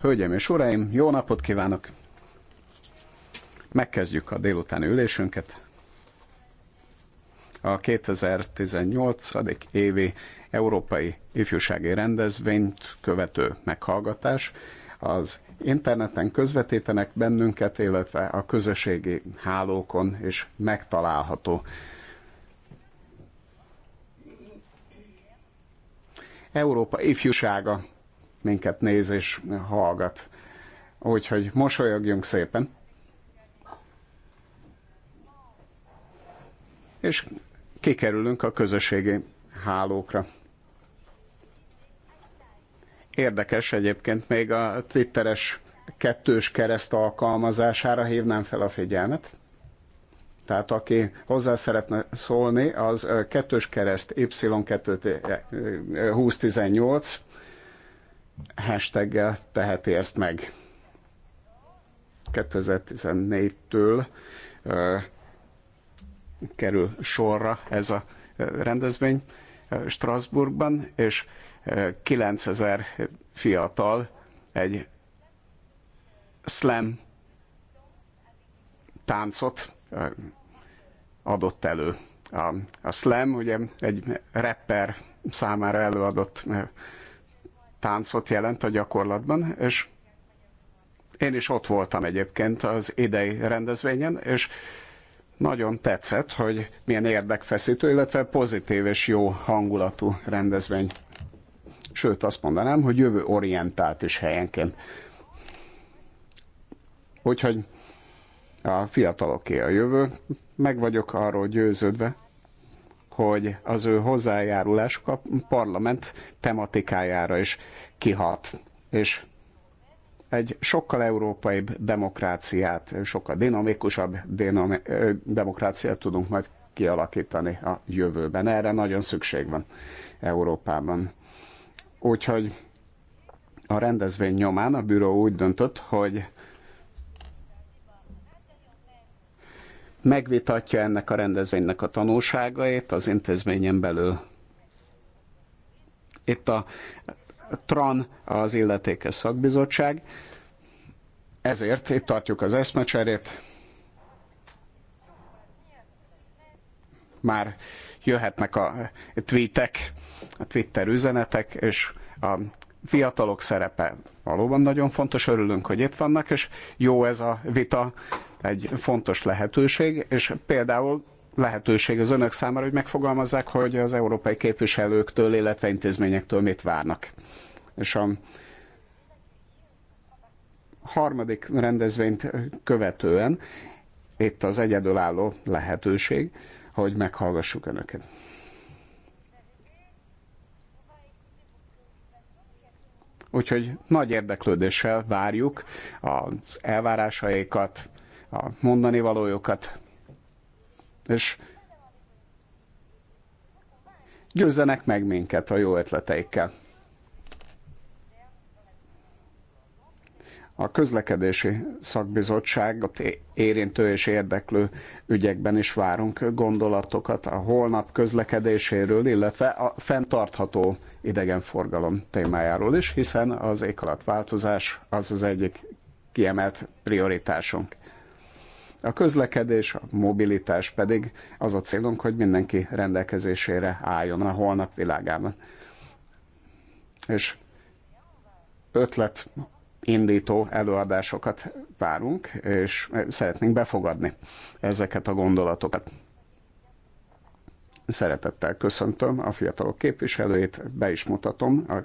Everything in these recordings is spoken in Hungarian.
Hölgyeim és uraim, jó napot kívánok! Megkezdjük a délutáni ülésünket. A 2018. évi Európai Ifjúsági Rendezvényt követő meghallgatás az interneten közvetítenek bennünket, illetve a közösségi hálókon is megtalálható Európa ifjúsága minket néz és hallgat. Úgyhogy mosolyogjunk szépen. És kikerülünk a közösségi hálókra. Érdekes egyébként még a twitteres kettős kereszt alkalmazására hívnám fel a figyelmet. Tehát aki hozzá szeretne szólni, az kettős kereszt Y2018 hashtaggel teheti ezt meg. 2014-től uh, kerül sorra ez a rendezvény Strasbourgban, és 9000 fiatal egy slam táncot adott elő. A, a slam ugye egy rapper számára előadott eh, táncot jelent a gyakorlatban, és én is ott voltam egyébként az idei rendezvényen, és nagyon tetszett, hogy milyen érdekfeszítő, illetve pozitív és jó hangulatú rendezvény. Sőt, azt mondanám, hogy jövő orientált is helyenként. Úgyhogy a fiataloké a jövő. Meg vagyok arról győződve, hogy az ő hozzájárulásuk a parlament tematikájára is kihat. És egy sokkal európaibb demokráciát, sokkal dinamikusabb dinami- demokráciát tudunk majd kialakítani a jövőben. Erre nagyon szükség van Európában. Úgyhogy a rendezvény nyomán a bűró úgy döntött, hogy megvitatja ennek a rendezvénynek a tanulságait az intézményen belül. Itt a TRAN az illetékes szakbizottság, ezért itt tartjuk az eszmecserét. Már jöhetnek a tweetek, a Twitter üzenetek, és a fiatalok szerepe valóban nagyon fontos, örülünk, hogy itt vannak, és jó ez a vita egy fontos lehetőség, és például lehetőség az önök számára, hogy megfogalmazzák, hogy az európai képviselőktől, illetve intézményektől mit várnak. És a harmadik rendezvényt követően itt az egyedülálló lehetőség, hogy meghallgassuk önöket. Úgyhogy nagy érdeklődéssel várjuk az elvárásaikat, a mondani valójukat. És győzzenek meg minket a jó ötleteikkel. a közlekedési szakbizottságot érintő és érdeklő ügyekben is várunk gondolatokat a holnap közlekedéséről, illetve a fenntartható idegenforgalom témájáról is, hiszen az változás az az egyik kiemelt prioritásunk. A közlekedés, a mobilitás pedig az a célunk, hogy mindenki rendelkezésére álljon a holnap világában. És ötlet indító előadásokat várunk, és szeretnénk befogadni ezeket a gondolatokat. Szeretettel köszöntöm a fiatalok képviselőit, be is mutatom a,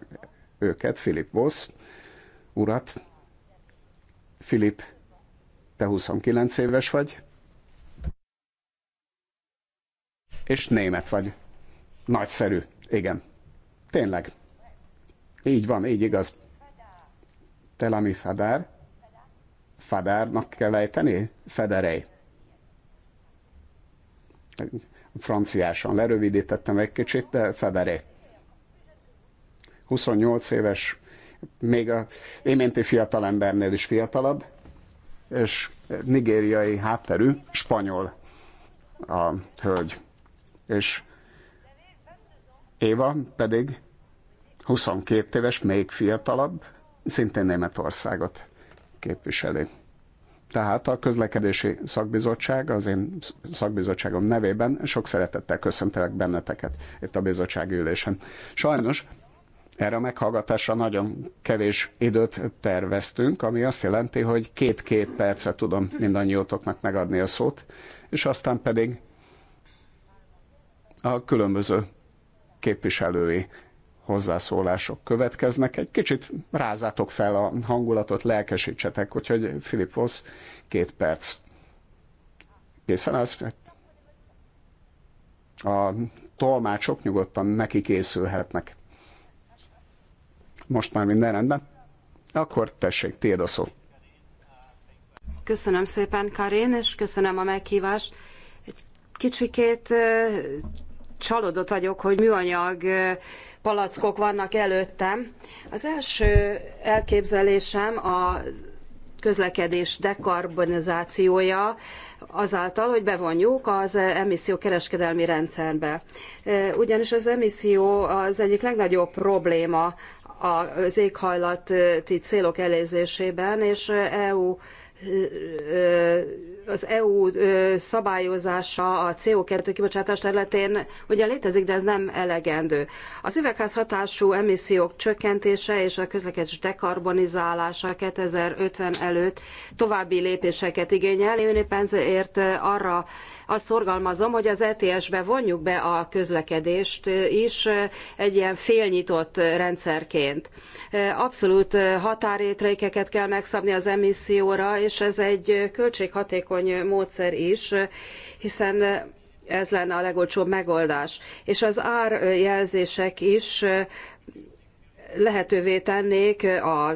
őket, Philip Vosz urat. Philip te 29 éves vagy, és német vagy. Nagyszerű, igen. Tényleg. Így van, így igaz. Telami Fadár. Fadárnak kell ejteni? Federej. Franciásan lerövidítettem egy kicsit, de Federej. 28 éves, még a éménti fiatalembernél is fiatalabb, és nigériai hátterű spanyol a hölgy. És Éva pedig 22 éves, még fiatalabb, szintén Németországot képviseli. Tehát a közlekedési szakbizottság, az én szakbizottságom nevében sok szeretettel köszöntelek benneteket itt a bizottság ülésen. Sajnos erre a meghallgatásra nagyon kevés időt terveztünk, ami azt jelenti, hogy két-két percet tudom mindannyiótoknak megadni a szót, és aztán pedig a különböző képviselői hozzászólások következnek. Egy kicsit rázátok fel a hangulatot, lelkesítsetek, úgyhogy Filip két perc. Készen az? A tolmácsok nyugodtan neki készülhetnek most már minden rendben. Akkor tessék, tiéd a szó. Köszönöm szépen, Karin, és köszönöm a meghívást. Egy kicsikét csalódott vagyok, hogy műanyag palackok vannak előttem. Az első elképzelésem a közlekedés dekarbonizációja azáltal, hogy bevonjuk az emisszió kereskedelmi rendszerbe. Ugyanis az emisszió az egyik legnagyobb probléma az éghajlati célok elérésében és EU az EU szabályozása a CO2 kibocsátás területén ugye létezik, de ez nem elegendő. Az üvegházhatású emissziók csökkentése és a közlekedés dekarbonizálása 2050 előtt további lépéseket igényel. én Éppen ezért arra azt szorgalmazom, hogy az ETS-be vonjuk be a közlekedést is egy ilyen félnyitott rendszerként. Abszolút határértékeket kell megszabni az emisszióra, és ez egy költséghatékony módszer is, hiszen ez lenne a legolcsóbb megoldás. És az árjelzések is lehetővé tennék a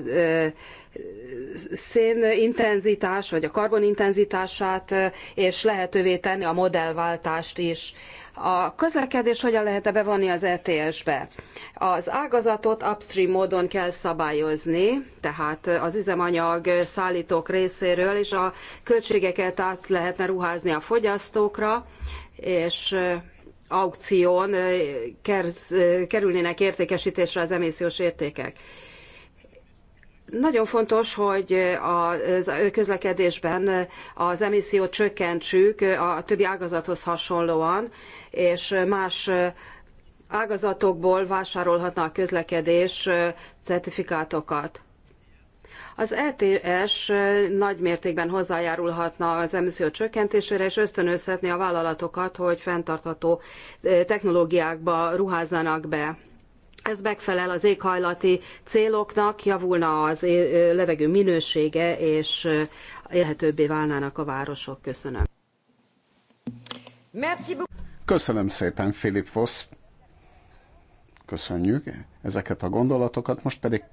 szénintenzitás vagy a karbonintenzitását, és lehetővé tenni a modellváltást is. A közlekedés hogyan lehet-e bevonni az ETS-be? Az ágazatot upstream módon kell szabályozni, tehát az üzemanyag szállítók részéről, és a költségeket át lehetne ruházni a fogyasztókra, és aukción kerülnének értékesítésre az emissziós értékek. Nagyon fontos, hogy a közlekedésben az emissziót csökkentsük a többi ágazathoz hasonlóan, és más ágazatokból vásárolhatna a közlekedés certifikátokat. Az ETS nagy mértékben hozzájárulhatna az emisszió csökkentésére, és ösztönözhetné a vállalatokat, hogy fenntartható technológiákba ruházzanak be. Ez megfelel az éghajlati céloknak, javulna az levegő minősége, és élhetőbbé válnának a városok. Köszönöm. Köszönöm szépen, Philip Voss. Köszönjük ezeket a gondolatokat. Most pedig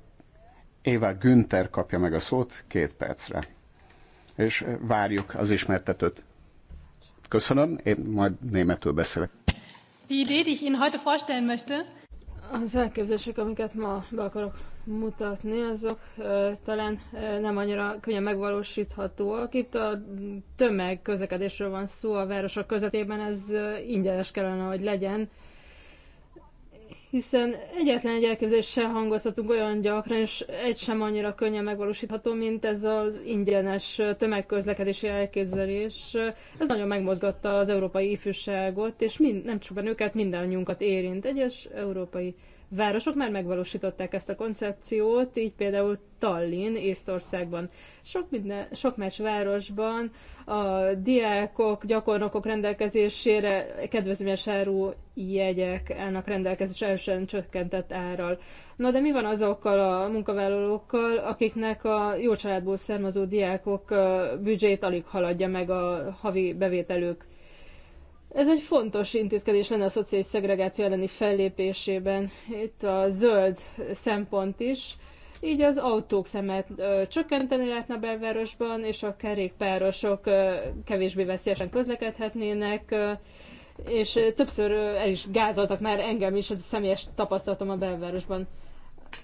Éva Günther kapja meg a szót két percre. És várjuk az ismertetőt. Köszönöm, én majd németül beszélek. Die Idee, die ich Ihnen heute vorstellen möchte, az elképzelések, amiket ma be akarok mutatni, azok talán nem annyira könnyen megvalósíthatóak. Itt a tömegközlekedésről van szó a városok közetében, ez ingyenes kellene, hogy legyen hiszen egyetlen egy elképzelés sem hangoztatunk olyan gyakran, és egy sem annyira könnyen megvalósítható, mint ez az ingyenes tömegközlekedési elképzelés. Ez nagyon megmozgatta az európai ifjúságot, és mind, nem csupán őket, mindannyiunkat érint. Egyes európai városok már megvalósították ezt a koncepciót, így például Tallinn, Észtországban. Sok, minden, sok más városban a diákok, gyakornokok rendelkezésére kedvezményes áru jegyek állnak rendelkezésre csökkentett árral. Na de mi van azokkal a munkavállalókkal, akiknek a jó családból származó diákok büdzsét alig haladja meg a havi bevételük? Ez egy fontos intézkedés lenne a szociális szegregáció elleni fellépésében. Itt a zöld szempont is. Így az autók szemet ö, csökkenteni lehetne a belvárosban, és a kerékpárosok ö, kevésbé veszélyesen közlekedhetnének, ö, és ö, többször ö, el is gázoltak már engem is, ez a személyes tapasztalatom a belvárosban.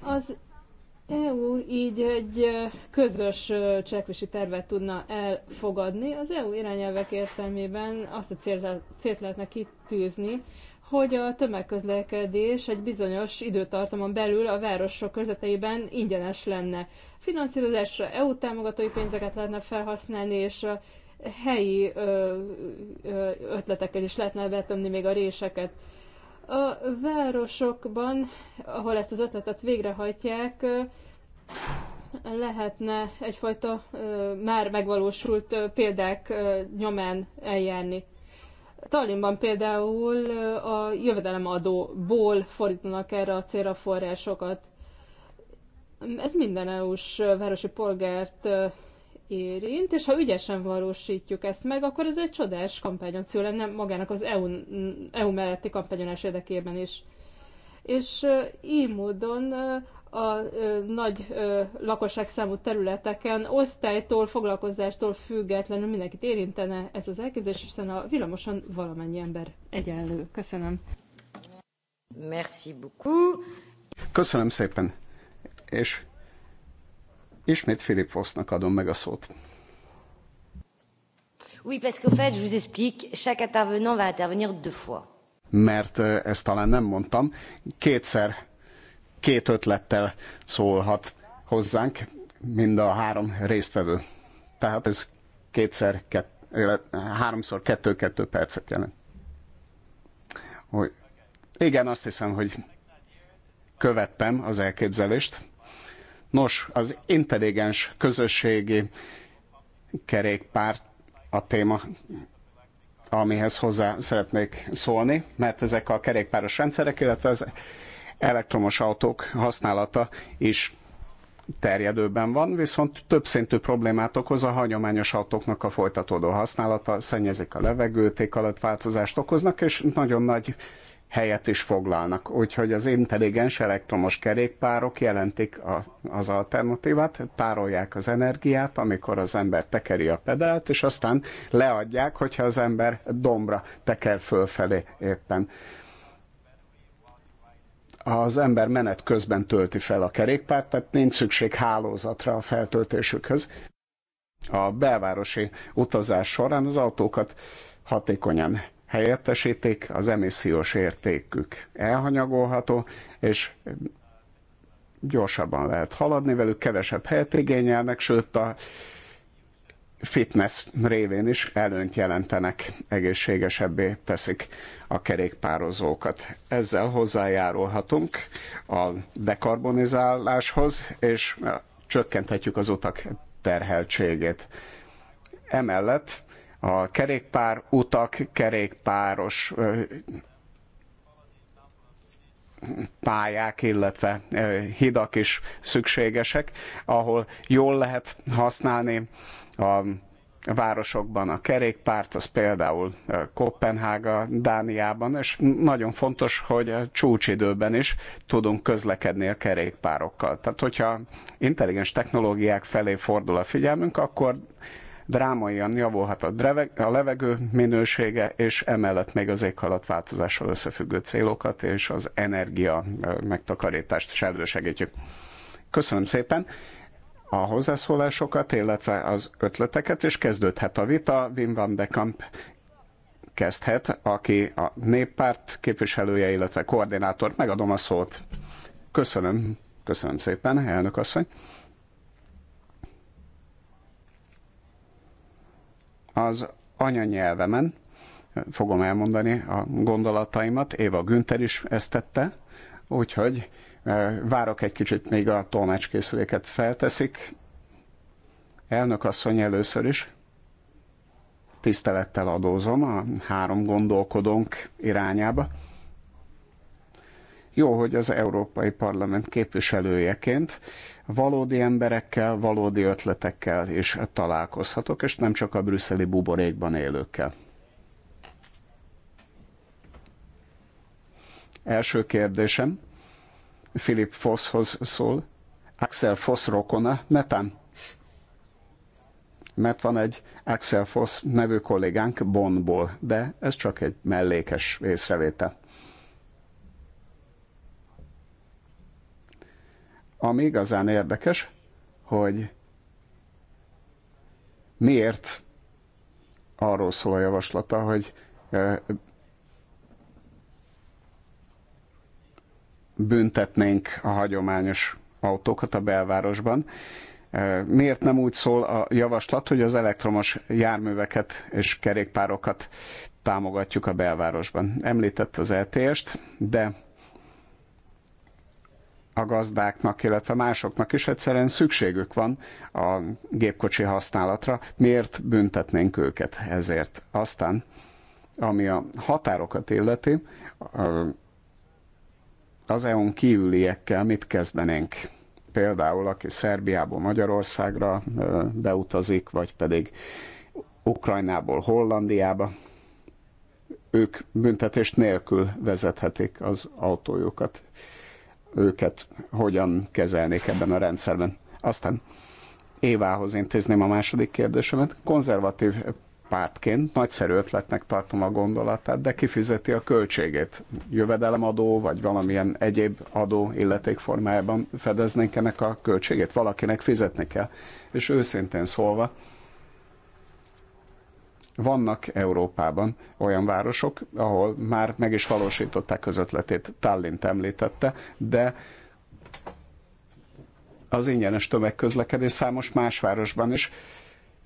Az EU így egy közös cselekvési tervet tudna elfogadni. Az EU irányelvek értelmében azt a célt, célt lehetne kitűzni, hogy a tömegközlekedés egy bizonyos időtartamon belül a városok körzeteiben ingyenes lenne. Finanszírozásra EU támogatói pénzeket lehetne felhasználni, és a helyi ötletekkel is lehetne betömni még a réseket. A városokban, ahol ezt az ötletet végrehajtják, lehetne egyfajta már megvalósult példák nyomán eljárni. Tallinnban például a jövedelemadóból fordítanak erre a célra forrásokat. Ez minden EU-s városi polgárt érint, és ha ügyesen valósítjuk ezt meg, akkor ez egy csodás kampányakció lenne magának az EU, e EU melletti kampányolás érdekében is. És így módon a nagy lakosságszámú területeken osztálytól, foglalkozástól függetlenül mindenkit érintene ez az elképzelés, hiszen a villamoson valamennyi ember egyenlő. Köszönöm. Merci beaucoup. Köszönöm szépen. És Ismét Philip Fosznak adom meg a szót. Oui, parce qu'au fait, je vous explique, chaque intervenant va intervenir deux fois. Mert eh, ezt talán nem mondtam, kétszer, két ötlettel szólhat hozzánk mind a három résztvevő. Tehát ez kétszer, kett, eh, háromszor kettő-kettő percet jelent. Hogy, igen, azt hiszem, hogy követtem az elképzelést Nos, az intelligens közösségi kerékpár a téma, amihez hozzá szeretnék szólni, mert ezek a kerékpáros rendszerek, illetve az elektromos autók használata is terjedőben van, viszont több szintű problémát okoz a hagyományos autóknak a folytatódó használata, szennyezik a levegőt, változást okoznak, és nagyon nagy helyet is foglalnak. Úgyhogy az intelligens elektromos kerékpárok jelentik a, az alternatívát, tárolják az energiát, amikor az ember tekeri a pedált, és aztán leadják, hogyha az ember dombra teker fölfelé éppen. Az ember menet közben tölti fel a kerékpárt, tehát nincs szükség hálózatra a feltöltésükhöz. A belvárosi utazás során az autókat hatékonyan helyettesítik, az emissziós értékük elhanyagolható, és gyorsabban lehet haladni velük, kevesebb helyet igényelnek, sőt a fitness révén is előnyt jelentenek, egészségesebbé teszik a kerékpározókat. Ezzel hozzájárulhatunk a dekarbonizáláshoz, és csökkenthetjük az utak terheltségét. Emellett a kerékpár utak, kerékpáros pályák, illetve hidak is szükségesek, ahol jól lehet használni a városokban a kerékpárt, az például Kopenhága, Dániában, és nagyon fontos, hogy a csúcsidőben is tudunk közlekedni a kerékpárokkal. Tehát, hogyha intelligens technológiák felé fordul a figyelmünk, akkor drámaian javulhat a, dreveg, a levegő minősége, és emellett még az éghajlatváltozással összefüggő célokat és az energia megtakarítást is elősegítjük. Köszönöm szépen! a hozzászólásokat, illetve az ötleteket, és kezdődhet a vita. Wim van de Kamp kezdhet, aki a néppárt képviselője, illetve koordinátor. Megadom a szót. Köszönöm, köszönöm szépen, elnök asszony. Az anyanyelvemen fogom elmondani a gondolataimat, Éva Günther is ezt tette, úgyhogy várok egy kicsit, még a tolmácskészüléket felteszik. Elnök asszony először is tisztelettel adózom a három gondolkodónk irányába. Jó, hogy az Európai Parlament képviselőjeként valódi emberekkel, valódi ötletekkel is találkozhatok, és nem csak a brüsszeli buborékban élőkkel. Első kérdésem Philip Fosshoz szól. Axel Foss rokona, netán? Mert van egy Axel Foss nevű kollégánk Bonnból, de ez csak egy mellékes észrevétel. Ami igazán érdekes, hogy miért arról szól a javaslata, hogy büntetnénk a hagyományos autókat a belvárosban. Miért nem úgy szól a javaslat, hogy az elektromos járműveket és kerékpárokat támogatjuk a belvárosban? Említett az ETS-t, de a gazdáknak, illetve másoknak is egyszerűen szükségük van a gépkocsi használatra, miért büntetnénk őket ezért. Aztán, ami a határokat illeti, az EU-n kívüliekkel mit kezdenénk? Például, aki Szerbiából Magyarországra beutazik, vagy pedig Ukrajnából Hollandiába, ők büntetést nélkül vezethetik az autójukat őket hogyan kezelnék ebben a rendszerben. Aztán Évához intézném a második kérdésemet. Konzervatív pártként nagyszerű ötletnek tartom a gondolatát, de kifizeti a költségét. Jövedelemadó, vagy valamilyen egyéb adó illetékformájában fedeznénk ennek a költségét? Valakinek fizetni kell. És őszintén szólva, vannak Európában olyan városok, ahol már meg is valósították az ötletét, Tallint említette, de az ingyenes tömegközlekedés számos más városban is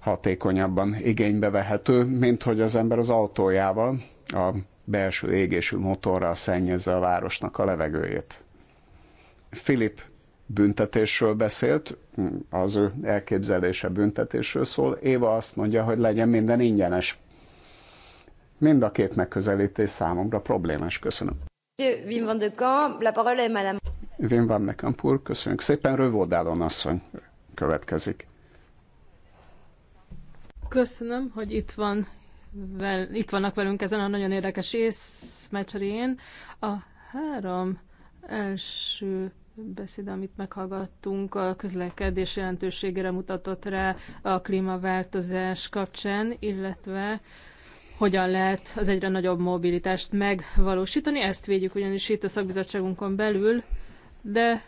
hatékonyabban igénybe vehető, mint hogy az ember az autójával a belső égésű motorral szennyezze a városnak a levegőjét. Filip büntetésről beszélt, az ő elképzelése büntetésről szól. Éva azt mondja, hogy legyen minden ingyenes. Mind a két megközelítés számomra problémás. Köszönöm. Vim van de Kamp, la parole est madame. van de Kamp úr, köszönjük szépen. Rövódálon asszony következik. Köszönöm, hogy itt van vel, itt vannak velünk ezen a nagyon érdekes észmecserén. A három első beszéd, amit meghallgattunk, a közlekedés jelentőségére mutatott rá a klímaváltozás kapcsán, illetve hogyan lehet az egyre nagyobb mobilitást megvalósítani. Ezt védjük ugyanis itt a szakbizottságunkon belül, de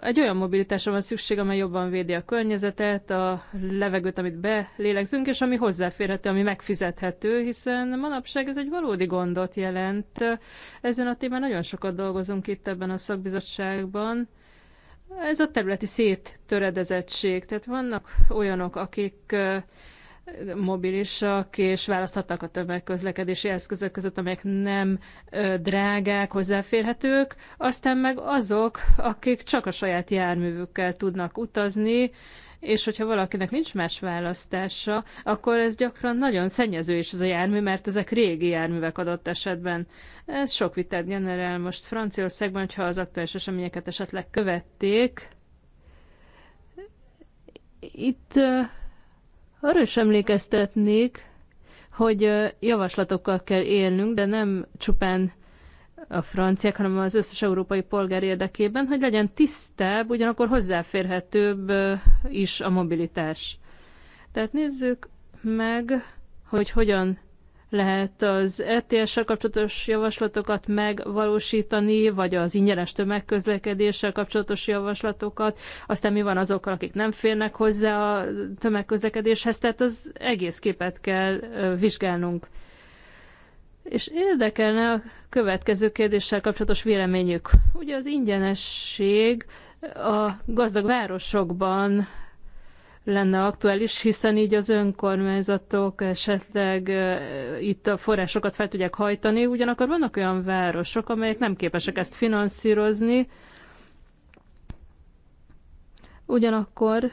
egy olyan mobilitásra van szükség, amely jobban védi a környezetet, a levegőt, amit belélegzünk, és ami hozzáférhető, ami megfizethető, hiszen manapság ez egy valódi gondot jelent. Ezen a témán nagyon sokat dolgozunk itt ebben a szakbizottságban. Ez a területi széttöredezettség, tehát vannak olyanok, akik mobilisak, és választhattak a tömegközlekedési eszközök között, amelyek nem drágák, hozzáférhetők, aztán meg azok, akik csak a saját járművükkel tudnak utazni, és hogyha valakinek nincs más választása, akkor ez gyakran nagyon szennyező is ez a jármű, mert ezek régi járművek adott esetben. Ez sok vitát generál most Franciaországban, hogyha az aktuális eseményeket esetleg követték. Itt arra is emlékeztetnék, hogy javaslatokkal kell élnünk, de nem csupán a franciák, hanem az összes európai polgár érdekében, hogy legyen tisztább, ugyanakkor hozzáférhetőbb is a mobilitás. Tehát nézzük meg, hogy hogyan lehet az rts e sel kapcsolatos javaslatokat megvalósítani, vagy az ingyenes tömegközlekedéssel kapcsolatos javaslatokat, aztán mi van azokkal, akik nem férnek hozzá a tömegközlekedéshez, tehát az egész képet kell vizsgálnunk. És érdekelne a következő kérdéssel kapcsolatos véleményük. Ugye az ingyenesség a gazdag városokban lenne aktuális, hiszen így az önkormányzatok esetleg itt a forrásokat fel tudják hajtani, ugyanakkor vannak olyan városok, amelyek nem képesek ezt finanszírozni, ugyanakkor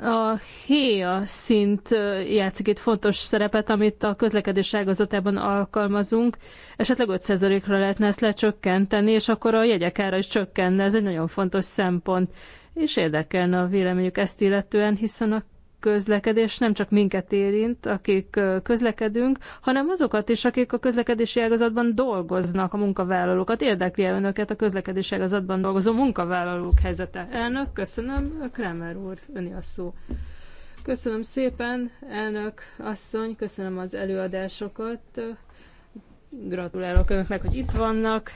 a héja szint játszik itt fontos szerepet, amit a közlekedés ágazatában alkalmazunk. Esetleg 5%-ra lehetne ezt lecsökkenteni, és akkor a jegyek ára is csökkenne. Ez egy nagyon fontos szempont. És érdekelne a véleményük ezt illetően, hiszen a közlekedés nem csak minket érint, akik közlekedünk, hanem azokat is, akik a közlekedési ágazatban dolgoznak, a munkavállalókat. Érdekli -e önöket a közlekedési ágazatban dolgozó munkavállalók helyzete? Elnök, köszönöm. Kramer úr, öni a szó. Köszönöm szépen, elnök asszony, köszönöm az előadásokat. Gratulálok önöknek, hogy itt vannak.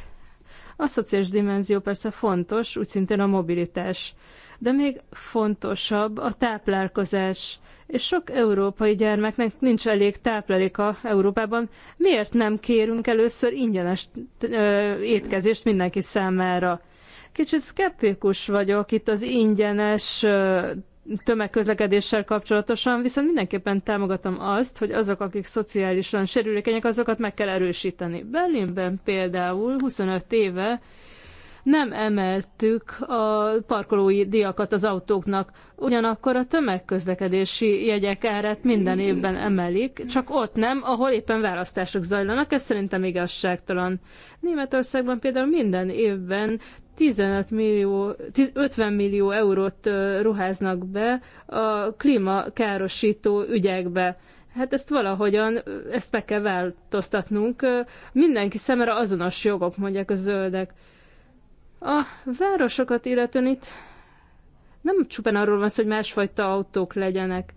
A szociális dimenzió persze fontos, úgy szintén a mobilitás de még fontosabb a táplálkozás. És sok európai gyermeknek nincs elég tápláléka Európában. Miért nem kérünk először ingyenes étkezést mindenki számára? Kicsit szkeptikus vagyok itt az ingyenes tömegközlekedéssel kapcsolatosan, viszont mindenképpen támogatom azt, hogy azok, akik szociálisan sérülékenyek, azokat meg kell erősíteni. Berlinben például 25 éve nem emeltük a parkolói diakat az autóknak. Ugyanakkor a tömegközlekedési jegyek árát minden évben emelik, csak ott nem, ahol éppen választások zajlanak, ez szerintem igazságtalan. Németországban például minden évben 15 millió, 50 millió eurót ruháznak be a klímakárosító ügyekbe. Hát ezt valahogyan, ezt meg kell változtatnunk. Mindenki szemre azonos jogok, mondják a zöldek. A városokat illetően itt nem csupán arról van szó, hogy másfajta autók legyenek.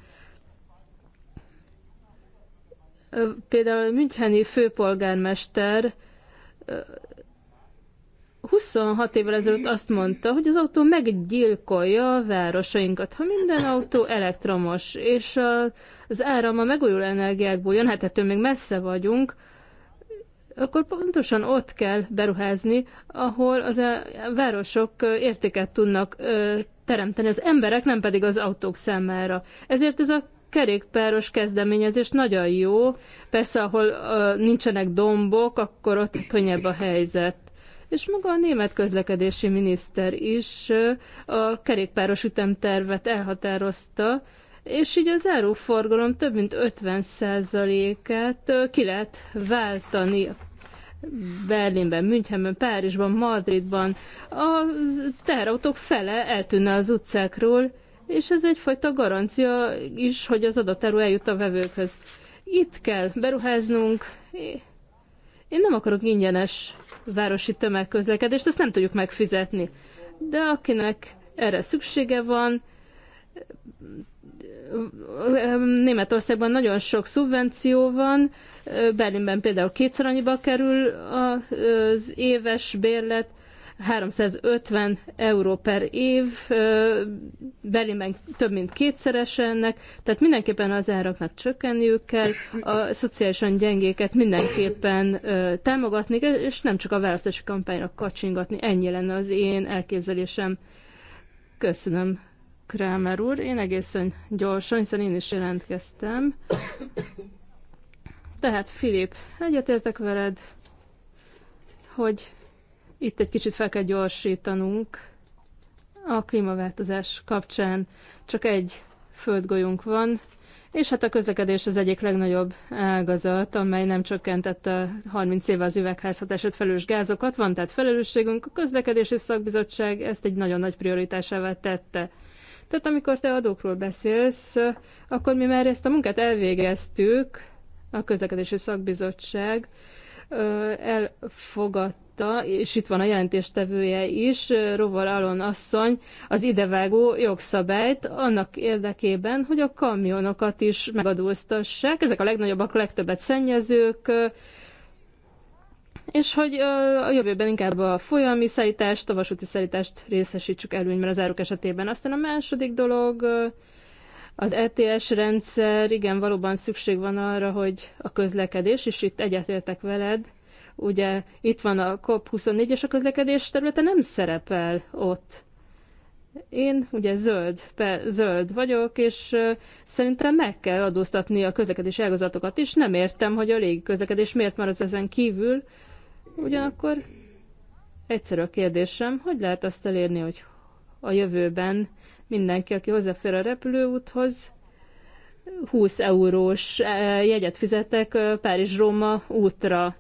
Például a Müncheni főpolgármester 26 évvel ezelőtt azt mondta, hogy az autó meggyilkolja a városainkat, ha minden autó elektromos, és az áram a megújuló energiákból jön, hát ettől még messze vagyunk, akkor pontosan ott kell beruházni, ahol az a városok értéket tudnak teremteni az emberek, nem pedig az autók számára. Ezért ez a kerékpáros kezdeményezés nagyon jó. Persze, ahol nincsenek dombok, akkor ott könnyebb a helyzet. És maga a német közlekedési miniszter is a kerékpáros ütemtervet elhatározta, és így az áruforgalom több mint 50 et ki lehet váltani Berlinben, Münchenben, Párizsban, Madridban. A teherautók fele eltűnne az utcákról, és ez egyfajta garancia is, hogy az adatáró eljut a vevőkhöz. Itt kell beruháznunk. Én nem akarok ingyenes városi tömegközlekedést, ezt nem tudjuk megfizetni. De akinek erre szüksége van, Németországban nagyon sok szubvenció van, Berlinben például kétszer annyiba kerül az éves bérlet, 350 euró per év, Berlinben több mint kétszeres ennek, tehát mindenképpen az áraknak csökkenniük kell, a szociálisan gyengéket mindenképpen támogatni, és nem csak a választási kampányra kacsingatni, ennyi lenne az én elképzelésem. Köszönöm Krámer úr. Én egészen gyorsan, hiszen én is jelentkeztem. Tehát, Filip, egyetértek veled, hogy itt egy kicsit fel kell gyorsítanunk a klímaváltozás kapcsán. Csak egy földgolyónk van, és hát a közlekedés az egyik legnagyobb ágazat, amely nem csökkentette 30 éve az üvegházhatását felelős gázokat. Van tehát felelősségünk, a közlekedési szakbizottság ezt egy nagyon nagy prioritásává tette. Tehát amikor te adókról beszélsz, akkor mi már ezt a munkát elvégeztük, a közlekedési szakbizottság elfogadta, és itt van a jelentéstevője is, Rovar Alon asszony, az idevágó jogszabályt annak érdekében, hogy a kamionokat is megadóztassák. Ezek a legnagyobbak, legtöbbet szennyezők, és hogy a jövőben inkább a folyami szállítást, a vasúti szállítást részesítsük előnyben az áruk esetében. Aztán a második dolog, az ETS rendszer, igen, valóban szükség van arra, hogy a közlekedés, és itt egyetértek veled, ugye itt van a COP24, és a közlekedés területe nem szerepel ott. Én ugye zöld, pe, zöld vagyok, és uh, szerintem meg kell adóztatni a közlekedési ágazatokat is. Nem értem, hogy a közlekedés miért már az ezen kívül, uh, Ugyanakkor egyszerű a kérdésem, hogy lehet azt elérni, hogy a jövőben mindenki, aki hozzáfér a repülőúthoz, 20 eurós eh, jegyet fizetek eh, Párizs-Róma útra.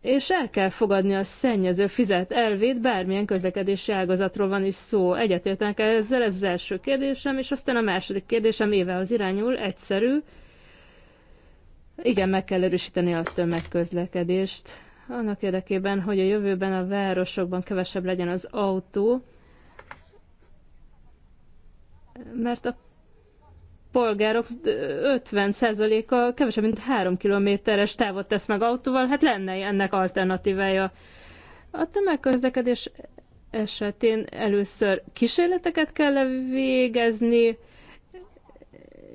És el kell fogadni a szennyező fizet elvét, bármilyen közlekedési ágazatról van is szó. Egyetértenek ezzel, ez az első kérdésem, és aztán a második kérdésem éve az irányul, egyszerű. Igen, meg kell erősíteni a tömegközlekedést, annak érdekében, hogy a jövőben a városokban kevesebb legyen az autó, mert a polgárok 50%-a kevesebb, mint 3 kilométeres távot tesz meg autóval, hát lenne ennek alternatívája. A tömegközlekedés esetén először kísérleteket kell végezni,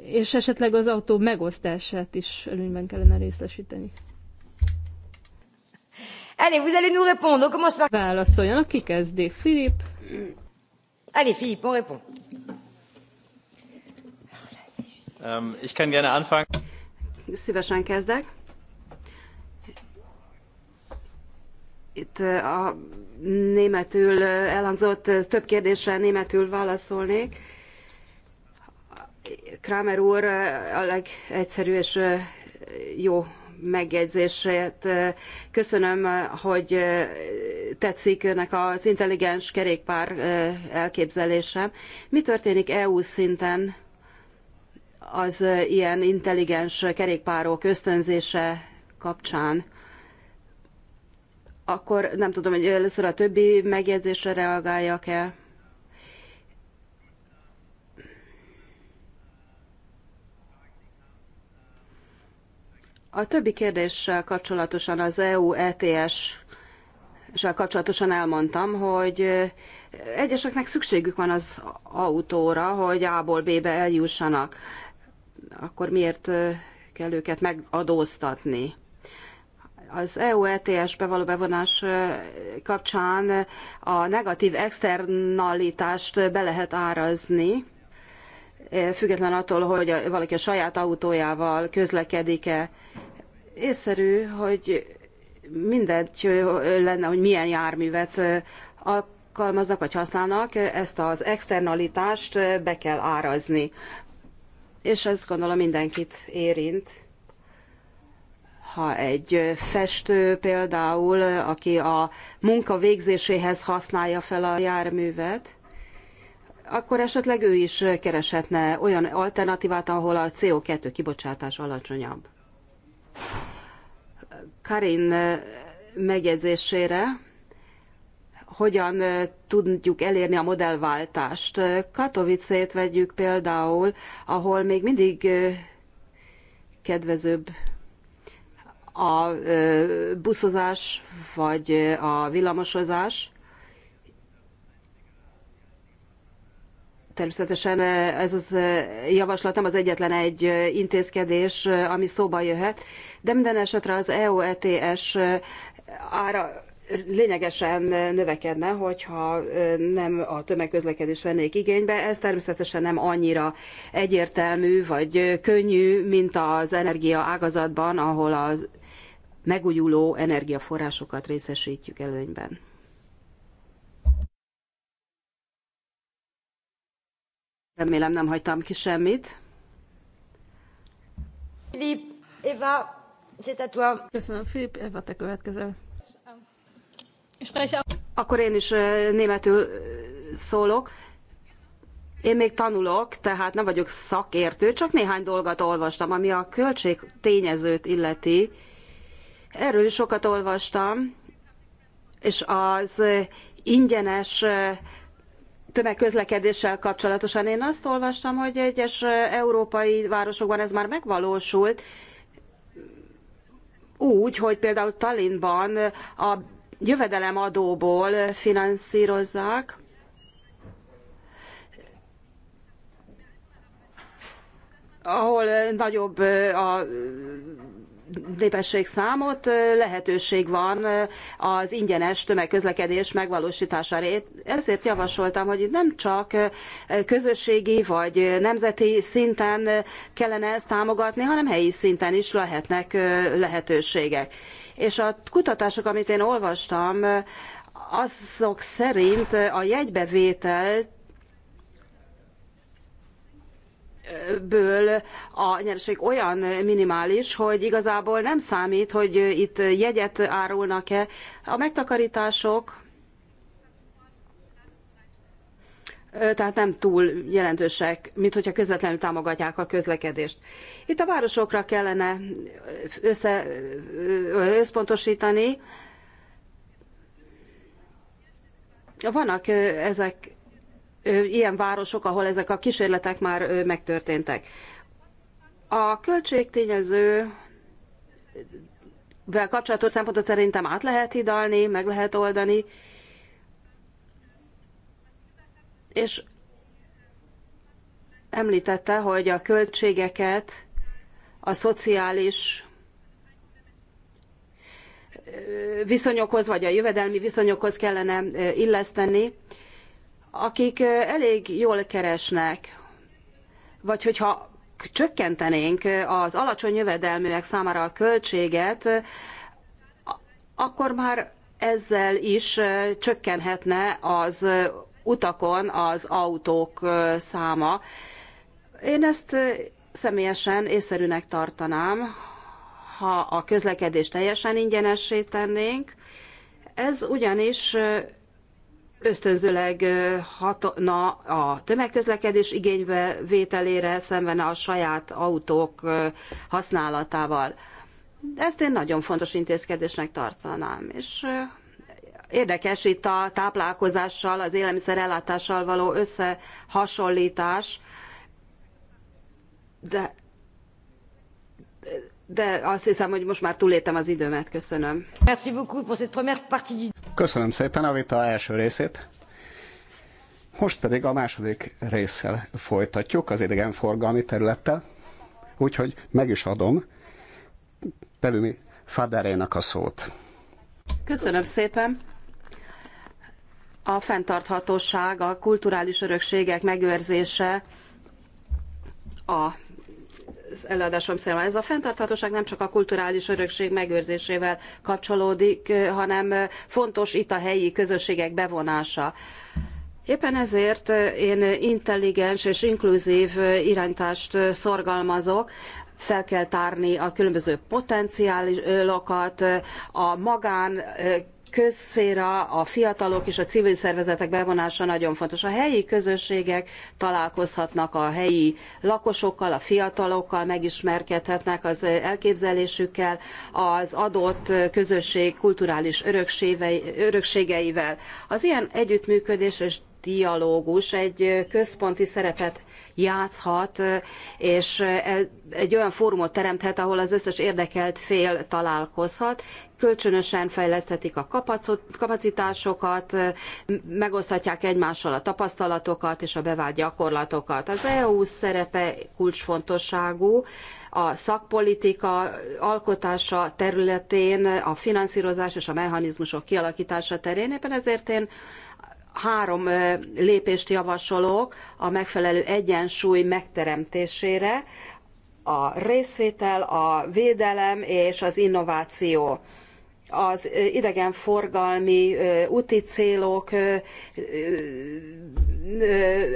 és esetleg az autó megosztását is előnyben kellene részesíteni. Allez, vous allez nous répondre. On commence par... Válaszoljon, ki kezdi? Philippe. Allez, Philippe, on répond. Um, ich kann gerne anfangen. Szívesen kezdek. Itt uh, a németül uh, elhangzott uh, több kérdésre németül válaszolnék. Kramer úr a legegyszerű és jó megjegyzését. Köszönöm, hogy tetszik önnek az intelligens kerékpár elképzelésem. Mi történik EU szinten az ilyen intelligens kerékpárok ösztönzése kapcsán? Akkor nem tudom, hogy először a többi megjegyzésre reagáljak-e. A többi kérdéssel kapcsolatosan az EU ETS sel kapcsolatosan elmondtam, hogy egyeseknek szükségük van az autóra, hogy A-ból B-be eljussanak. Akkor miért kell őket megadóztatni? Az EU ETS-be való bevonás kapcsán a negatív externalitást be lehet árazni, független attól, hogy valaki a saját autójával közlekedik-e észszerű, hogy mindent lenne, hogy milyen járművet alkalmaznak vagy használnak, ezt az externalitást be kell árazni. És azt gondolom mindenkit érint. Ha egy festő például, aki a munka végzéséhez használja fel a járművet, akkor esetleg ő is kereshetne olyan alternatívát, ahol a CO2 kibocsátás alacsonyabb. Karin megjegyzésére, hogyan tudjuk elérni a modellváltást. Katowice-t vegyük például, ahol még mindig kedvezőbb a buszozás vagy a villamosozás, Természetesen eh, ez az eh, javaslat nem az egyetlen egy eh, intézkedés, ami szóba jöhet, de minden esetre az EU ETS ára lényegesen növekedne, hogyha nem a tömegközlekedés vennék igénybe. Ez természetesen nem annyira egyértelmű vagy könnyű, mint az energia ágazatban, ahol a megújuló energiaforrásokat részesítjük előnyben. Remélem nem hagytam ki semmit. Filip, Eva, c'est à toi. Köszönöm, Filip, Eva, te következel. Akkor én is németül szólok. Én még tanulok, tehát nem vagyok szakértő, csak néhány dolgot olvastam, ami a költség tényezőt illeti. Erről is sokat olvastam, és az ingyenes tömegközlekedéssel kapcsolatosan. Én azt olvastam, hogy egyes európai városokban ez már megvalósult, úgy, hogy például Tallinnban a jövedelemadóból finanszírozzák, ahol nagyobb a népesség számot lehetőség van az ingyenes tömegközlekedés megvalósítására. Én ezért javasoltam, hogy itt nem csak közösségi vagy nemzeti szinten kellene ezt támogatni, hanem helyi szinten is lehetnek lehetőségek. És a kutatások, amit én olvastam, azok szerint a jegybevételt ből a nyereség olyan minimális, hogy igazából nem számít, hogy itt jegyet árulnak-e. A megtakarítások tehát nem túl jelentősek, mint hogyha közvetlenül támogatják a közlekedést. Itt a városokra kellene össze, összpontosítani. Vannak ezek ilyen városok, ahol ezek a kísérletek már megtörténtek. A költségtényező vel kapcsolatos szempontot szerintem át lehet hidalni, meg lehet oldani. És említette, hogy a költségeket a szociális viszonyokhoz, vagy a jövedelmi viszonyokhoz kellene illeszteni akik elég jól keresnek, vagy hogyha csökkentenénk az alacsony jövedelműek számára a költséget, akkor már ezzel is csökkenhetne az utakon az autók száma. Én ezt személyesen észszerűnek tartanám, ha a közlekedést teljesen ingyenessé tennénk. Ez ugyanis ösztönzőleg hatna a tömegközlekedés igénybe vételére szemben a saját autók használatával. Ezt én nagyon fontos intézkedésnek tartanám, és érdekes itt a táplálkozással, az élelmiszerellátással való összehasonlítás, de de azt hiszem, hogy most már túléltem az időmet. Köszönöm. Köszönöm szépen a vita első részét. Most pedig a második résszel folytatjuk, az idegenforgalmi területtel. Úgyhogy meg is adom Pelumi Faderénak a szót. Köszönöm szépen. A fenntarthatóság, a kulturális örökségek megőrzése a előadásom szerint. Ez a fenntarthatóság nem csak a kulturális örökség megőrzésével kapcsolódik, hanem fontos itt a helyi közösségek bevonása. Éppen ezért én intelligens és inkluzív iránytást szorgalmazok, fel kell tárni a különböző potenciálokat, a magán közszféra, a fiatalok és a civil szervezetek bevonása nagyon fontos. A helyi közösségek találkozhatnak a helyi lakosokkal, a fiatalokkal, megismerkedhetnek az elképzelésükkel, az adott közösség kulturális örökségeivel. Az ilyen együttműködés és dialógus egy központi szerepet játszhat, és e, egy olyan fórumot teremthet, ahol az összes érdekelt fél találkozhat, kölcsönösen fejleszthetik a kapacitásokat, megoszthatják egymással a tapasztalatokat és a bevált gyakorlatokat. Az EU szerepe kulcsfontosságú, a szakpolitika alkotása területén, a finanszírozás és a mechanizmusok kialakítása terén. Éppen ezért én három lépést javasolok a megfelelő egyensúly megteremtésére, a részvétel, a védelem és az innováció. Az idegenforgalmi úti célok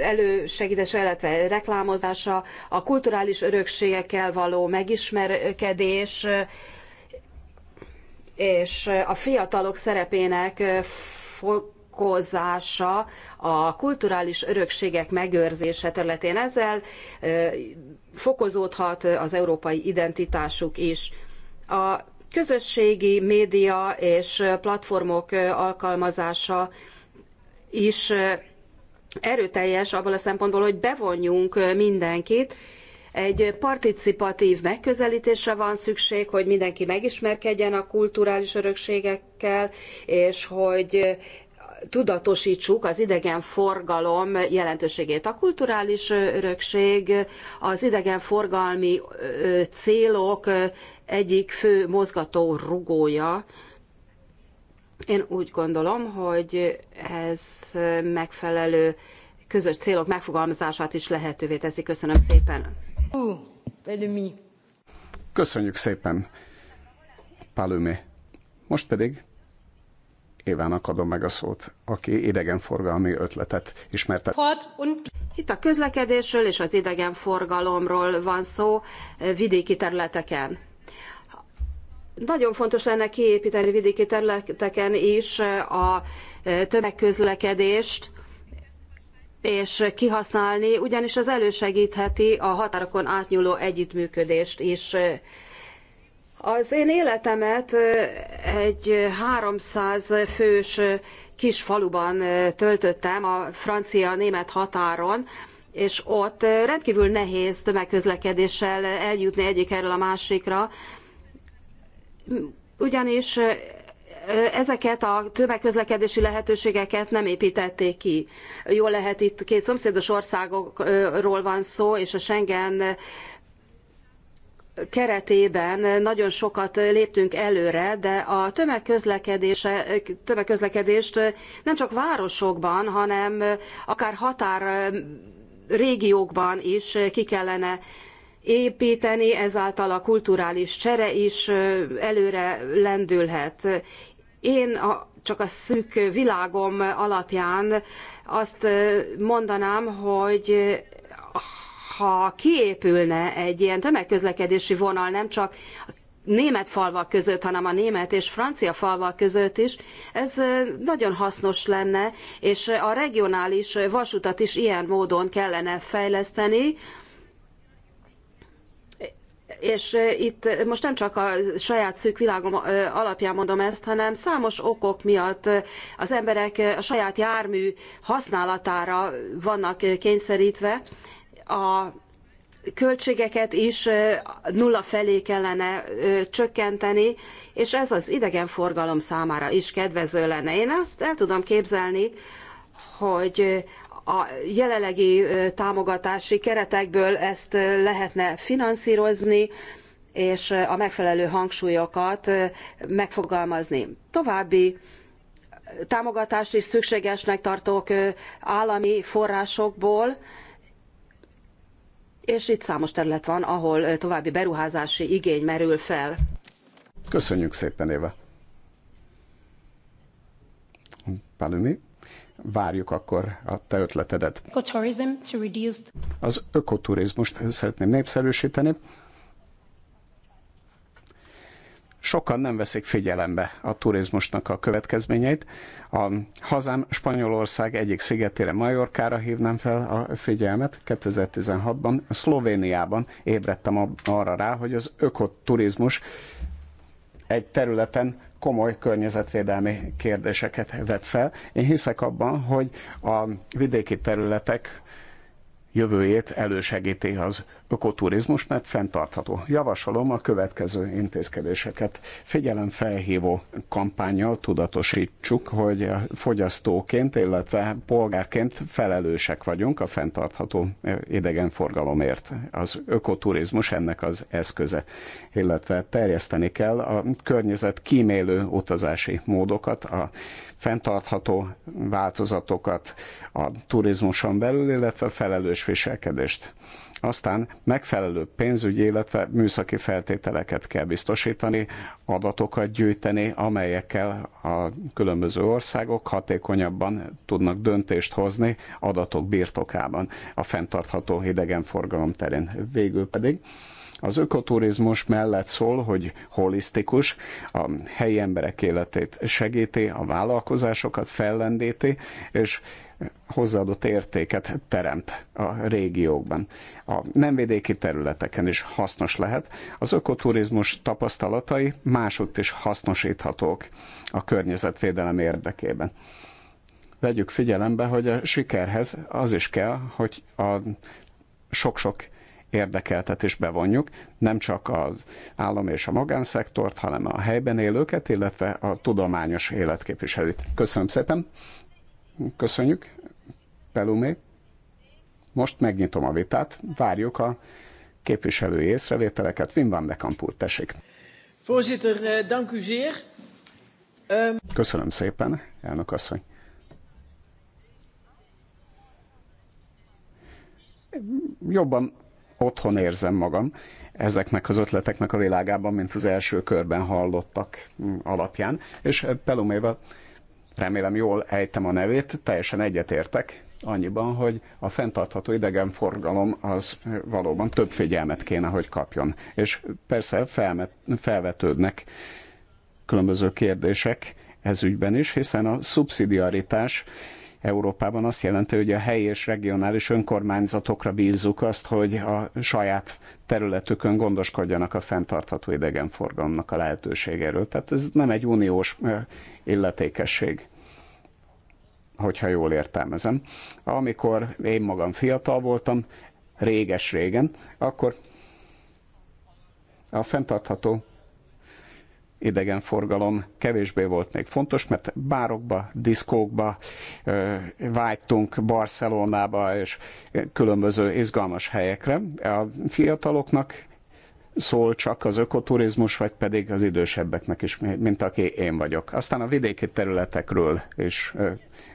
elősegítése, illetve reklámozása, a kulturális örökségekkel való megismerkedés, és a fiatalok szerepének foglalkozása a kulturális örökségek megőrzése területén. Ezzel fokozódhat az európai identitásuk is. A közösségi média és platformok alkalmazása is erőteljes abból a szempontból, hogy bevonjunk mindenkit, egy participatív megközelítésre van szükség, hogy mindenki megismerkedjen a kulturális örökségekkel, és hogy tudatosítsuk az idegenforgalom jelentőségét. A kulturális örökség az idegenforgalmi célok egyik fő mozgató rugója. Én úgy gondolom, hogy ez megfelelő közös célok megfogalmazását is lehetővé teszi. Köszönöm szépen. Köszönjük szépen, Palomé. Most pedig Évának adom meg a szót, aki idegenforgalmi ötletet ismerte. Itt a közlekedésről és az idegenforgalomról van szó eh, vidéki területeken. Nagyon fontos lenne kiépíteni vidéki területeken is eh, a eh, tömegközlekedést, és kihasználni, ugyanis az elősegítheti a határokon átnyúló együttműködést is az én életemet egy 300 fős kis faluban töltöttem a francia-német határon, és ott rendkívül nehéz tömegközlekedéssel eljutni egyik erről a másikra, ugyanis ezeket a tömegközlekedési lehetőségeket nem építették ki. Jól lehet, itt két szomszédos országokról van szó, és a Schengen keretében nagyon sokat léptünk előre, de a tömegközlekedést nem csak városokban, hanem akár határ régiókban is ki kellene építeni, ezáltal a kulturális csere is előre lendülhet. Én a, csak a szűk világom alapján azt mondanám, hogy ha kiépülne egy ilyen tömegközlekedési vonal nem csak német falvak között, hanem a német és francia falvak között is, ez nagyon hasznos lenne, és a regionális vasutat is ilyen módon kellene fejleszteni, és itt most nem csak a saját szűk világom alapján mondom ezt, hanem számos okok miatt az emberek a saját jármű használatára vannak kényszerítve, a költségeket is nulla felé kellene csökkenteni, és ez az idegenforgalom számára is kedvező lenne. Én azt el tudom képzelni, hogy a jelenlegi támogatási keretekből ezt lehetne finanszírozni, és a megfelelő hangsúlyokat megfogalmazni. További támogatást is szükségesnek tartok állami forrásokból, és itt számos terület van, ahol további beruházási igény merül fel. Köszönjük szépen, Éva. Palumi, várjuk akkor a te ötletedet. Az ökoturizmust szeretném népszerűsíteni, sokan nem veszik figyelembe a turizmusnak a következményeit. A hazám Spanyolország egyik szigetére, Majorkára hívnám fel a figyelmet. 2016-ban Szlovéniában ébredtem arra rá, hogy az ökoturizmus egy területen komoly környezetvédelmi kérdéseket vet fel. Én hiszek abban, hogy a vidéki területek jövőjét elősegíti az ökoturizmus, mert fenntartható. Javasolom a következő intézkedéseket. Figyelemfelhívó kampányjal tudatosítsuk, hogy fogyasztóként, illetve polgárként felelősek vagyunk a fenntartható eh, idegenforgalomért. Az ökoturizmus ennek az eszköze, illetve terjeszteni kell a környezet kímélő utazási módokat, a fenntartható változatokat a turizmuson belül, illetve felelős viselkedést aztán megfelelő pénzügyi, illetve műszaki feltételeket kell biztosítani, adatokat gyűjteni, amelyekkel a különböző országok hatékonyabban tudnak döntést hozni adatok birtokában a fenntartható hidegenforgalom terén. Végül pedig az ökoturizmus mellett szól, hogy holisztikus, a helyi emberek életét segíti, a vállalkozásokat fellendíti, és hozzáadott értéket teremt a régiókban. A nem vidéki területeken is hasznos lehet. Az ökoturizmus tapasztalatai másutt is hasznosíthatók a környezetvédelem érdekében. Vegyük figyelembe, hogy a sikerhez az is kell, hogy a sok-sok érdekeltet is bevonjuk, nem csak az állam és a magánszektort, hanem a helyben élőket, illetve a tudományos életképviselőt. Köszönöm szépen! Köszönjük, Pelumé. Most megnyitom a vitát, várjuk a képviselői észrevételeket. Wim van de Kampur, tessék. Voorzitter, eh, dank u zeer. Ehm, Köszönöm szépen, elnök asszony. Jobban otthon érzem magam ezeknek az ötleteknek a világában, mint az első körben hallottak mm, alapján, és eh, Pelumével remélem jól ejtem a nevét, teljesen egyetértek annyiban, hogy a fenntartható idegenforgalom az valóban több figyelmet kéne, hogy kapjon. És persze felmet, felvetődnek különböző kérdések ez ügyben is, hiszen a szubszidiaritás Európában azt jelenti, hogy a helyi és regionális önkormányzatokra bízzuk azt, hogy a saját területükön gondoskodjanak a fenntartható idegenforgalomnak a lehetőségéről. Tehát ez nem egy uniós eh, illetékesség hogyha jól értelmezem. Amikor én magam fiatal voltam, réges-régen, akkor a fenntartható idegenforgalom kevésbé volt még fontos, mert bárokba, diszkókba vágytunk, Barcelonába és különböző izgalmas helyekre. A fiataloknak szól csak az ökoturizmus, vagy pedig az idősebbeknek is, mint aki én vagyok. Aztán a vidéki területekről is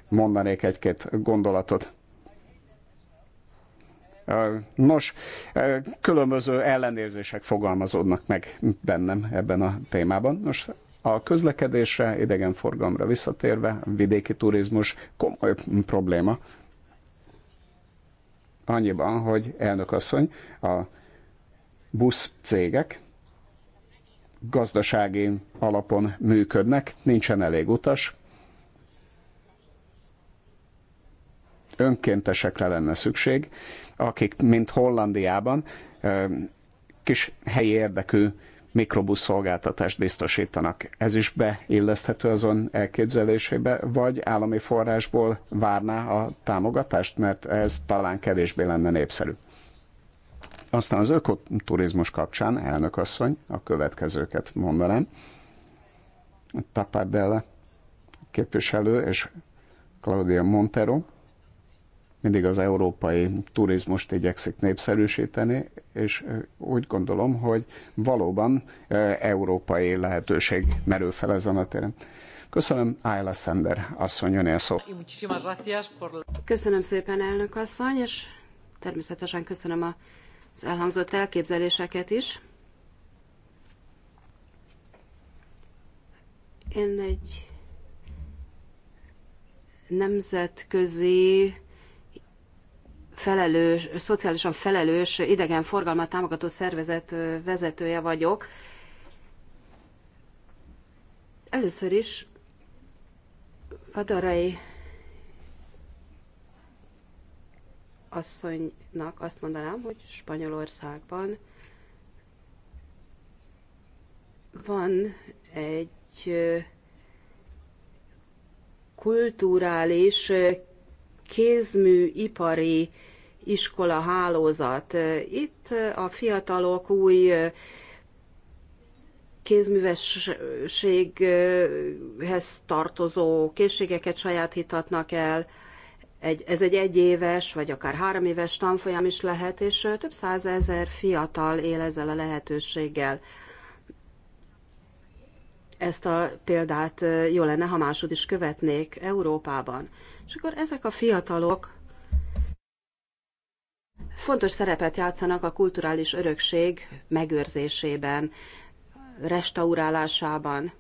mondanék egy-két gondolatot. Nos, különböző ellenérzések fogalmazódnak meg bennem ebben a témában. Nos, a közlekedésre, idegenforgalomra visszatérve, vidéki turizmus komoly probléma. Annyiban, hogy asszony, a buszcégek gazdasági alapon működnek, nincsen elég utas, önkéntesekre lenne szükség, akik, mint Hollandiában, kis helyi érdekű mikrobusz szolgáltatást biztosítanak. Ez is beilleszthető azon elképzelésébe, vagy állami forrásból várná a támogatást, mert ez talán kevésbé lenne népszerű. Aztán az ökoturizmus kapcsán elnök asszony, a következőket mondanám. Tapardella képviselő és Claudia Montero mindig az európai turizmust igyekszik népszerűsíteni, és úgy gondolom, hogy valóban európai lehetőség merül fel ezen a téren. Köszönöm, Ayla Sender asszony, önél szó. Köszönöm szépen, elnök asszony, és természetesen köszönöm az elhangzott elképzeléseket is. Én egy nemzetközi felelős, szociálisan felelős idegenforgalmat támogató szervezet vezetője vagyok. Először is Vadarai asszonynak azt mondanám, hogy Spanyolországban van egy kulturális kézmű ipari iskola hálózat. Itt a fiatalok új kézművességhez tartozó készségeket sajátítatnak el. Egy, ez egy egyéves, vagy akár három éves tanfolyam is lehet, és több százezer fiatal él ezzel a lehetőséggel. Ezt a példát jó lenne, ha másod is követnék Európában. És akkor ezek a fiatalok fontos szerepet játszanak a kulturális örökség megőrzésében, restaurálásában.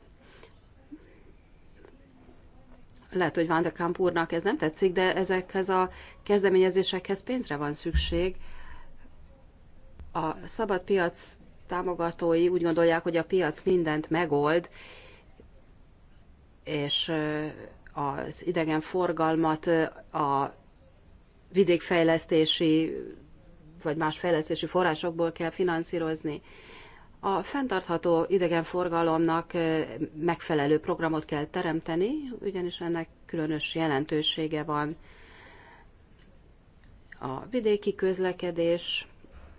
Lehet, hogy Van de Kamp úrnak ez nem tetszik, de ezekhez a kezdeményezésekhez pénzre van szükség. A szabad piac támogatói úgy gondolják, hogy a piac mindent megold, és az idegenforgalmat a vidékfejlesztési vagy más fejlesztési forrásokból kell finanszírozni. A fenntartható idegenforgalomnak megfelelő programot kell teremteni, ugyanis ennek különös jelentősége van. A vidéki közlekedés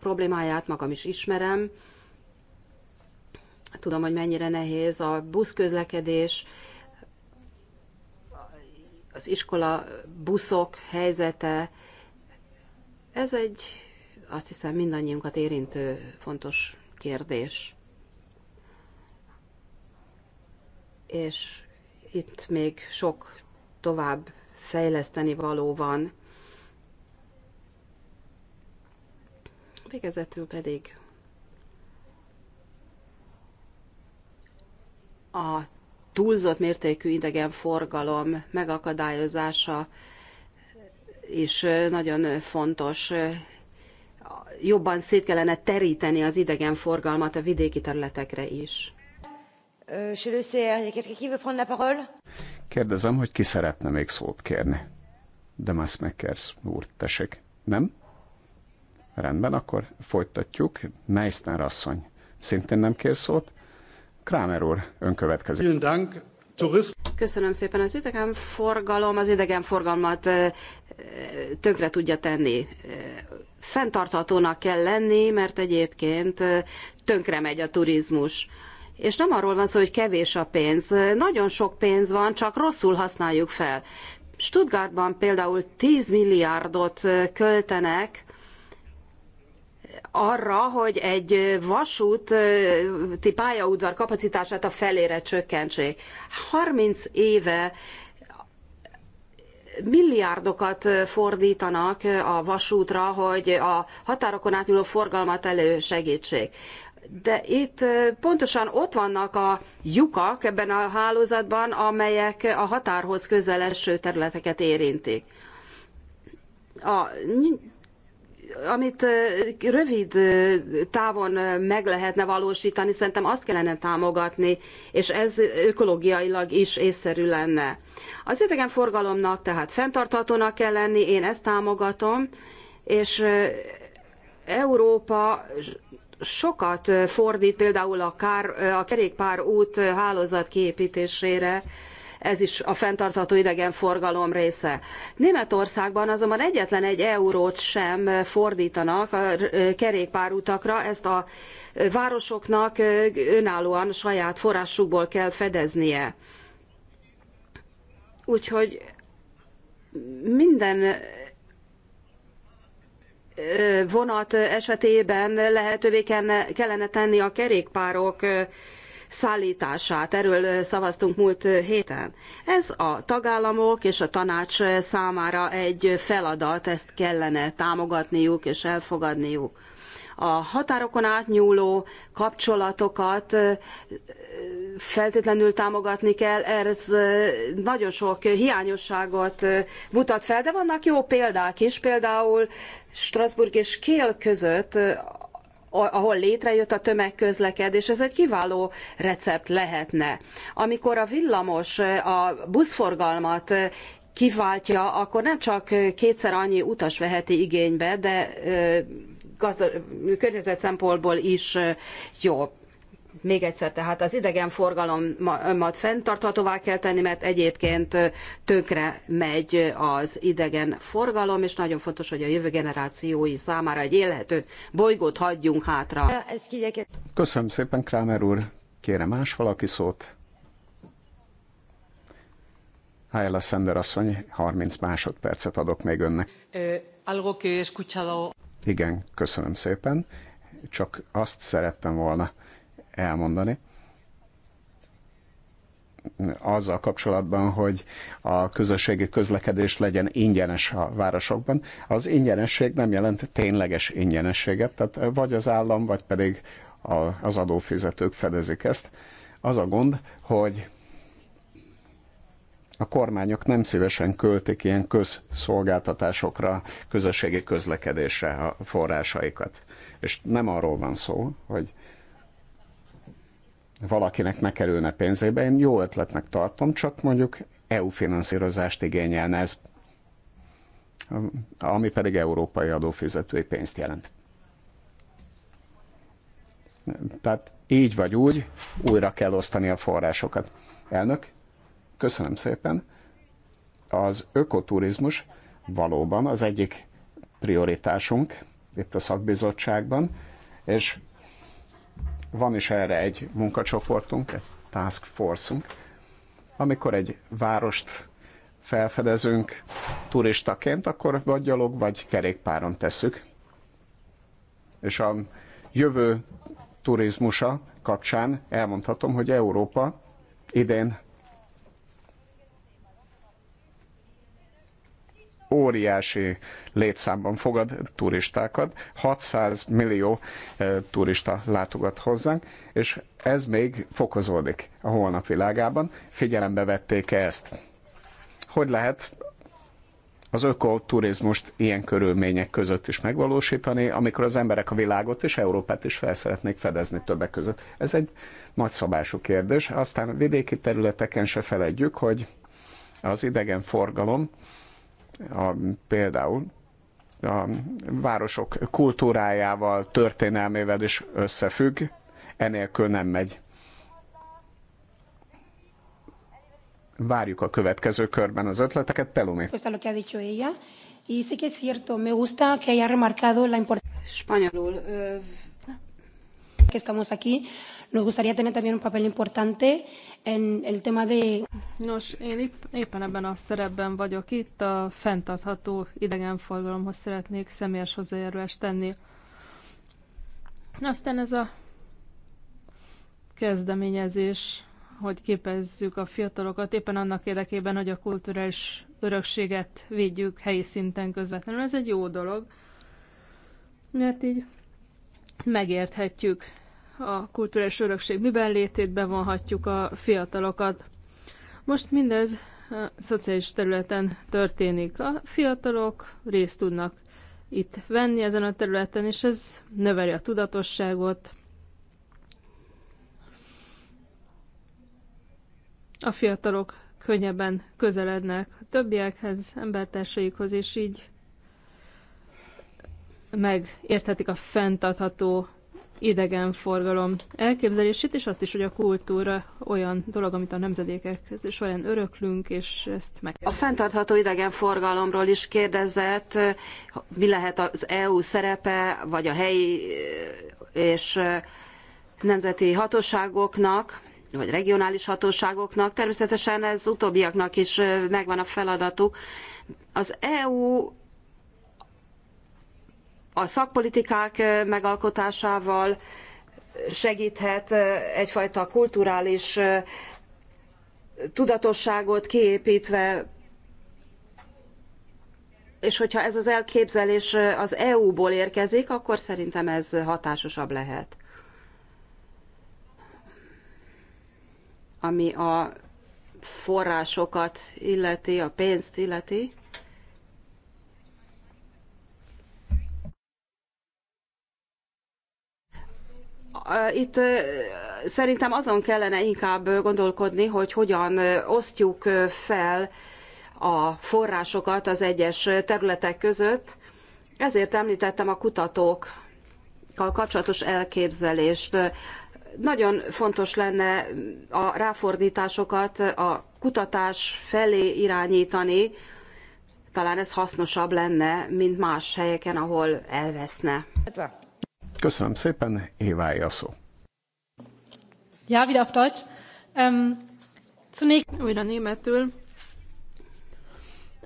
problémáját magam is ismerem. Tudom, hogy mennyire nehéz a buszközlekedés, az iskola buszok helyzete, ez egy azt hiszem mindannyiunkat érintő fontos kérdés. És itt még sok tovább fejleszteni való van. Végezetül pedig a túlzott mértékű idegenforgalom megakadályozása is nagyon fontos. Jobban szét kellene teríteni az idegenforgalmat a vidéki területekre is. Kérdezem, hogy ki szeretne még szót kérni. Demas Mekers úr, tessék. Nem? Rendben, akkor folytatjuk. Meissner asszony, szintén nem kér szót. Krámer úr, ön következik. Köszönöm szépen. Az idegenforgalom az idegenforgalmat tönkre tudja tenni. Fentartatónak kell lenni, mert egyébként tönkre megy a turizmus. És nem arról van szó, hogy kevés a pénz. Nagyon sok pénz van, csak rosszul használjuk fel. Stuttgartban például 10 milliárdot költenek arra, hogy egy vasúti pályaudvar kapacitását a felére csökkentsék. 30 éve milliárdokat fordítanak a vasútra, hogy a határokon átnyúló forgalmat elősegítsék. De itt pontosan ott vannak a lyukak ebben a hálózatban, amelyek a határhoz közel eső területeket érintik. A amit rövid távon meg lehetne valósítani, szerintem azt kellene támogatni, és ez ökológiailag is észszerű lenne. Az idegenforgalomnak tehát fenntarthatónak kell lenni, én ezt támogatom, és Európa sokat fordít például a, kár, a kerékpár út hálózat kiépítésére, ez is a fenntartható idegenforgalom része. Németországban azonban egyetlen egy eurót sem fordítanak a kerékpárutakra, ezt a városoknak önállóan saját forrásukból kell fedeznie. Úgyhogy minden vonat esetében lehetővé kellene tenni a kerékpárok szállítását. Erről szavaztunk múlt héten. Ez a tagállamok és a tanács számára egy feladat, ezt kellene támogatniuk és elfogadniuk. A határokon átnyúló kapcsolatokat feltétlenül támogatni kell, ez nagyon sok hiányosságot mutat fel, de vannak jó példák is, például Strasbourg és Kiel között ahol létrejött a tömegközlekedés, ez egy kiváló recept lehetne. Amikor a villamos a buszforgalmat kiváltja, akkor nem csak kétszer annyi utas veheti igénybe, de gazda- környezet szempontból is jobb. Még egyszer, tehát az idegenforgalomat fenntarthatóvá kell tenni, mert egyébként tönkre megy az idegenforgalom, és nagyon fontos, hogy a jövő generációi számára egy élhető bolygót hagyjunk hátra. Köszönöm szépen, Krámer úr. Kére más valaki szót? Hájla Szender asszony, 30 másodpercet adok még önnek. Igen, köszönöm szépen. Csak azt szerettem volna elmondani azzal kapcsolatban, hogy a közösségi közlekedés legyen ingyenes a városokban. Az ingyenesség nem jelent tényleges ingyenességet, tehát vagy az állam, vagy pedig a, az adófizetők fedezik ezt. Az a gond, hogy a kormányok nem szívesen költik ilyen közszolgáltatásokra, közösségi közlekedésre a forrásaikat. És nem arról van szó, hogy valakinek ne kerülne pénzébe, én jó ötletnek tartom, csak mondjuk EU finanszírozást igényelne ez, ami pedig európai adófizetői pénzt jelent. Tehát így vagy úgy újra kell osztani a forrásokat. Elnök, köszönöm szépen. Az ökoturizmus valóban az egyik prioritásunk itt a szakbizottságban, és van is erre egy munkacsoportunk, egy task force-unk, amikor egy várost felfedezünk turistaként, akkor vagy gyalog, vagy kerékpáron tesszük. És a jövő turizmusa kapcsán elmondhatom, hogy Európa idén óriási létszámban fogad turistákat, 600 millió e, turista látogat hozzánk, és ez még fokozódik a holnap világában. Figyelembe vették -e ezt? Hogy lehet az ökoturizmust ilyen körülmények között is megvalósítani, amikor az emberek a világot és Európát is fel szeretnék fedezni többek között. Ez egy nagyszabású kérdés. Aztán vidéki területeken se felejtjük, hogy az idegenforgalom a, például a városok kultúrájával, történelmével is összefügg, enélkül nem megy. Várjuk a következő körben az ötleteket, Pelumi. Spanyolul que estamos aquí, nos gustaría tener también un papel importante en el tema de... Nos, én épp, éppen ebben a szerepben vagyok itt, a fenntartható idegenforgalomhoz szeretnék személyes hozzájárulást tenni. Aztán ez a kezdeményezés, hogy képezzük a fiatalokat, éppen annak érdekében, hogy a kulturális örökséget védjük helyi szinten közvetlenül. Ez egy jó dolog, mert így megérthetjük a kulturális örökség miben létét bevonhatjuk a fiatalokat. Most mindez a szociális területen történik. A fiatalok részt tudnak itt venni ezen a területen, és ez növeli a tudatosságot. A fiatalok könnyebben közelednek a többiekhez, embertársaikhoz, és így megérthetik a fenntartható idegenforgalom elképzelését, és azt is, hogy a kultúra olyan dolog, amit a nemzedékek során öröklünk, és ezt meg. A fenntartható idegenforgalomról is kérdezett, mi lehet az EU szerepe, vagy a helyi és nemzeti hatóságoknak, vagy regionális hatóságoknak. Természetesen ez utóbbiaknak is megvan a feladatuk. Az EU a szakpolitikák megalkotásával segíthet egyfajta kulturális tudatosságot kiépítve, és hogyha ez az elképzelés az EU-ból érkezik, akkor szerintem ez hatásosabb lehet. Ami a forrásokat illeti, a pénzt illeti, Itt szerintem azon kellene inkább gondolkodni, hogy hogyan osztjuk fel a forrásokat az egyes területek között. Ezért említettem a kutatókkal kapcsolatos elképzelést. Nagyon fontos lenne a ráfordításokat a kutatás felé irányítani, talán ez hasznosabb lenne, mint más helyeken, ahol elveszne. Köszönöm szépen, Évája a szó. Ja, wieder auf Deutsch. Ähm, zunächst újra németül.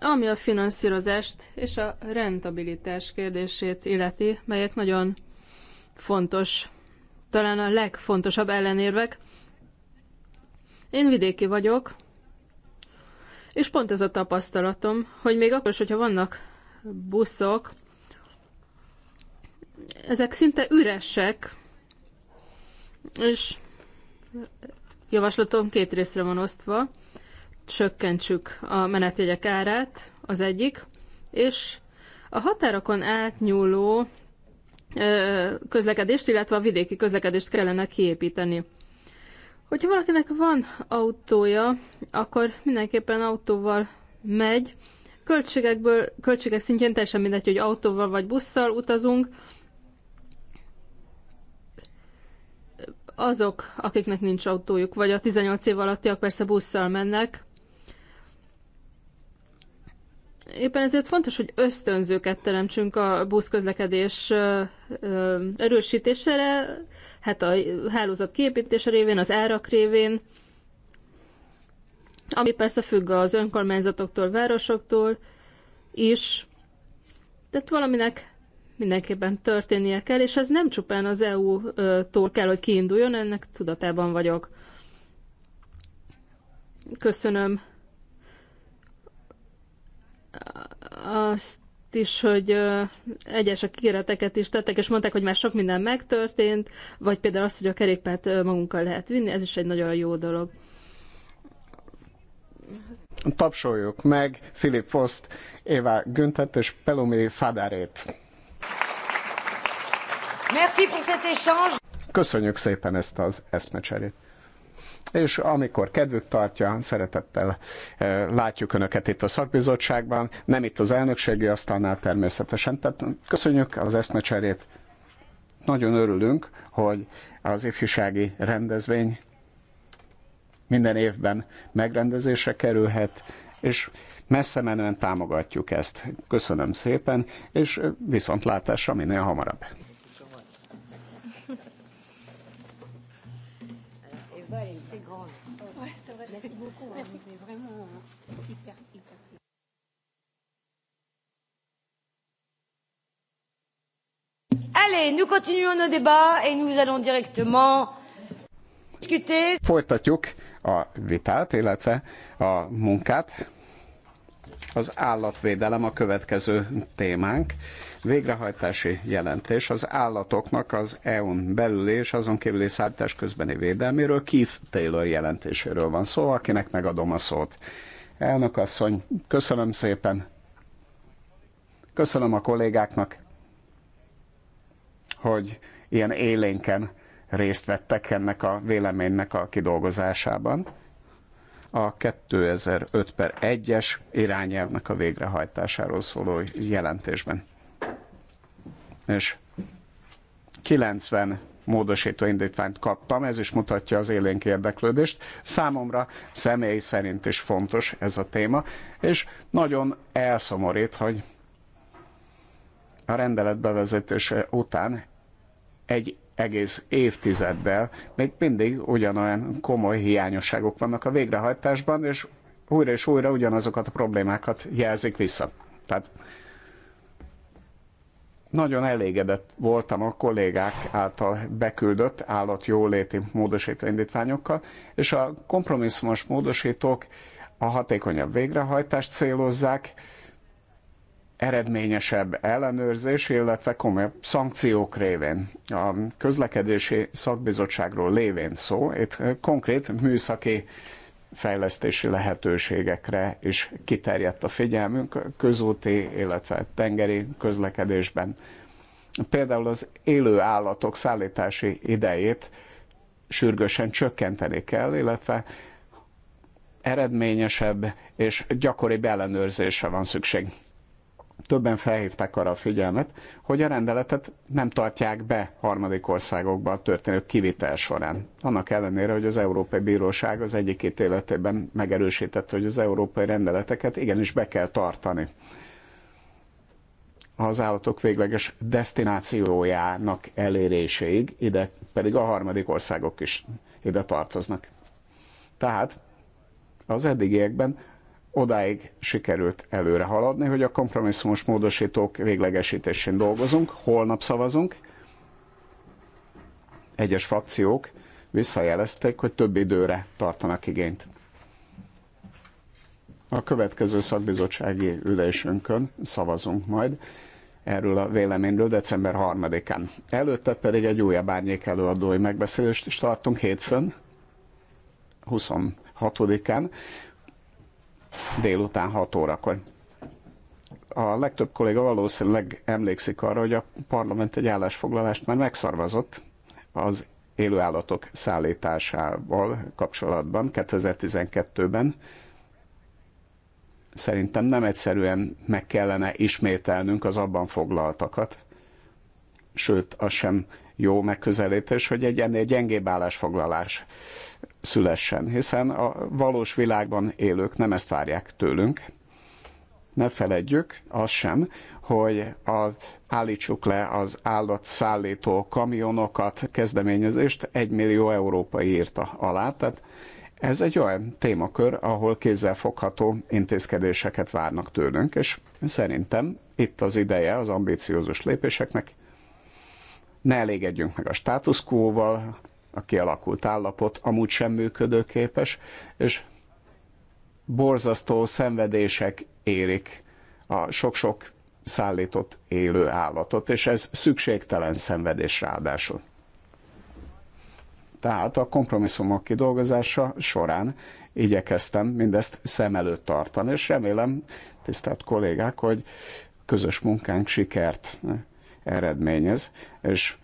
Ami a finanszírozást és a rentabilitás kérdését illeti, melyek nagyon fontos, talán a legfontosabb ellenérvek. Én vidéki vagyok, és pont ez a tapasztalatom, hogy még akkor is, hogyha vannak buszok, ezek szinte üresek, és javaslatom két részre van osztva. Csökkentsük a menetjegyek árát, az egyik, és a határokon átnyúló közlekedést, illetve a vidéki közlekedést kellene kiépíteni. Hogyha valakinek van autója, akkor mindenképpen autóval megy. Költségekből, költségek szintjén teljesen mindegy, hogy autóval vagy busszal utazunk, azok, akiknek nincs autójuk, vagy a 18 év alattiak persze busszal mennek. Éppen ezért fontos, hogy ösztönzőket teremtsünk a buszközlekedés erősítésére, hát a hálózat kiépítése révén, az árak révén, ami persze függ az önkormányzatoktól, városoktól is. Tehát valaminek mindenképpen történnie kell, és ez nem csupán az EU-tól kell, hogy kiinduljon, ennek tudatában vagyok. Köszönöm azt is, hogy egyes a kígéreteket is tettek, és mondták, hogy már sok minden megtörtént, vagy például azt, hogy a kerékpárt magunkkal lehet vinni, ez is egy nagyon jó dolog. Tapsoljuk meg Philip Foszt, Éva Güntet és Pelumi Fadárét. Merci pour cet échange. Köszönjük szépen ezt az eszmecserét. És amikor kedvük tartja, szeretettel eh, látjuk Önöket itt a szakbizottságban, nem itt az elnökségi asztalnál természetesen. Tehát köszönjük az eszmecserét. Nagyon örülünk, hogy az ifjúsági rendezvény minden évben megrendezésre kerülhet, és messze menően támogatjuk ezt. Köszönöm szépen, és viszontlátásra minél hamarabb. Allez, nous continuons nos débats et nous allons directement discuter. Folytatjuk a vitát, illetve a munkát. Az állatvédelem a következő témánk. Végrehajtási jelentés az állatoknak az EU-n belüli és azon kívüli szállítás közbeni védelméről Keith Taylor jelentéséről van szó, akinek megadom a szót. Elnök asszony, köszönöm szépen. Köszönöm a kollégáknak, hogy ilyen élénken részt vettek ennek a véleménynek a kidolgozásában. A 2005 per 1-es irányelvnek a végrehajtásáról szóló jelentésben. És 90 módosító indítványt kaptam, ez is mutatja az élénk érdeklődést. Számomra személy szerint is fontos ez a téma, és nagyon elszomorít, hogy a rendelet bevezetése után egy egész évtizeddel még mindig ugyanolyan komoly hiányosságok vannak a végrehajtásban, és újra és újra ugyanazokat a problémákat jelzik vissza. Tehát nagyon elégedett voltam a kollégák által beküldött jóléti módosító indítványokkal, és a kompromisszumos módosítók a hatékonyabb végrehajtást célozzák, eredményesebb ellenőrzés, illetve komolyabb szankciók révén. A közlekedési szakbizottságról lévén szó, itt konkrét műszaki fejlesztési lehetőségekre is kiterjedt a figyelmünk közúti, illetve tengeri közlekedésben. Például az élő állatok szállítási idejét sürgősen csökkenteni kell, illetve eredményesebb és gyakoribb ellenőrzésre van szükség többen felhívták arra a figyelmet, hogy a rendeletet nem tartják be harmadik országokban történő kivitel során. Annak ellenére, hogy az Európai Bíróság az egyik ítéletében megerősítette, hogy az európai rendeleteket igenis be kell tartani az állatok végleges destinációjának eléréséig, ide pedig a harmadik országok is ide tartoznak. Tehát az eddigiekben odáig sikerült előre haladni, hogy a kompromisszumos módosítók véglegesítésén dolgozunk, holnap szavazunk. Egyes frakciók visszajelezték, hogy több időre tartanak igényt. A következő szakbizottsági ülésünkön szavazunk majd erről a véleményről december 3-án. Előtte pedig egy újabb árnyék előadói megbeszélést is tartunk hétfőn, 26-án, délután 6 órakor. A legtöbb kolléga valószínűleg emlékszik arra, hogy a parlament egy állásfoglalást már megszarvazott az élőállatok szállításával kapcsolatban 2012-ben. Szerintem nem egyszerűen meg kellene ismételnünk az abban foglaltakat, sőt, az sem jó megközelítés, hogy egy ennél gyengébb állásfoglalás szülessen, hiszen a valós világban élők nem ezt várják tőlünk. Ne feledjük azt sem, hogy az állítsuk le az állatszállító kamionokat, kezdeményezést egy millió európai írta alá, tehát ez egy olyan témakör, ahol kézzelfogható intézkedéseket várnak tőlünk, és szerintem itt az ideje az ambíciózus lépéseknek. Ne elégedjünk meg a státuszkóval, a kialakult állapot amúgy sem működőképes, és borzasztó szenvedések érik a sok-sok szállított élő állatot, és ez szükségtelen szenvedés ráadásul. Tehát a kompromisszumok kidolgozása során igyekeztem mindezt szem előtt tartani, és remélem, tisztelt kollégák, hogy közös munkánk sikert eredményez, és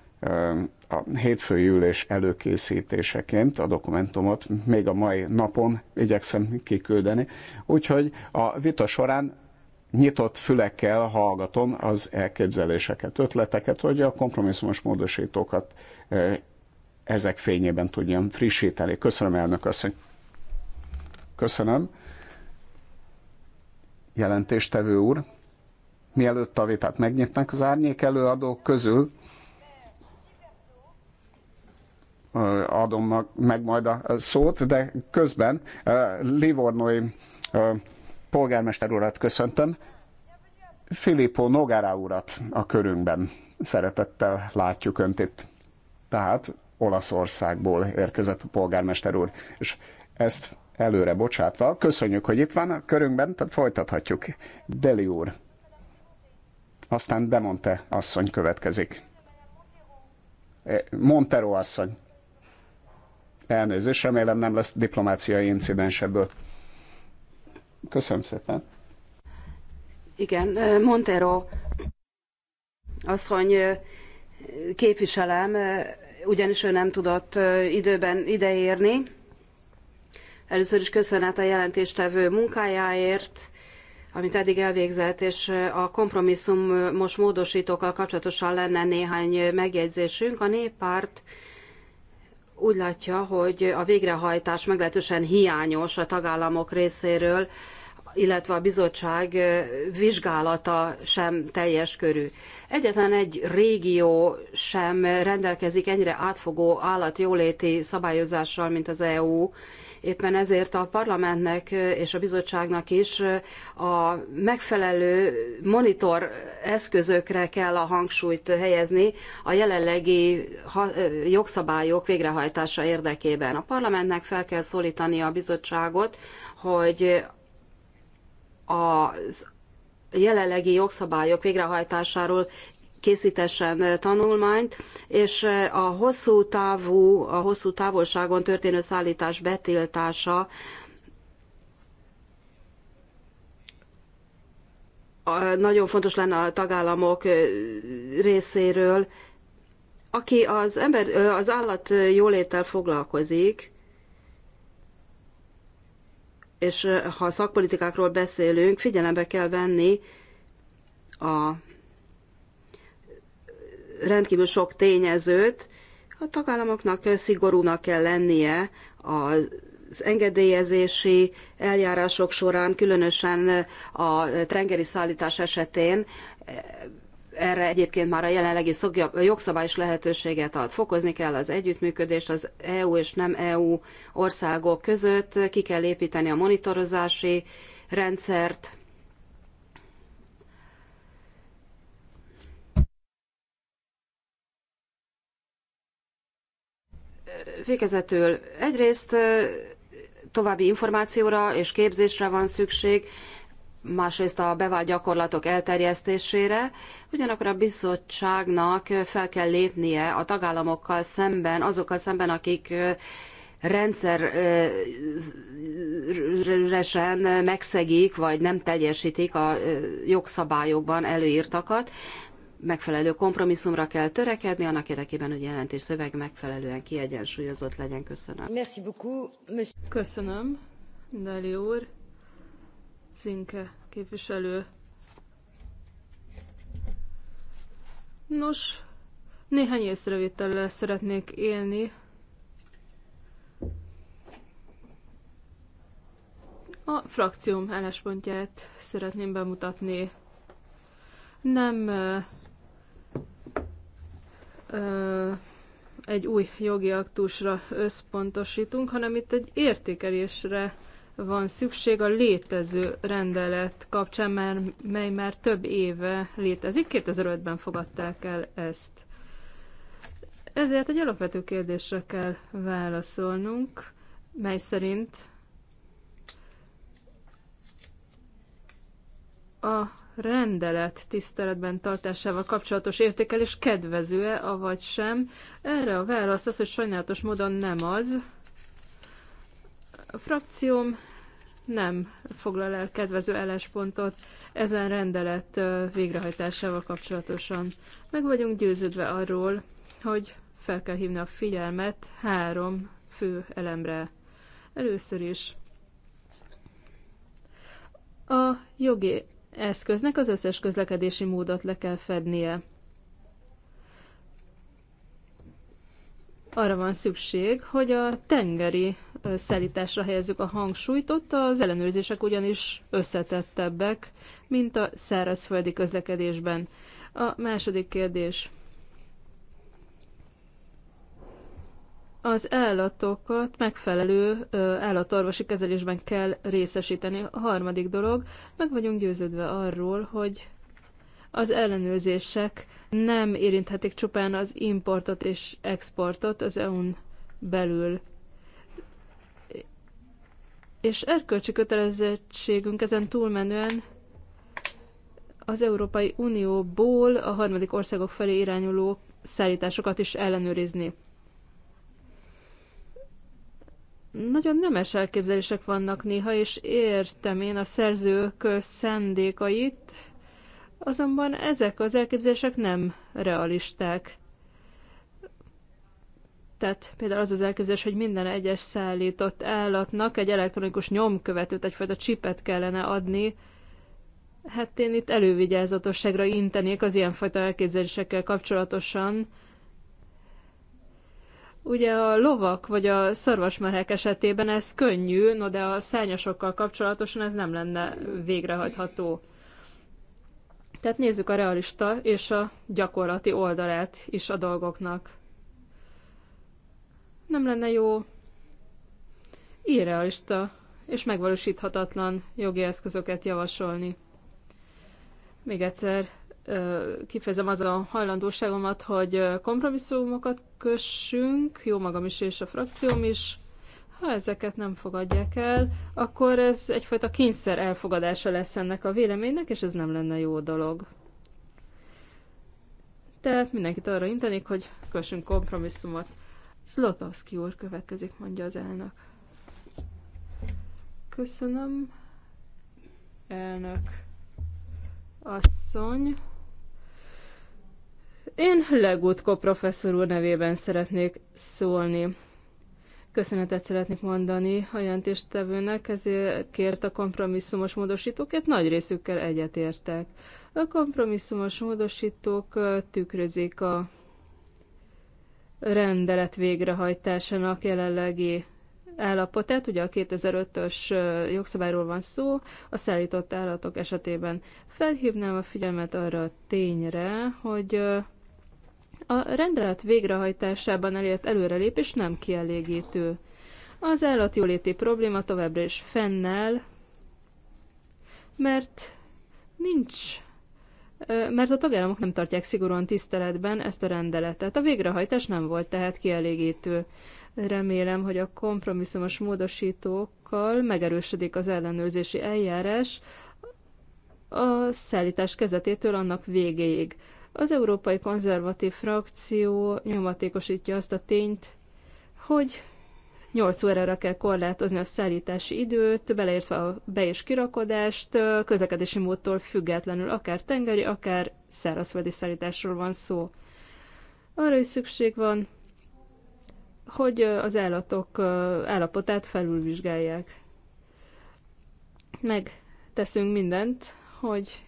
a hétfői ülés előkészítéseként a dokumentumot még a mai napon igyekszem kiküldeni. Úgyhogy a vita során nyitott fülekkel hallgatom az elképzeléseket, ötleteket, hogy a kompromisszumos módosítókat ezek fényében tudjam frissíteni. Köszönöm, elnök asszony. Köszönöm. Jelentéstevő úr, mielőtt a vitát megnyitnak az árnyék előadók közül, adom meg majd a szót, de közben Livornói polgármester urat köszöntöm, Filippo Nogara urat a körünkben. Szeretettel látjuk Önt itt. Tehát Olaszországból érkezett a polgármester úr, és ezt előre bocsátva, köszönjük, hogy itt van a körünkben, tehát folytathatjuk. Deli úr. Aztán Demonte asszony következik. Montero asszony. Elnézést, remélem nem lesz diplomáciai incidens ebből. Köszönöm szépen. Igen, Montero asszony képviselem, ugyanis ő nem tudott időben ideérni. Először is köszönet a jelentéstevő munkájáért, amit eddig elvégzett, és a most módosítókkal kapcsolatosan lenne néhány megjegyzésünk. A néppárt úgy látja, hogy a végrehajtás meglehetősen hiányos a tagállamok részéről, illetve a bizottság vizsgálata sem teljes körű. Egyetlen egy régió sem rendelkezik ennyire átfogó állatjóléti szabályozással, mint az EU, Éppen ezért a parlamentnek és a bizottságnak is a megfelelő monitor eszközökre kell a hangsúlyt helyezni a jelenlegi jogszabályok végrehajtása érdekében. A parlamentnek fel kell szólítani a bizottságot, hogy az jelenlegi jogszabályok végrehajtásáról készítessen tanulmányt, és a hosszú távú, a hosszú távolságon történő szállítás betiltása nagyon fontos lenne a tagállamok részéről, aki az, ember, az állat jóléttel foglalkozik, és ha szakpolitikákról beszélünk, figyelembe kell venni a rendkívül sok tényezőt, a tagállamoknak szigorúnak kell lennie az engedélyezési eljárások során, különösen a tengeri szállítás esetén, erre egyébként már a jelenlegi jogszabály is lehetőséget ad. Fokozni kell az együttműködést az EU és nem EU országok között, ki kell építeni a monitorozási rendszert, Végezetül egyrészt további információra és képzésre van szükség, másrészt a bevált gyakorlatok elterjesztésére, ugyanakkor a bizottságnak fel kell lépnie a tagállamokkal szemben, azokkal szemben, akik rendszeresen megszegik, vagy nem teljesítik a jogszabályokban előírtakat megfelelő kompromisszumra kell törekedni, annak érdekében, hogy jelentés szöveg megfelelően kiegyensúlyozott legyen. Köszönöm. Merci beaucoup, monsieur. Köszönöm, Dali úr. Zinke képviselő. Nos, néhány észrevétellel szeretnék élni. A frakcióm álláspontját szeretném bemutatni. Nem eh, egy új jogi aktusra összpontosítunk, hanem itt egy értékelésre van szükség a létező rendelet kapcsán, mert, mely már több éve létezik. 2005-ben fogadták el ezt. Ezért egy alapvető kérdésre kell válaszolnunk, mely szerint a rendelet tiszteletben tartásával kapcsolatos értékelés kedvező-e, avagy sem? Erre a válasz az, hogy sajnálatos módon nem az. A frakcióm nem foglal el kedvező álláspontot ezen rendelet végrehajtásával kapcsolatosan. Meg vagyunk győződve arról, hogy fel kell hívni a figyelmet három fő elemre. Először is a jogi eszköznek az összes közlekedési módot le kell fednie. Arra van szükség, hogy a tengeri szállításra helyezzük a hangsúlyt, ott az ellenőrzések ugyanis összetettebbek, mint a szárazföldi közlekedésben. A második kérdés. az állatokat megfelelő állatorvosi kezelésben kell részesíteni. A harmadik dolog, meg vagyunk győződve arról, hogy az ellenőrzések nem érinthetik csupán az importot és exportot az EU-n belül. És erkölcsi kötelezettségünk ezen túlmenően az Európai Unióból a harmadik országok felé irányuló szállításokat is ellenőrizni. Nagyon nemes elképzelések vannak néha, és értem én a szerzők szendékait, azonban ezek az elképzelések nem realisták. Tehát például az az elképzelés, hogy minden egyes szállított állatnak egy elektronikus nyomkövetőt, egyfajta csipet kellene adni. Hát én itt elővigyázatosságra intenék az ilyenfajta elképzelésekkel kapcsolatosan, Ugye a lovak vagy a szarvasmarhák esetében ez könnyű, no de a szányasokkal kapcsolatosan ez nem lenne végrehajtható. Tehát nézzük a realista és a gyakorlati oldalát is a dolgoknak. Nem lenne jó irrealista és megvalósíthatatlan jogi eszközöket javasolni. Még egyszer kifejezem az a hajlandóságomat, hogy kompromisszumokat kössünk, jó magam is és a frakcióm is, ha ezeket nem fogadják el, akkor ez egyfajta kényszer elfogadása lesz ennek a véleménynek, és ez nem lenne jó dolog. Tehát mindenkit arra intenik, hogy kössünk kompromisszumot. Zlotowski úr következik, mondja az elnök. Köszönöm, elnök asszony. Én Legutko professzor úr nevében szeretnék szólni. Köszönetet szeretnék mondani a jelentéstevőnek, ezért kért a kompromisszumos módosítókért, nagy részükkel egyetértek. A kompromisszumos módosítók tükrözik a rendelet végrehajtásának jelenlegi állapotát, ugye a 2005-ös jogszabályról van szó, a szállított állatok esetében felhívnám a figyelmet arra a tényre, hogy a rendelet végrehajtásában elért előrelépés nem kielégítő. Az állatjóléti probléma továbbra is fennáll, mert nincs mert a tagállamok nem tartják szigorúan tiszteletben ezt a rendeletet. A végrehajtás nem volt tehát kielégítő. Remélem, hogy a kompromisszumos módosítókkal megerősödik az ellenőrzési eljárás a szállítás kezdetétől annak végéig. Az Európai Konzervatív Frakció nyomatékosítja azt a tényt, hogy 8 órára kell korlátozni a szállítási időt, beleértve a be- és kirakodást, közlekedési módtól függetlenül, akár tengeri, akár szárazföldi szállításról van szó. Arra is szükség van, hogy az állatok állapotát felülvizsgálják. Megteszünk mindent, hogy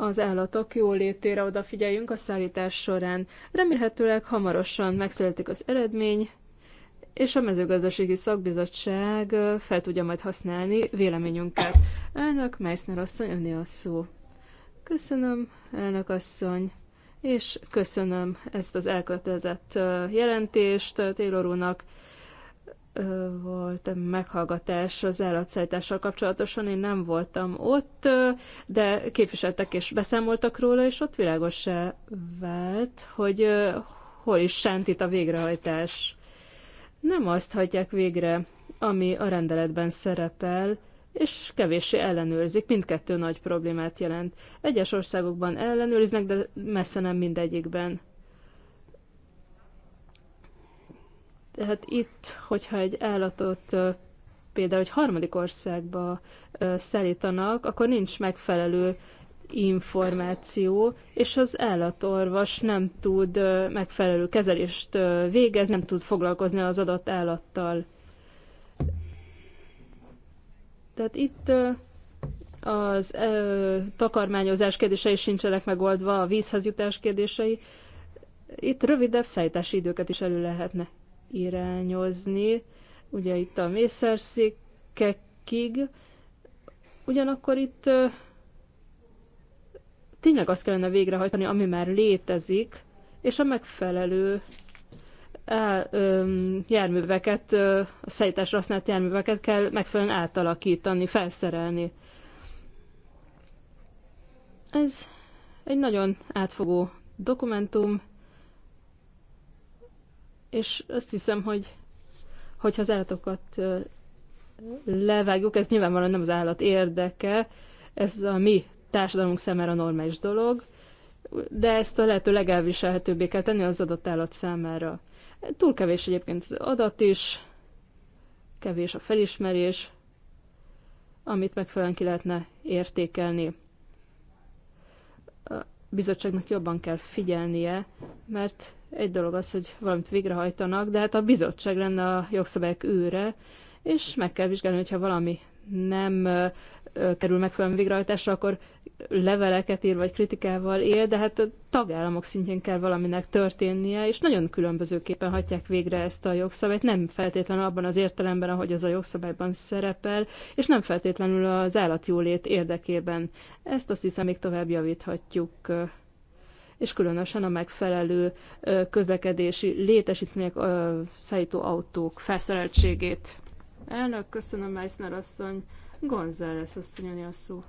az állatok jólétére odafigyeljünk a szállítás során. Remélhetőleg hamarosan megszületik az eredmény, és a mezőgazdasági szakbizottság fel tudja majd használni véleményünket. Elnök Meissner asszony, öné a szó. Köszönöm, elnök asszony, és köszönöm ezt az elkötelezett jelentést Taylor úrnak volt meghallgatás az állatszállítással kapcsolatosan, én nem voltam ott, de képviseltek és beszámoltak róla, és ott se vált, hogy hol is sántít a végrehajtás. Nem azt hagyják végre, ami a rendeletben szerepel, és kevéssé ellenőrzik, mindkettő nagy problémát jelent. Egyes országokban ellenőriznek, de messze nem mindegyikben. Tehát itt, hogyha egy állatot például egy harmadik országba szállítanak, akkor nincs megfelelő információ, és az állatorvos nem tud megfelelő kezelést végez, nem tud foglalkozni az adott állattal. Tehát itt az takarmányozás kérdései sincsenek megoldva, a vízhez jutás kérdései. Itt rövidebb szállítási időket is elő lehetne irányozni, ugye itt a mészerszékekig, ugyanakkor itt tényleg azt kellene végrehajtani, ami már létezik, és a megfelelő á, járműveket, ö, a szállításra használt járműveket kell megfelelően átalakítani, felszerelni. Ez egy nagyon átfogó dokumentum, és azt hiszem, hogy hogyha az állatokat levágjuk, ez nyilvánvalóan nem az állat érdeke, ez a mi társadalmunk számára normális dolog, de ezt a lehető legelviselhetőbbé kell tenni az adott állat számára. Túl kevés egyébként az adat is, kevés a felismerés, amit megfelelően ki lehetne értékelni. A bizottságnak jobban kell figyelnie, mert egy dolog az, hogy valamit végrehajtanak, de hát a bizottság lenne a jogszabályok őre, és meg kell vizsgálni, hogyha valami nem kerül megfelelően végrehajtásra, akkor leveleket ír, vagy kritikával él, de hát a tagállamok szintjén kell valaminek történnie, és nagyon különbözőképpen hagyják végre ezt a jogszabályt, nem feltétlenül abban az értelemben, ahogy az a jogszabályban szerepel, és nem feltétlenül az állatjólét érdekében. Ezt azt hiszem még tovább javíthatjuk és különösen a megfelelő közlekedési létesítmények szállító autók felszereltségét. Elnök, köszönöm, Meissner asszony. González asszony, a szó.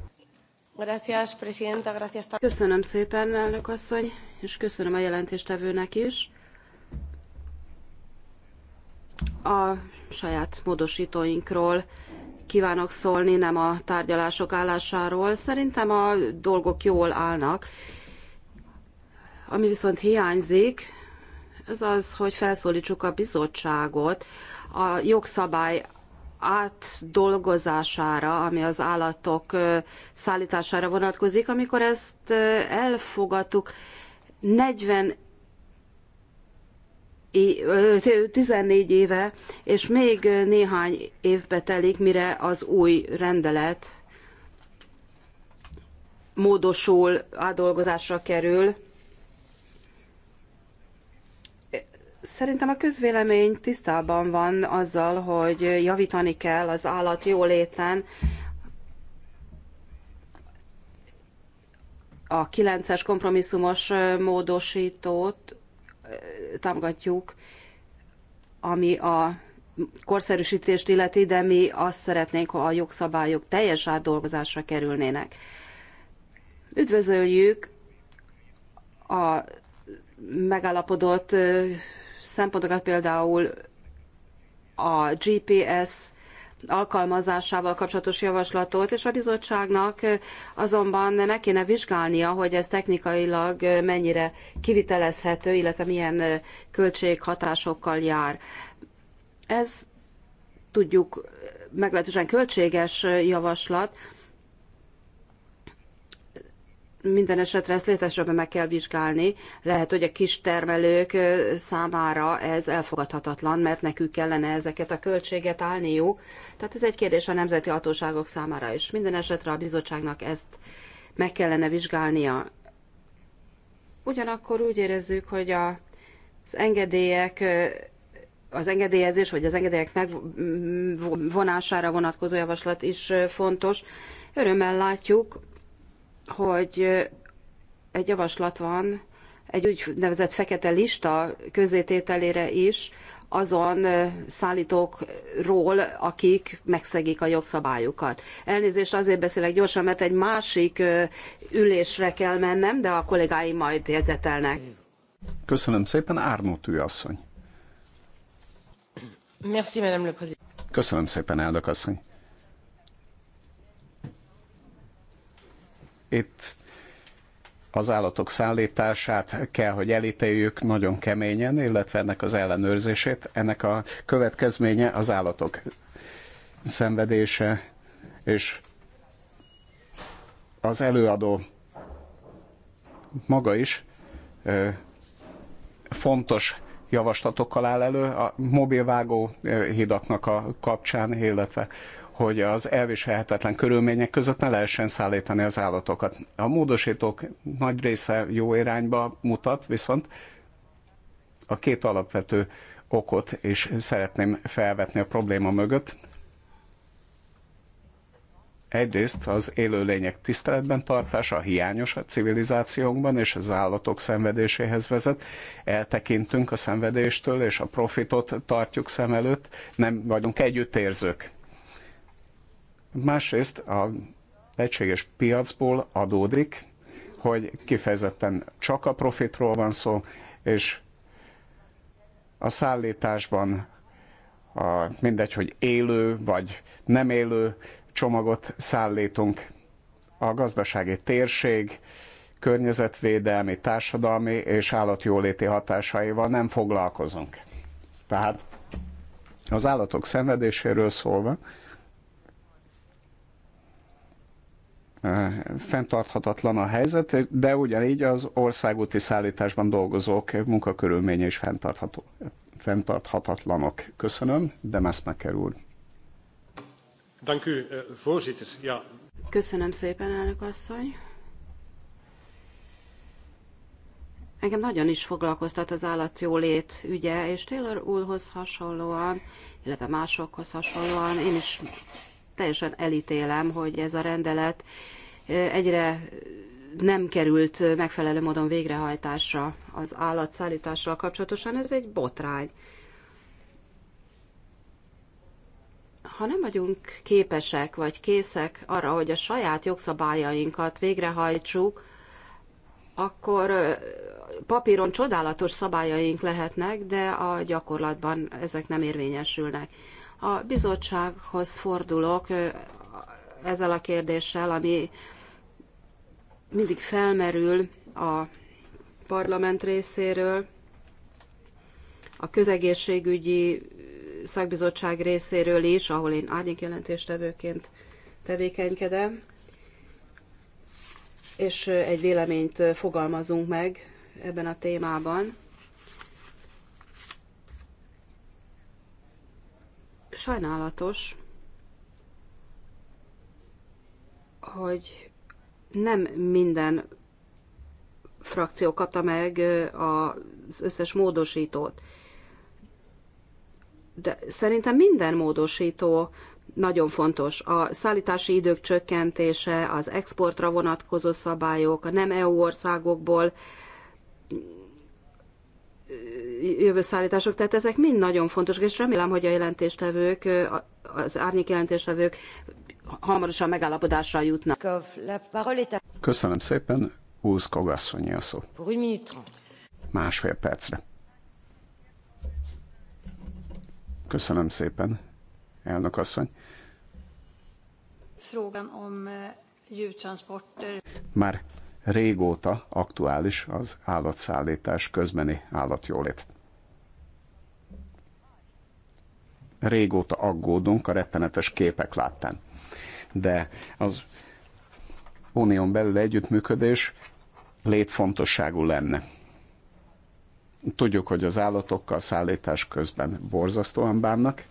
Köszönöm szépen, elnök asszony, és köszönöm a jelentéstevőnek is. A saját módosítóinkról kívánok szólni, nem a tárgyalások állásáról. Szerintem a dolgok jól állnak, ami viszont hiányzik, az az, hogy felszólítsuk a bizottságot a jogszabály átdolgozására, ami az állatok szállítására vonatkozik. Amikor ezt elfogadtuk, 40 14 éve, és még néhány évbe telik, mire az új rendelet módosul, átdolgozásra kerül. Szerintem a közvélemény tisztában van azzal, hogy javítani kell az állat jóléten. A 9-es kompromisszumos módosítót támogatjuk, ami a korszerűsítést illeti, de mi azt szeretnénk, ha a jogszabályok teljes átdolgozásra kerülnének. Üdvözöljük a megállapodott szempontokat, például a GPS alkalmazásával kapcsolatos javaslatot, és a bizottságnak azonban meg kéne vizsgálnia, hogy ez technikailag mennyire kivitelezhető, illetve milyen költséghatásokkal jár. Ez tudjuk meglehetősen költséges javaslat, minden esetre ezt létesebben meg kell vizsgálni. Lehet, hogy a kis termelők számára ez elfogadhatatlan, mert nekük kellene ezeket a költséget állniuk. Tehát ez egy kérdés a nemzeti hatóságok számára is. Minden esetre a bizottságnak ezt meg kellene vizsgálnia. Ugyanakkor úgy érezzük, hogy a, az engedélyek az engedélyezés, vagy az engedélyek megvonására vonatkozó javaslat is fontos. Örömmel látjuk, hogy egy javaslat van egy úgynevezett fekete lista közzétételére is azon szállítókról, akik megszegik a jogszabályokat. Elnézést azért beszélek gyorsan, mert egy másik ülésre kell mennem, de a kollégáim majd jegyzetelnek. Köszönöm szépen, Árnótű asszony. Merci, Madame le Président. Köszönöm szépen, elnök asszony. Itt az állatok szállítását kell, hogy elítéljük nagyon keményen, illetve ennek az ellenőrzését. Ennek a következménye az állatok szenvedése, és az előadó maga is fontos javaslatokkal áll elő a mobilvágó hidaknak a kapcsán, illetve hogy az elviselhetetlen körülmények között ne lehessen szállítani az állatokat. A módosítók nagy része jó irányba mutat, viszont a két alapvető okot is szeretném felvetni a probléma mögött. Egyrészt az élőlények tiszteletben tartása hiányos a civilizációnkban, és az állatok szenvedéséhez vezet. Eltekintünk a szenvedéstől, és a profitot tartjuk szem előtt, nem vagyunk együttérzők Másrészt a egységes piacból adódik, hogy kifejezetten csak a profitról van szó, és a szállításban a, mindegy, hogy élő vagy nem élő csomagot szállítunk. A gazdasági térség környezetvédelmi, társadalmi és állatjóléti hatásaival nem foglalkozunk. Tehát az állatok szenvedéséről szólva, fenntarthatatlan a helyzet, de ugyanígy az országúti szállításban dolgozók munkakörülménye is fenntartható, fenntarthatatlanok. Köszönöm, de Messmaker úr. Eh, Köszönöm szépen, elnök asszony. Engem nagyon is foglalkoztat az állatjólét ügye, és Taylor úrhoz hasonlóan, illetve másokhoz hasonlóan én is teljesen elítélem, hogy ez a rendelet egyre nem került megfelelő módon végrehajtásra az állatszállítással kapcsolatosan, ez egy botrány. Ha nem vagyunk képesek vagy készek arra, hogy a saját jogszabályainkat végrehajtsuk, akkor papíron csodálatos szabályaink lehetnek, de a gyakorlatban ezek nem érvényesülnek. A bizottsághoz fordulok ezzel a kérdéssel, ami mindig felmerül a parlament részéről, a közegészségügyi szakbizottság részéről is, ahol én árnyékjelentéstevőként tevékenykedem, és egy véleményt fogalmazunk meg ebben a témában. Sajnálatos, hogy nem minden frakció kapta meg az összes módosítót. De szerintem minden módosító nagyon fontos. A szállítási idők csökkentése, az exportra vonatkozó szabályok, a nem EU országokból jövő szállítások, tehát ezek mind nagyon fontosak, és remélem, hogy a jelentéstevők, az árnyék jelentéstevők hamarosan megállapodásra jutnak. Köszönöm szépen, úz asszonyi a szó. Másfél percre. Köszönöm szépen, elnök asszony. Frågan om eh, djurtransporter. Már régóta aktuális az állatszállítás közbeni állatjólét. Régóta aggódunk a rettenetes képek láttán. De az unión belül együttműködés létfontosságú lenne. Tudjuk, hogy az állatokkal szállítás közben borzasztóan bánnak,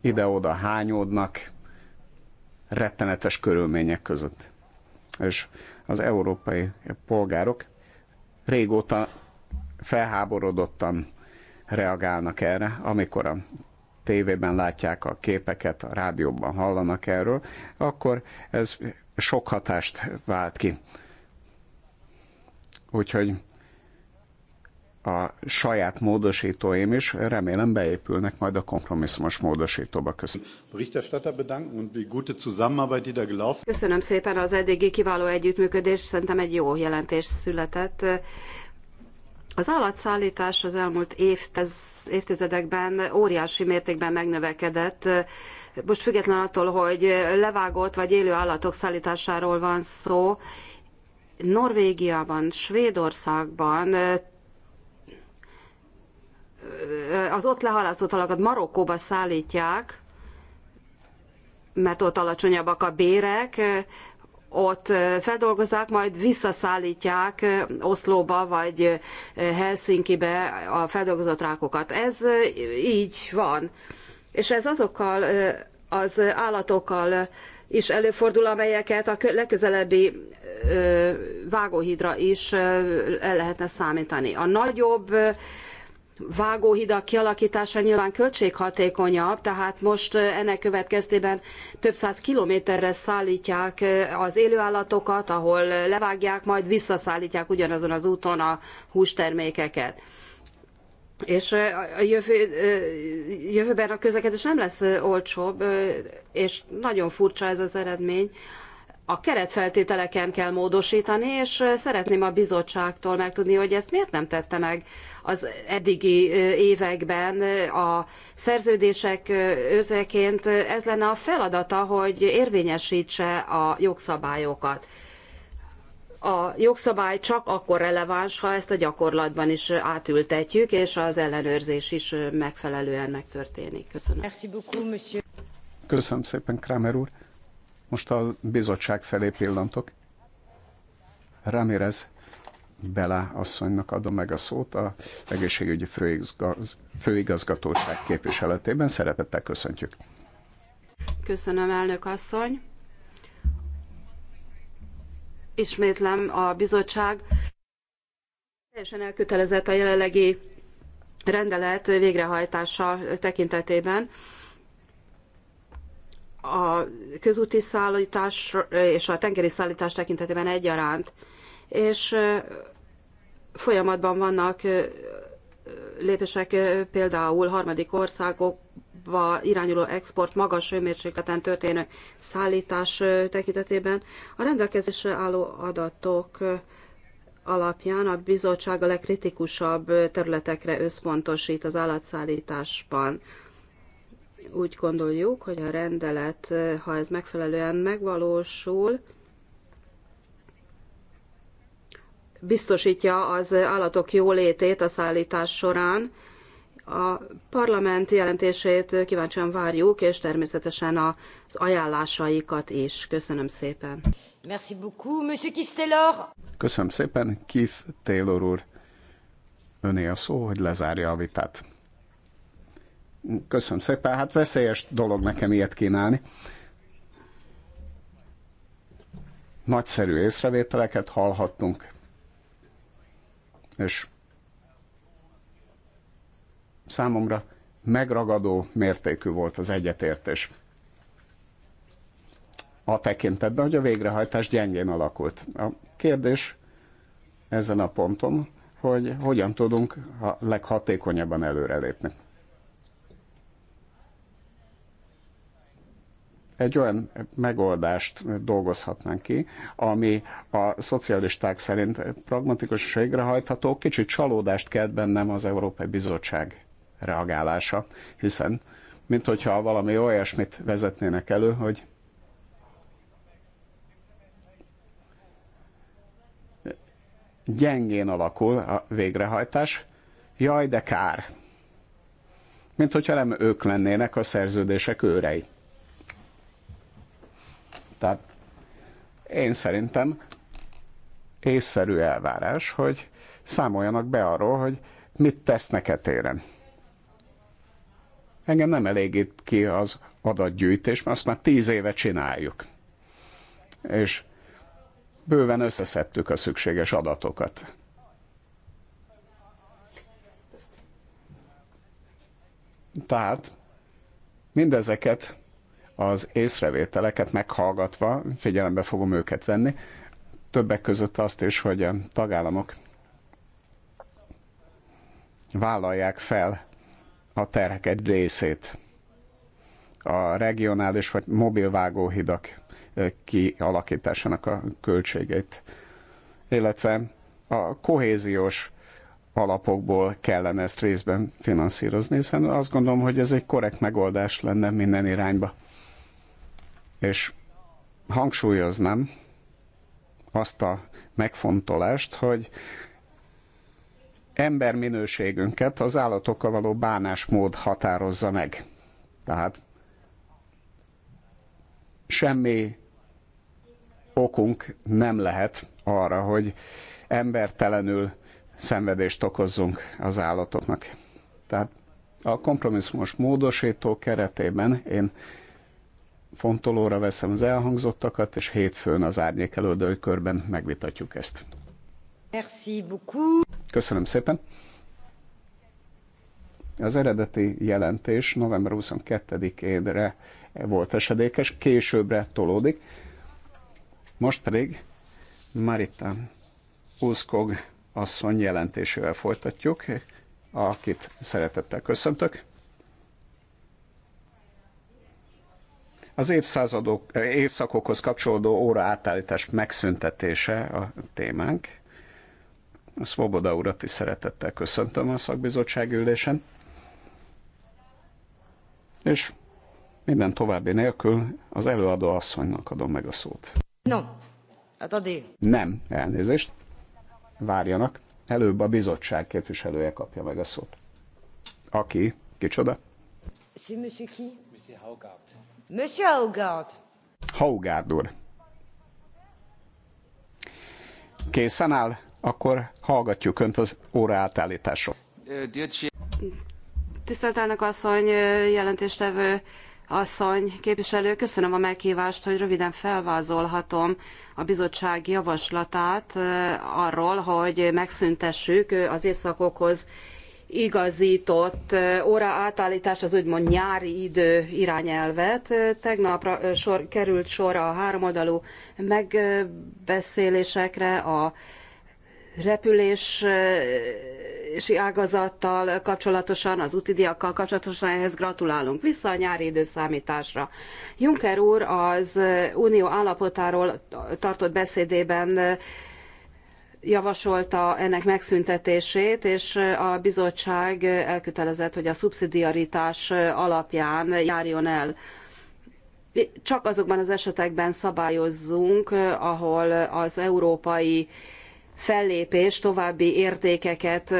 ide-oda hányódnak, rettenetes körülmények között. És az európai polgárok régóta felháborodottan reagálnak erre, amikor a tévében látják a képeket, a rádióban hallanak erről, akkor ez sok hatást vált ki. Úgyhogy a saját módosítóim is remélem beépülnek majd a kompromisszumos módosítóba. Köszönöm. Köszönöm szépen az eddigi kiváló együttműködés, szerintem egy jó jelentés született. Az állatszállítás az elmúlt évtizedekben óriási mértékben megnövekedett. Most független attól, hogy levágott vagy élő állatok szállításáról van szó, Norvégiában, Svédországban az ott lehalázott halakat Marokkóba szállítják, mert ott alacsonyabbak a bérek, ott feldolgozzák, majd visszaszállítják Oszlóba vagy Helsinkibe a feldolgozott rákokat. Ez így van. És ez azokkal az állatokkal is előfordul, amelyeket a legközelebbi vágóhidra is el lehetne számítani. A nagyobb vágóhidak kialakítása nyilván költséghatékonyabb, tehát most eh, ennek következtében több száz kilométerre szállítják eh, az élőállatokat, ahol eh, levágják, majd visszaszállítják ugyanazon az úton a hústermékeket. És a jövő, jövőben a közlekedés nem lesz olcsóbb, és nagyon furcsa ez az eredmény a keretfeltételeken kell módosítani, és szeretném a bizottságtól megtudni, hogy ezt miért nem tette meg az eddigi években a szerződések őzőként. Ez lenne a feladata, hogy érvényesítse a jogszabályokat. A jogszabály csak akkor releváns, ha ezt a gyakorlatban is átültetjük, és az ellenőrzés is megfelelően megtörténik. Köszönöm. Köszönöm szépen, Kramer úr. Most a bizottság felé pillantok. Ramirez Bela asszonynak adom meg a szót a egészségügyi főigazgaz, főigazgatóság képviseletében. Szeretettel köszöntjük. Köszönöm, elnök asszony. Ismétlem, a bizottság teljesen elkötelezett a jelenlegi rendelet végrehajtása tekintetében a közúti szállítás és a tengeri szállítás tekintetében egyaránt, és folyamatban vannak lépések például harmadik országokba irányuló export magas hőmérsékleten történő szállítás tekintetében. A rendelkezésre álló adatok alapján a bizottság a legkritikusabb területekre összpontosít az állatszállításban. Úgy gondoljuk, hogy a rendelet, ha ez megfelelően megvalósul, biztosítja az állatok jólétét a szállítás során. A parlament jelentését kíváncsian várjuk, és természetesen az ajánlásaikat is. Köszönöm szépen. Merci beaucoup, Monsieur Keith Taylor. Köszönöm szépen, Keith Taylor úr. Öné a szó, hogy lezárja a vitát. Köszönöm szépen, hát veszélyes dolog nekem ilyet kínálni. Nagyszerű észrevételeket hallhattunk, és számomra megragadó mértékű volt az egyetértés. A tekintetben, hogy a végrehajtás gyengén alakult. A kérdés ezen a ponton, hogy hogyan tudunk a leghatékonyabban előrelépni. egy olyan megoldást dolgozhatnánk ki, ami a szocialisták szerint pragmatikus és végrehajtható. Kicsit csalódást kelt bennem az Európai Bizottság reagálása, hiszen mint hogyha valami olyasmit vezetnének elő, hogy gyengén alakul a végrehajtás, jaj, de kár. Mint hogyha nem ők lennének a szerződések őrei. Tehát én szerintem észszerű elvárás, hogy számoljanak be arról, hogy mit tesznek e téren. Engem nem elégít ki az adatgyűjtés, mert azt már tíz éve csináljuk. És bőven összeszedtük a szükséges adatokat. Tehát mindezeket az észrevételeket meghallgatva figyelembe fogom őket venni. Többek között azt is, hogy a tagállamok vállalják fel a terhek egy részét. A regionális vagy mobil vágóhidak eh, kialakításának a költségeit, illetve a kohéziós alapokból kellene ezt részben finanszírozni, hiszen azt gondolom, hogy ez egy korrekt megoldás lenne minden irányba. És hangsúlyoznám azt a megfontolást, hogy emberminőségünket az állatokkal való bánásmód határozza meg. Tehát semmi okunk nem lehet arra, hogy embertelenül szenvedést okozzunk az állatoknak. Tehát a kompromisszumos módosító keretében én fontolóra veszem az elhangzottakat, és hétfőn az árnyék elődői körben megvitatjuk ezt. Merci beaucoup. Köszönöm szépen. Az eredeti jelentés november 22-ére volt esedékes, későbbre tolódik. Most pedig Marita Uszkog asszony jelentésével folytatjuk, akit szeretettel köszöntök. Az évszázadok, évszakokhoz kapcsolódó óra átállítás megszüntetése a témánk. A Svoboda urat is szeretettel köszöntöm a szakbizottság ülésen. És minden további nélkül az előadó asszonynak adom meg a szót. No, hát addig. Nem, elnézést. Várjanak. Előbb a bizottság képviselője kapja meg a szót. Aki? Kicsoda? C'est monsieur Monsieur Haugard. Haugard úr. Készen áll? Akkor hallgatjuk Önt az óra átállításról. Tisztelt elnök asszony, jelentéstevő asszony, képviselő, köszönöm a meghívást, hogy röviden felvázolhatom a bizottság javaslatát eh, arról, hogy megszüntessük az évszakokhoz igazított óra az úgymond nyári idő irányelvet. Tegnap sor, került sor a háromoldalú megbeszélésekre a repülési ágazattal kapcsolatosan, az útidiakkal kapcsolatosan ehhez gratulálunk. Vissza a nyári időszámításra. Juncker úr az unió állapotáról tartott beszédében javasolta ennek megszüntetését, és a bizottság elkötelezett, hogy a szubszidiaritás alapján járjon el. Csak azokban az esetekben szabályozzunk, ahol az európai fellépés további értékeket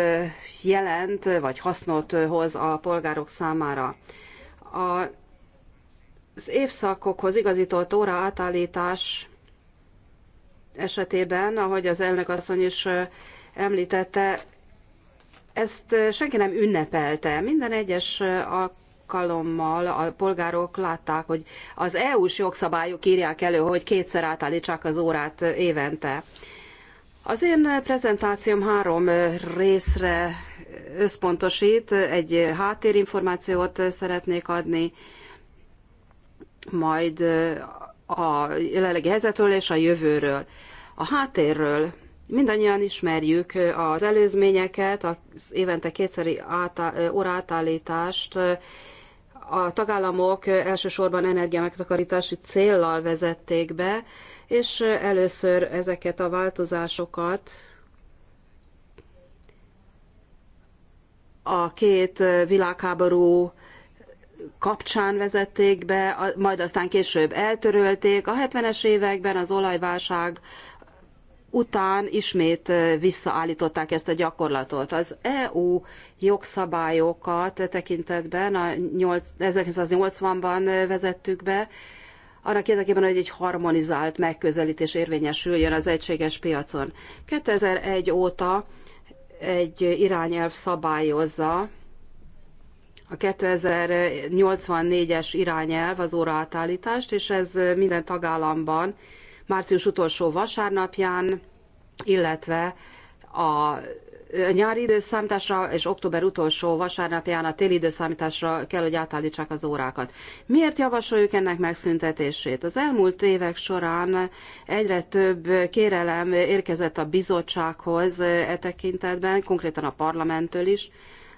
jelent, vagy hasznot hoz a polgárok számára. A az évszakokhoz igazított óra átállítás esetében, ahogy az elnök asszony is említette, ezt senki nem ünnepelte. Minden egyes alkalommal a polgárok látták, hogy az EU-s jogszabályok írják elő, hogy kétszer átállítsák az órát évente. Az én prezentációm három részre összpontosít, egy háttérinformációt szeretnék adni, majd a jelenlegi helyzetről és a jövőről. A háttérről mindannyian ismerjük az előzményeket, az évente kétszeri átá, órátállítást, a tagállamok elsősorban energiamegtakarítási céllal vezették be, és először ezeket a változásokat a két világháború kapcsán vezették be, majd aztán később eltörölték. A 70-es években az olajválság után ismét visszaállították ezt a gyakorlatot. Az EU jogszabályokat tekintetben a 1980-ban vezettük be, annak érdekében, hogy egy harmonizált megközelítés érvényesüljön az egységes piacon. 2001 óta egy irányelv szabályozza a 2084-es irányelv az óraátállítást, és ez minden tagállamban március utolsó vasárnapján, illetve a nyári időszámításra és október utolsó vasárnapján a téli időszámításra kell, hogy átállítsák az órákat. Miért javasoljuk ennek megszüntetését? Az elmúlt évek során egyre több kérelem érkezett a bizottsághoz e tekintetben, konkrétan a parlamenttől is,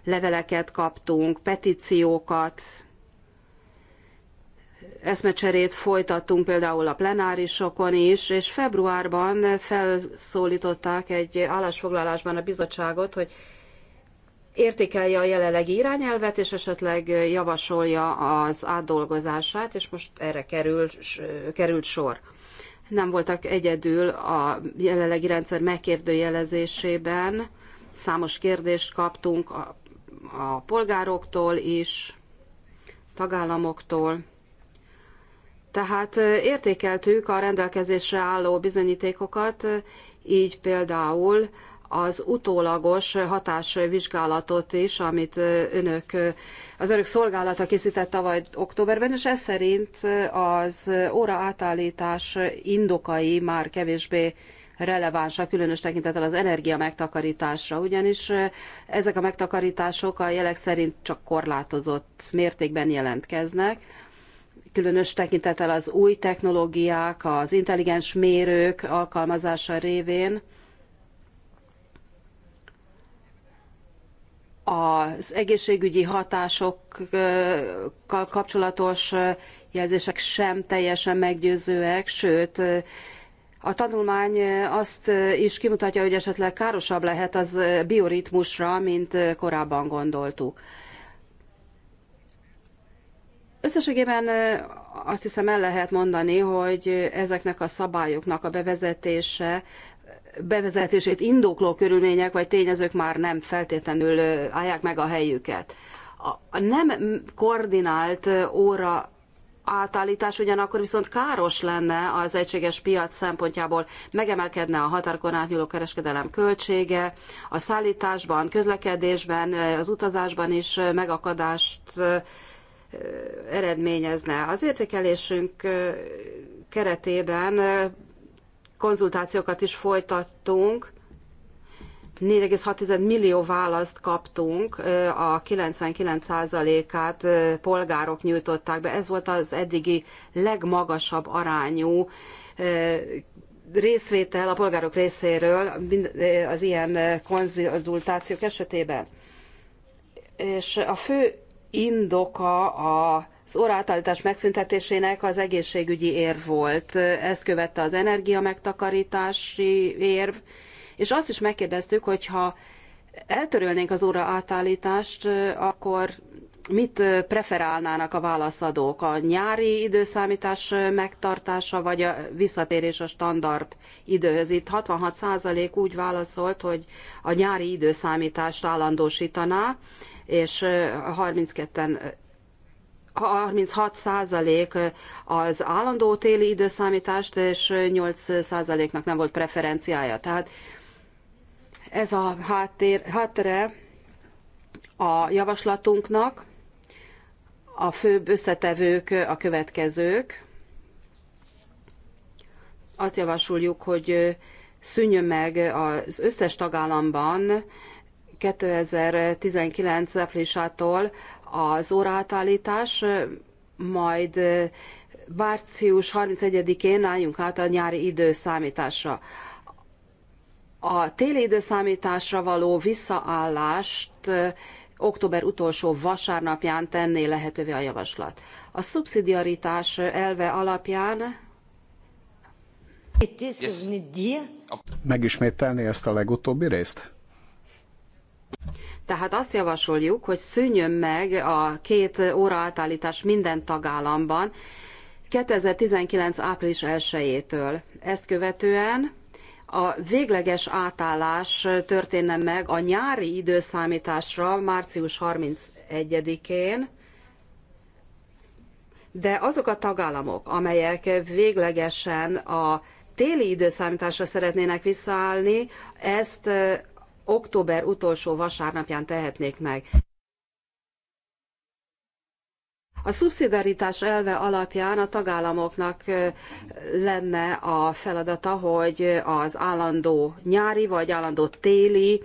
leveleket kaptunk, petíciókat, eszmecserét folytattunk például a plenárisokon is, és februárban felszólították egy állásfoglalásban a bizottságot, hogy értékelje a jelenlegi irányelvet, és esetleg javasolja az átdolgozását, és most erre került sor. Nem voltak egyedül a jelenlegi rendszer megkérdőjelezésében, számos kérdést kaptunk a a polgároktól is, tagállamoktól. Tehát értékeltük a rendelkezésre álló bizonyítékokat, így például az utólagos hatásvizsgálatot is, amit önök, az önök szolgálata készített tavaly októberben, és ez szerint az óra átállítás indokai már kevésbé relevánsak, különös tekintettel az energia megtakarításra, ugyanis ezek a megtakarítások a jelek szerint csak korlátozott mértékben jelentkeznek, különös tekintettel az új technológiák, az intelligens mérők alkalmazása révén, az egészségügyi hatásokkal kapcsolatos jelzések sem teljesen meggyőzőek, sőt a tanulmány azt is kimutatja, hogy esetleg károsabb lehet az bioritmusra, mint korábban gondoltuk. Összességében azt hiszem el lehet mondani, hogy ezeknek a szabályoknak a bevezetése bevezetését indokló körülmények vagy tényezők már nem feltétlenül állják meg a helyüket. A nem koordinált óra átállítás ugyanakkor viszont káros lenne az egységes piac szempontjából. Megemelkedne a határkon átnyúló kereskedelem költsége, a szállításban, közlekedésben, az utazásban is megakadást eredményezne. Az értékelésünk keretében konzultációkat is folytattunk, 4,6 millió választ kaptunk, a 99%-át polgárok nyújtották be. Ez volt az eddigi legmagasabb arányú részvétel a polgárok részéről az ilyen konzultációk esetében. És a fő indoka a az óráltalítás megszüntetésének az egészségügyi érv volt. Ezt követte az energia megtakarítási érv, és azt is megkérdeztük, hogy ha eltörölnénk az óra átállítást, akkor mit preferálnának a válaszadók? A nyári időszámítás megtartása, vagy a visszatérés a standard időhöz? Itt 66% úgy válaszolt, hogy a nyári időszámítást állandósítaná, és 32-en 36% az állandó téli időszámítást, és 8%-nak nem volt preferenciája. Tehát ez a háttér, háttere a javaslatunknak, a főbb összetevők a következők. Azt javasoljuk, hogy szűnjön meg az összes tagállamban 2019. áprilisától az óraátállítás, majd március 31-én álljunk át a nyári időszámításra a téli időszámításra való visszaállást október utolsó vasárnapján tenné lehetővé a javaslat. A szubszidiaritás elve alapján Megismételni ezt a legutóbbi részt? Tehát azt javasoljuk, hogy szűnjön meg a két óra átállítás minden tagállamban 2019. április 1-től. Ezt követően a végleges átállás történne meg a nyári időszámításra március 31-én, de azok a tagállamok, amelyek véglegesen a téli időszámításra szeretnének visszaállni, ezt október utolsó vasárnapján tehetnék meg. A szubszidaritás elve alapján a tagállamoknak lenne a feladata, hogy az állandó nyári vagy állandó téli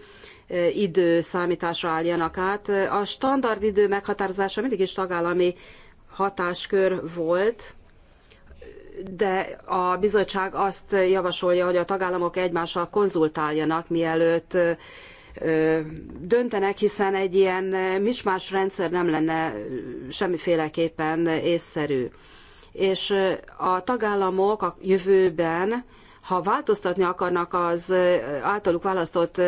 idő számításra álljanak át. A standard idő meghatározása mindig is tagállami hatáskör volt, de a bizottság azt javasolja, hogy a tagállamok egymással konzultáljanak, mielőtt döntenek, hiszen egy ilyen mismás rendszer nem lenne semmiféleképpen észszerű. És a tagállamok a jövőben, ha változtatni akarnak az általuk választott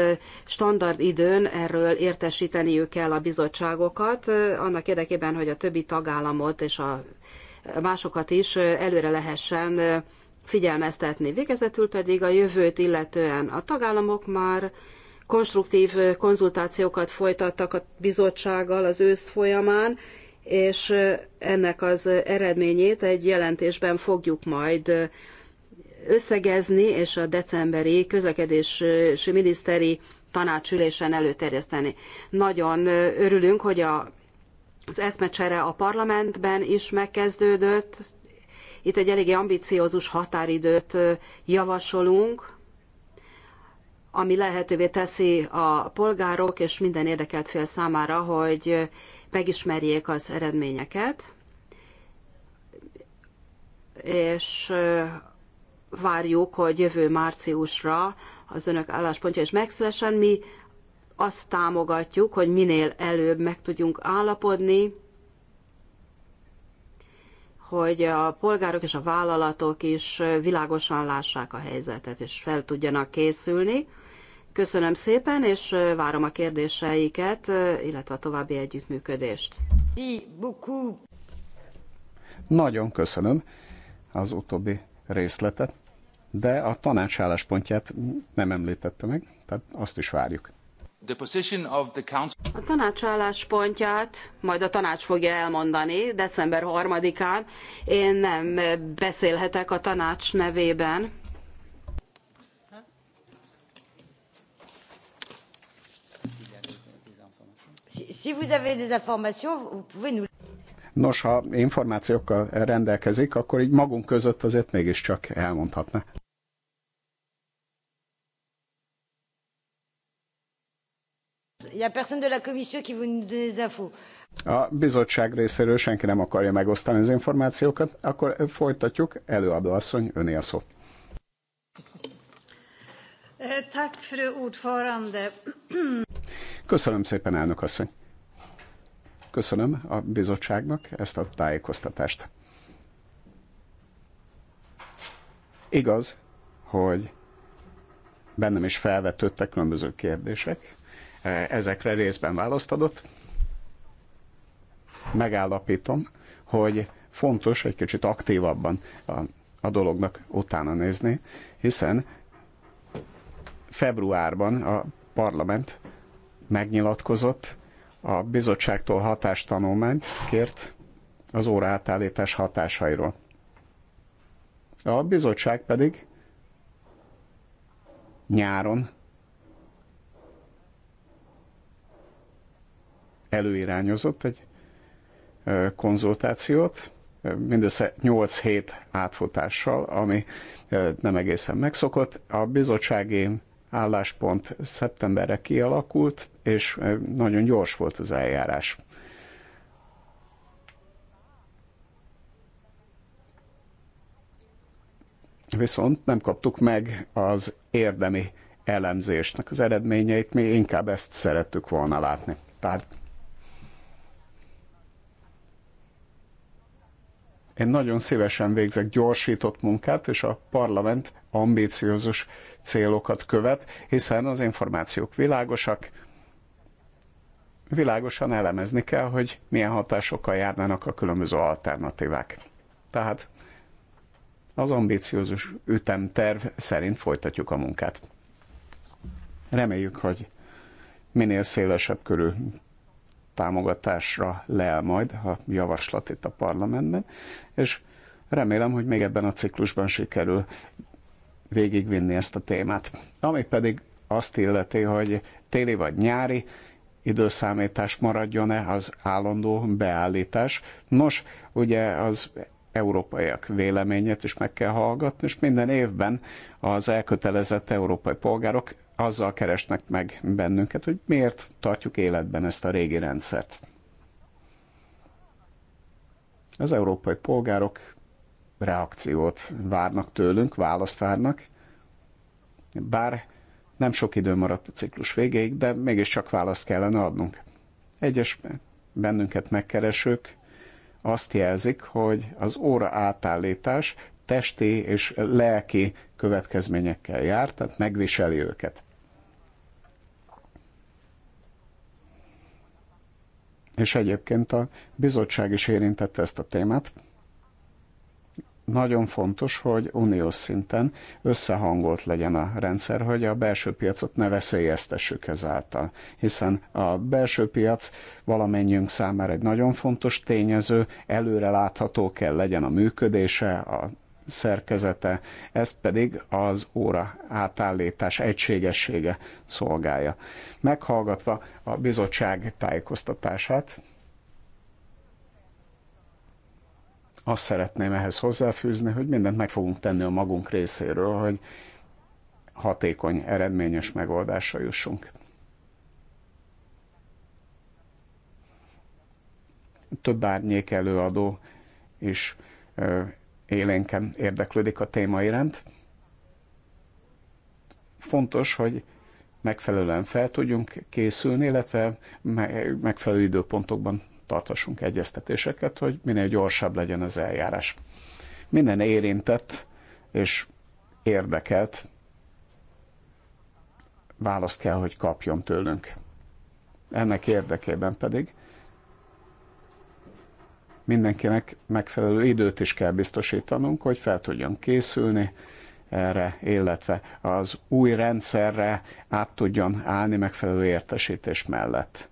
időn erről értesíteniük kell a bizottságokat, annak érdekében, hogy a többi tagállamot és a másokat is előre lehessen figyelmeztetni. Végezetül pedig a jövőt illetően a tagállamok már konstruktív konzultációkat folytattak a bizottsággal az ősz folyamán, és ennek az eredményét egy jelentésben fogjuk majd összegezni, és a decemberi közlekedési miniszteri tanácsülésen előterjeszteni. Nagyon örülünk, hogy a, az eszmecsere a parlamentben is megkezdődött. Itt egy eléggé ambiciózus határidőt javasolunk, ami lehetővé teszi a polgárok és minden érdekelt fél számára, hogy megismerjék az eredményeket, és várjuk, hogy jövő márciusra az önök álláspontja is megszülesen. Mi azt támogatjuk, hogy minél előbb meg tudjunk állapodni, hogy a polgárok és a vállalatok is világosan lássák a helyzetet, és fel tudjanak készülni. Köszönöm szépen, és várom a kérdéseiket, illetve a további együttműködést. Nagyon köszönöm az utóbbi részletet, de a tanács álláspontját nem említette meg, tehát azt is várjuk. A tanács álláspontját majd a tanács fogja elmondani december 3-án. Én nem beszélhetek a tanács nevében. Si vous avez des informations, vous pouvez nous... Nos, ha információkkal rendelkezik, akkor így magunk között azért mégiscsak elmondhatna. Y a personne de la commission qui des infos. A bizottság részéről senki nem akarja megosztani az információkat, akkor folytatjuk. asszony, öné a szó. Eh, Köszönöm szépen, elnök asszony. Köszönöm a bizottságnak ezt a tájékoztatást. Igaz, hogy bennem is felvetődtek különböző kérdések, ezekre részben választ adott. Megállapítom, hogy fontos egy kicsit aktívabban a, a dolognak utána nézni, hiszen februárban a parlament megnyilatkozott a bizottságtól hatástanulmányt kért az átállítás hatásairól. A bizottság pedig nyáron előirányozott egy konzultációt, mindössze 8 hét átfutással, ami nem egészen megszokott. A bizottsági álláspont szeptemberre kialakult, és nagyon gyors volt az eljárás. Viszont nem kaptuk meg az érdemi elemzésnek az eredményeit, mi inkább ezt szerettük volna látni. Tehát Én nagyon szívesen végzek gyorsított munkát, és a parlament ambíciózus célokat követ, hiszen az információk világosak, világosan elemezni kell, hogy milyen hatásokkal járnának a különböző alternatívák. Tehát az ambíciózus ütemterv szerint folytatjuk a munkát. Reméljük, hogy minél szélesebb körű támogatásra leel majd a javaslat itt a parlamentben, és remélem, hogy még ebben a ciklusban sikerül végigvinni ezt a témát. Ami pedig azt illeti, hogy téli vagy nyári időszámítás maradjon-e az állandó beállítás. Nos, ugye az európaiak véleményét is meg kell hallgatni, és minden évben az elkötelezett európai polgárok azzal keresnek meg bennünket, hogy miért tartjuk életben ezt a régi rendszert. Az európai polgárok reakciót várnak tőlünk, választ várnak, bár nem sok idő maradt a ciklus végéig, de mégiscsak választ kellene adnunk. Egyes bennünket megkeresők azt jelzik, hogy az óra átállítás testi és lelki következményekkel jár, tehát megviseli őket. És egyébként a bizottság is érintette ezt a témát, nagyon fontos, hogy uniós szinten összehangolt legyen a rendszer, hogy a belső piacot ne veszélyeztessük ezáltal. Hiszen a belső piac valamennyiünk számára egy nagyon fontos tényező, előre látható kell legyen a működése, a szerkezete, ezt pedig az óra átállítás egységessége szolgálja. Meghallgatva a bizottság tájékoztatását, Azt szeretném ehhez hozzáfűzni, hogy mindent meg fogunk tenni a magunk részéről, hogy hatékony, eredményes megoldásra jussunk. Több árnyék előadó is élénken érdeklődik a téma iránt. Fontos, hogy megfelelően fel tudjunk készülni, illetve megfelelő időpontokban tartassunk egyeztetéseket, hogy minél gyorsabb legyen az eljárás. Minden érintett és érdekelt választ kell, hogy kapjon tőlünk. Ennek érdekében pedig mindenkinek megfelelő időt is kell biztosítanunk, hogy fel tudjon készülni erre, illetve az új rendszerre át tudjon állni megfelelő értesítés mellett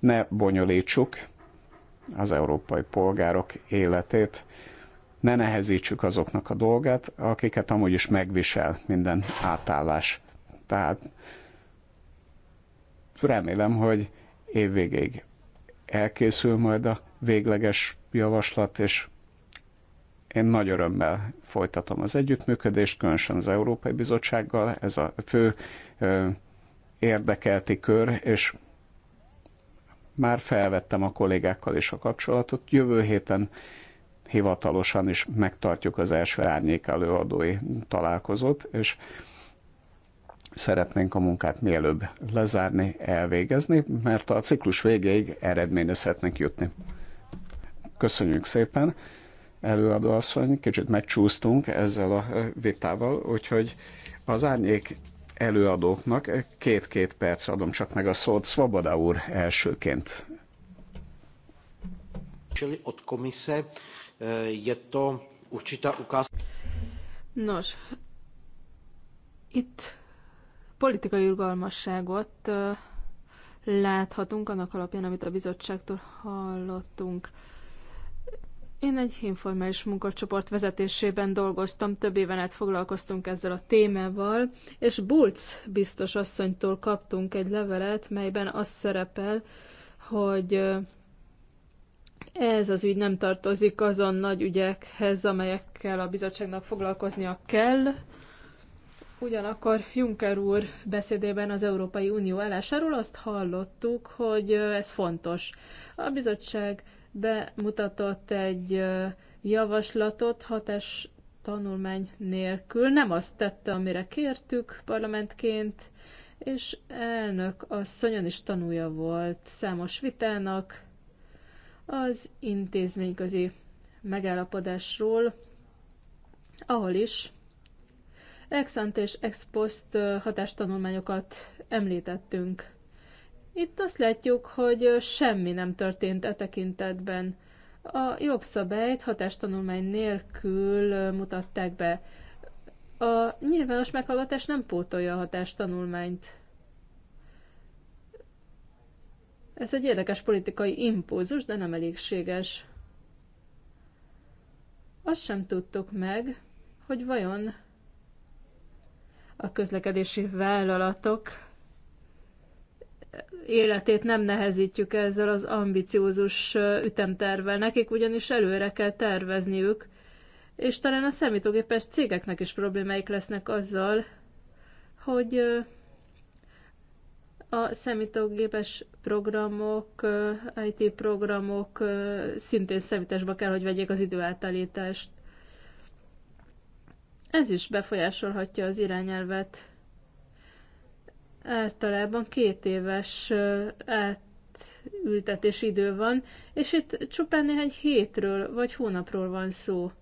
ne bonyolítsuk az európai polgárok életét, ne nehezítsük azoknak a dolgát, akiket amúgy is megvisel minden átállás. Tehát remélem, hogy évvégéig elkészül majd a végleges javaslat, és én nagy örömmel folytatom az együttműködést, különösen az Európai Bizottsággal, ez a fő ö, érdekelti kör, és már felvettem a kollégákkal is a kapcsolatot. Jövő héten hivatalosan is megtartjuk az első árnyék előadói találkozót, és szeretnénk a munkát mielőbb lezárni, elvégezni, mert a ciklus végéig szeretnénk jutni. Köszönjük szépen, előadó asszony, kicsit megcsúsztunk ezzel a vitával, úgyhogy az árnyék előadóknak. Két-két perc adom csak meg a szót. Szvoboda úr elsőként. Od komise eh, je to určitá ukáz... Nos, itt politikai rugalmasságot eh, láthatunk annak alapján, amit a bizottságtól hallottunk. Én egy informális munkacsoport vezetésében dolgoztam, több éven át foglalkoztunk ezzel a témával, és Bulc biztos asszonytól kaptunk egy levelet, melyben az szerepel, hogy ez az ügy nem tartozik azon nagy ügyekhez, amelyekkel a bizottságnak foglalkoznia kell. Ugyanakkor Juncker úr beszédében az Európai Unió elásáról azt hallottuk, hogy ez fontos. A bizottság bemutatott egy javaslatot hatás tanulmány nélkül. Nem azt tette, amire kértük parlamentként, és elnök asszonyon is tanúja volt számos vitának az intézményközi megállapodásról, ahol is ex ante és ex post hatástanulmányokat említettünk. Itt azt látjuk, hogy semmi nem történt e tekintetben. A jogszabályt hatástanulmány nélkül mutatták be. A nyilvános meghallgatás nem pótolja a hatástanulmányt. Ez egy érdekes politikai impulzus, de nem elégséges. Azt sem tudtuk meg, hogy vajon a közlekedési vállalatok életét nem nehezítjük ezzel az ambiciózus ütemtervel. Nekik ugyanis előre kell tervezniük, és talán a számítógépes cégeknek is problémáik lesznek azzal, hogy a számítógépes programok, IT programok szintén számításba kell, hogy vegyék az időáltalítást. Ez is befolyásolhatja az irányelvet általában két éves átültetés idő van, és itt csupán néhány hétről vagy hónapról van szó.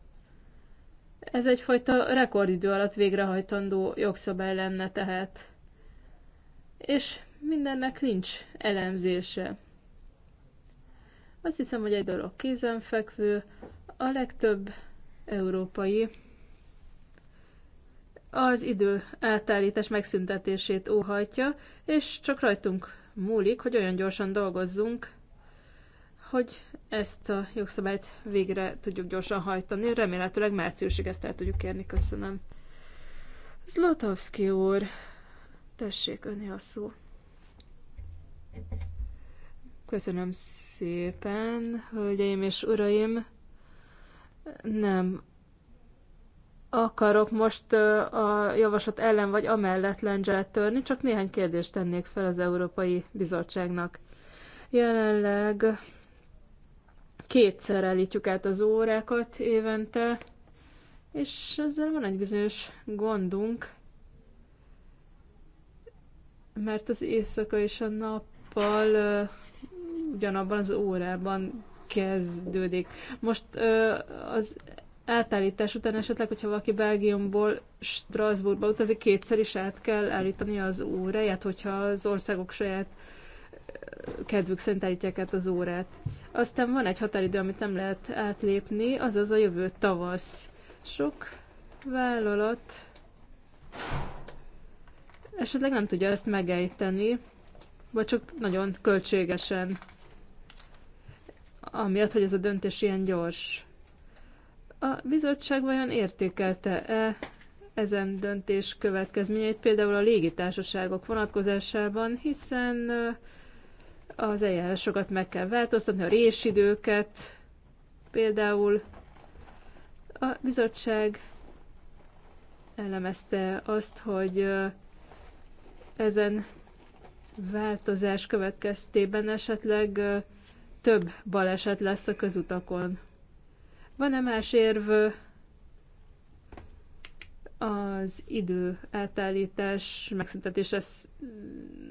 Ez egyfajta rekordidő alatt végrehajtandó jogszabály lenne tehát. És mindennek nincs elemzése. Azt hiszem, hogy egy dolog kézenfekvő, a legtöbb európai az idő eltállítás megszüntetését óhajtja, és csak rajtunk múlik, hogy olyan gyorsan dolgozzunk, hogy ezt a jogszabályt végre tudjuk gyorsan hajtani. Remélhetőleg márciusig ezt el tudjuk kérni. Köszönöm. Zlotowski úr, tessék önni a szó. Köszönöm szépen, hölgyeim és uraim. Nem akarok most a javaslat ellen vagy amellett lendzselt törni, csak néhány kérdést tennék fel az Európai Bizottságnak. Jelenleg kétszer elítjük át az órákat évente, és ezzel van egy bizonyos gondunk, mert az éjszaka és a nappal ugyanabban az órában kezdődik. Most az átállítás után esetleg, hogyha valaki Belgiumból Strasbourgba utazik, kétszer is át kell állítani az óráját, hogyha az országok saját eh, kedvük szerint állítják át az órát. Aztán van egy határidő, amit nem lehet átlépni, azaz a jövő tavasz. Sok vállalat esetleg nem tudja ezt megejteni, vagy csak nagyon költségesen, amiatt, hogy ez a döntés ilyen gyors. A bizottság vajon értékelte-e ezen döntés következményeit, például a légitársaságok vonatkozásában, hiszen az eljárásokat meg kell változtatni, a résidőket például. A bizottság elemezte azt, hogy ezen változás következtében esetleg több baleset lesz a közutakon. Van-e más érv az idő eltállítás megszüntetése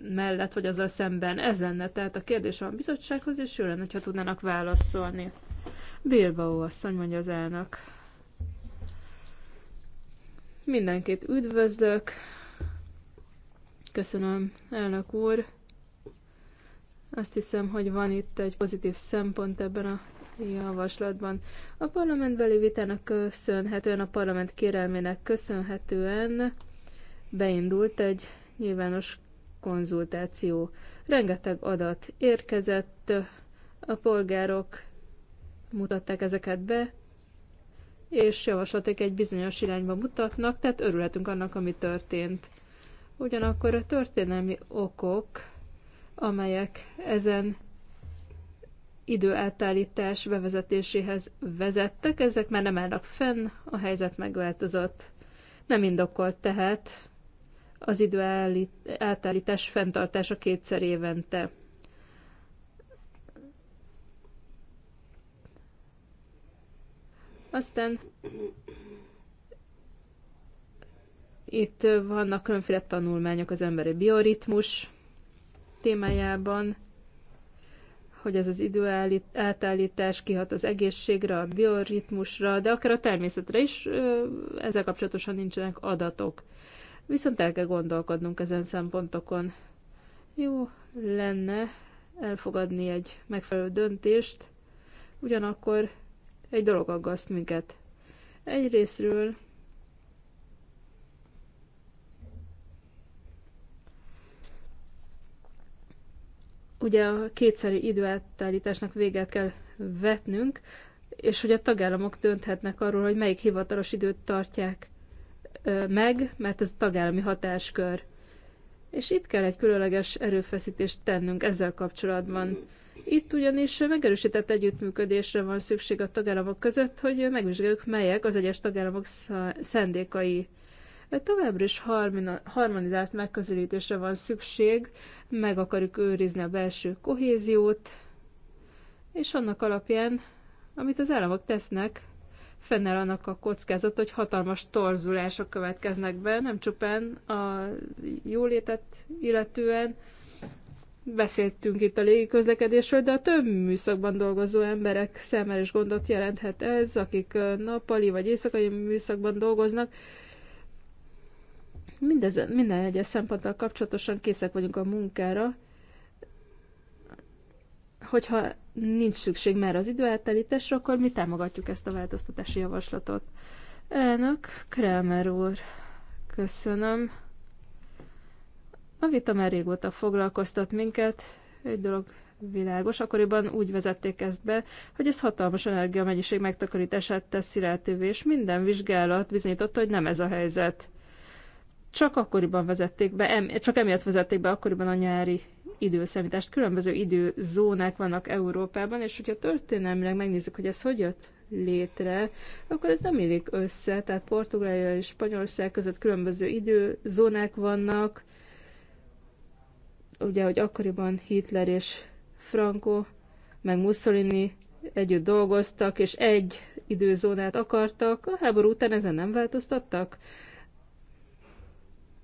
mellett, hogy azzal szemben ez lenne? Tehát a kérdés van a bizottsághoz, és jó lenne, ha tudnának válaszolni. Bilbao asszony, mondja az elnök. Mindenkit üdvözlök. Köszönöm, elnök úr. Azt hiszem, hogy van itt egy pozitív szempont ebben a javaslatban. A parlamentbeli vitának köszönhetően, a parlament kérelmének köszönhetően beindult egy nyilvános konzultáció. Rengeteg adat érkezett, a polgárok mutatták ezeket be, és javaslatok egy bizonyos irányba mutatnak, tehát örülhetünk annak, ami történt. Ugyanakkor a történelmi okok, amelyek ezen Időeltállítás bevezetéséhez vezettek, ezek már nem állnak fenn, a helyzet megváltozott. Nem indokolt tehát az időeltállítás fenntartása kétszer évente. Aztán itt vannak különféle tanulmányok az emberi bioritmus témájában, hogy ez az idő átállítás kihat az egészségre, a bioritmusra, de akár a természetre is, ezzel kapcsolatosan nincsenek adatok. Viszont el kell gondolkodnunk ezen szempontokon. Jó lenne elfogadni egy megfelelő döntést, ugyanakkor egy dolog aggaszt minket. Egyrésztről Ugye a kétszeri időátállításnak véget kell vetnünk, és hogy a tagállamok dönthetnek arról, hogy melyik hivatalos időt tartják meg, mert ez a tagállami hatáskör. És itt kell egy különleges erőfeszítést tennünk ezzel kapcsolatban. Itt ugyanis megerősített együttműködésre van szükség a tagállamok között, hogy megvizsgáljuk, melyek az egyes tagállamok szándékai de továbbra is harmonizált megközelítésre van szükség, meg akarjuk őrizni a belső kohéziót, és annak alapján, amit az államok tesznek, fennáll annak a kockázat, hogy hatalmas torzulások következnek be, nem csupán a jólétet illetően, beszéltünk itt a légiközlekedésről, de a több műszakban dolgozó emberek számára is gondot jelenthet ez, akik nappali vagy éjszakai műszakban dolgoznak, Mindez, minden egyes szemponttal kapcsolatosan készek vagyunk a munkára, hogyha nincs szükség már az időeltelítésre, akkor mi támogatjuk ezt a változtatási javaslatot. Elnök Kramer úr, köszönöm. A vita már régóta foglalkoztat minket, egy dolog világos. Akkoriban úgy vezették ezt be, hogy ez hatalmas energiamennyiség megtakarítását teszi lehetővé, és minden vizsgálat bizonyította, hogy nem ez a helyzet csak akkoriban vezették be, em, csak emiatt vezették be akkoriban a nyári időszámítást. Különböző időzónák vannak Európában, és hogyha történelmileg megnézzük, hogy ez hogy jött létre, akkor ez nem illik össze. Tehát Portugália és Spanyolország között különböző időzónák vannak. Ugye, hogy akkoriban Hitler és Franco, meg Mussolini együtt dolgoztak, és egy időzónát akartak. A háború után ezen nem változtattak.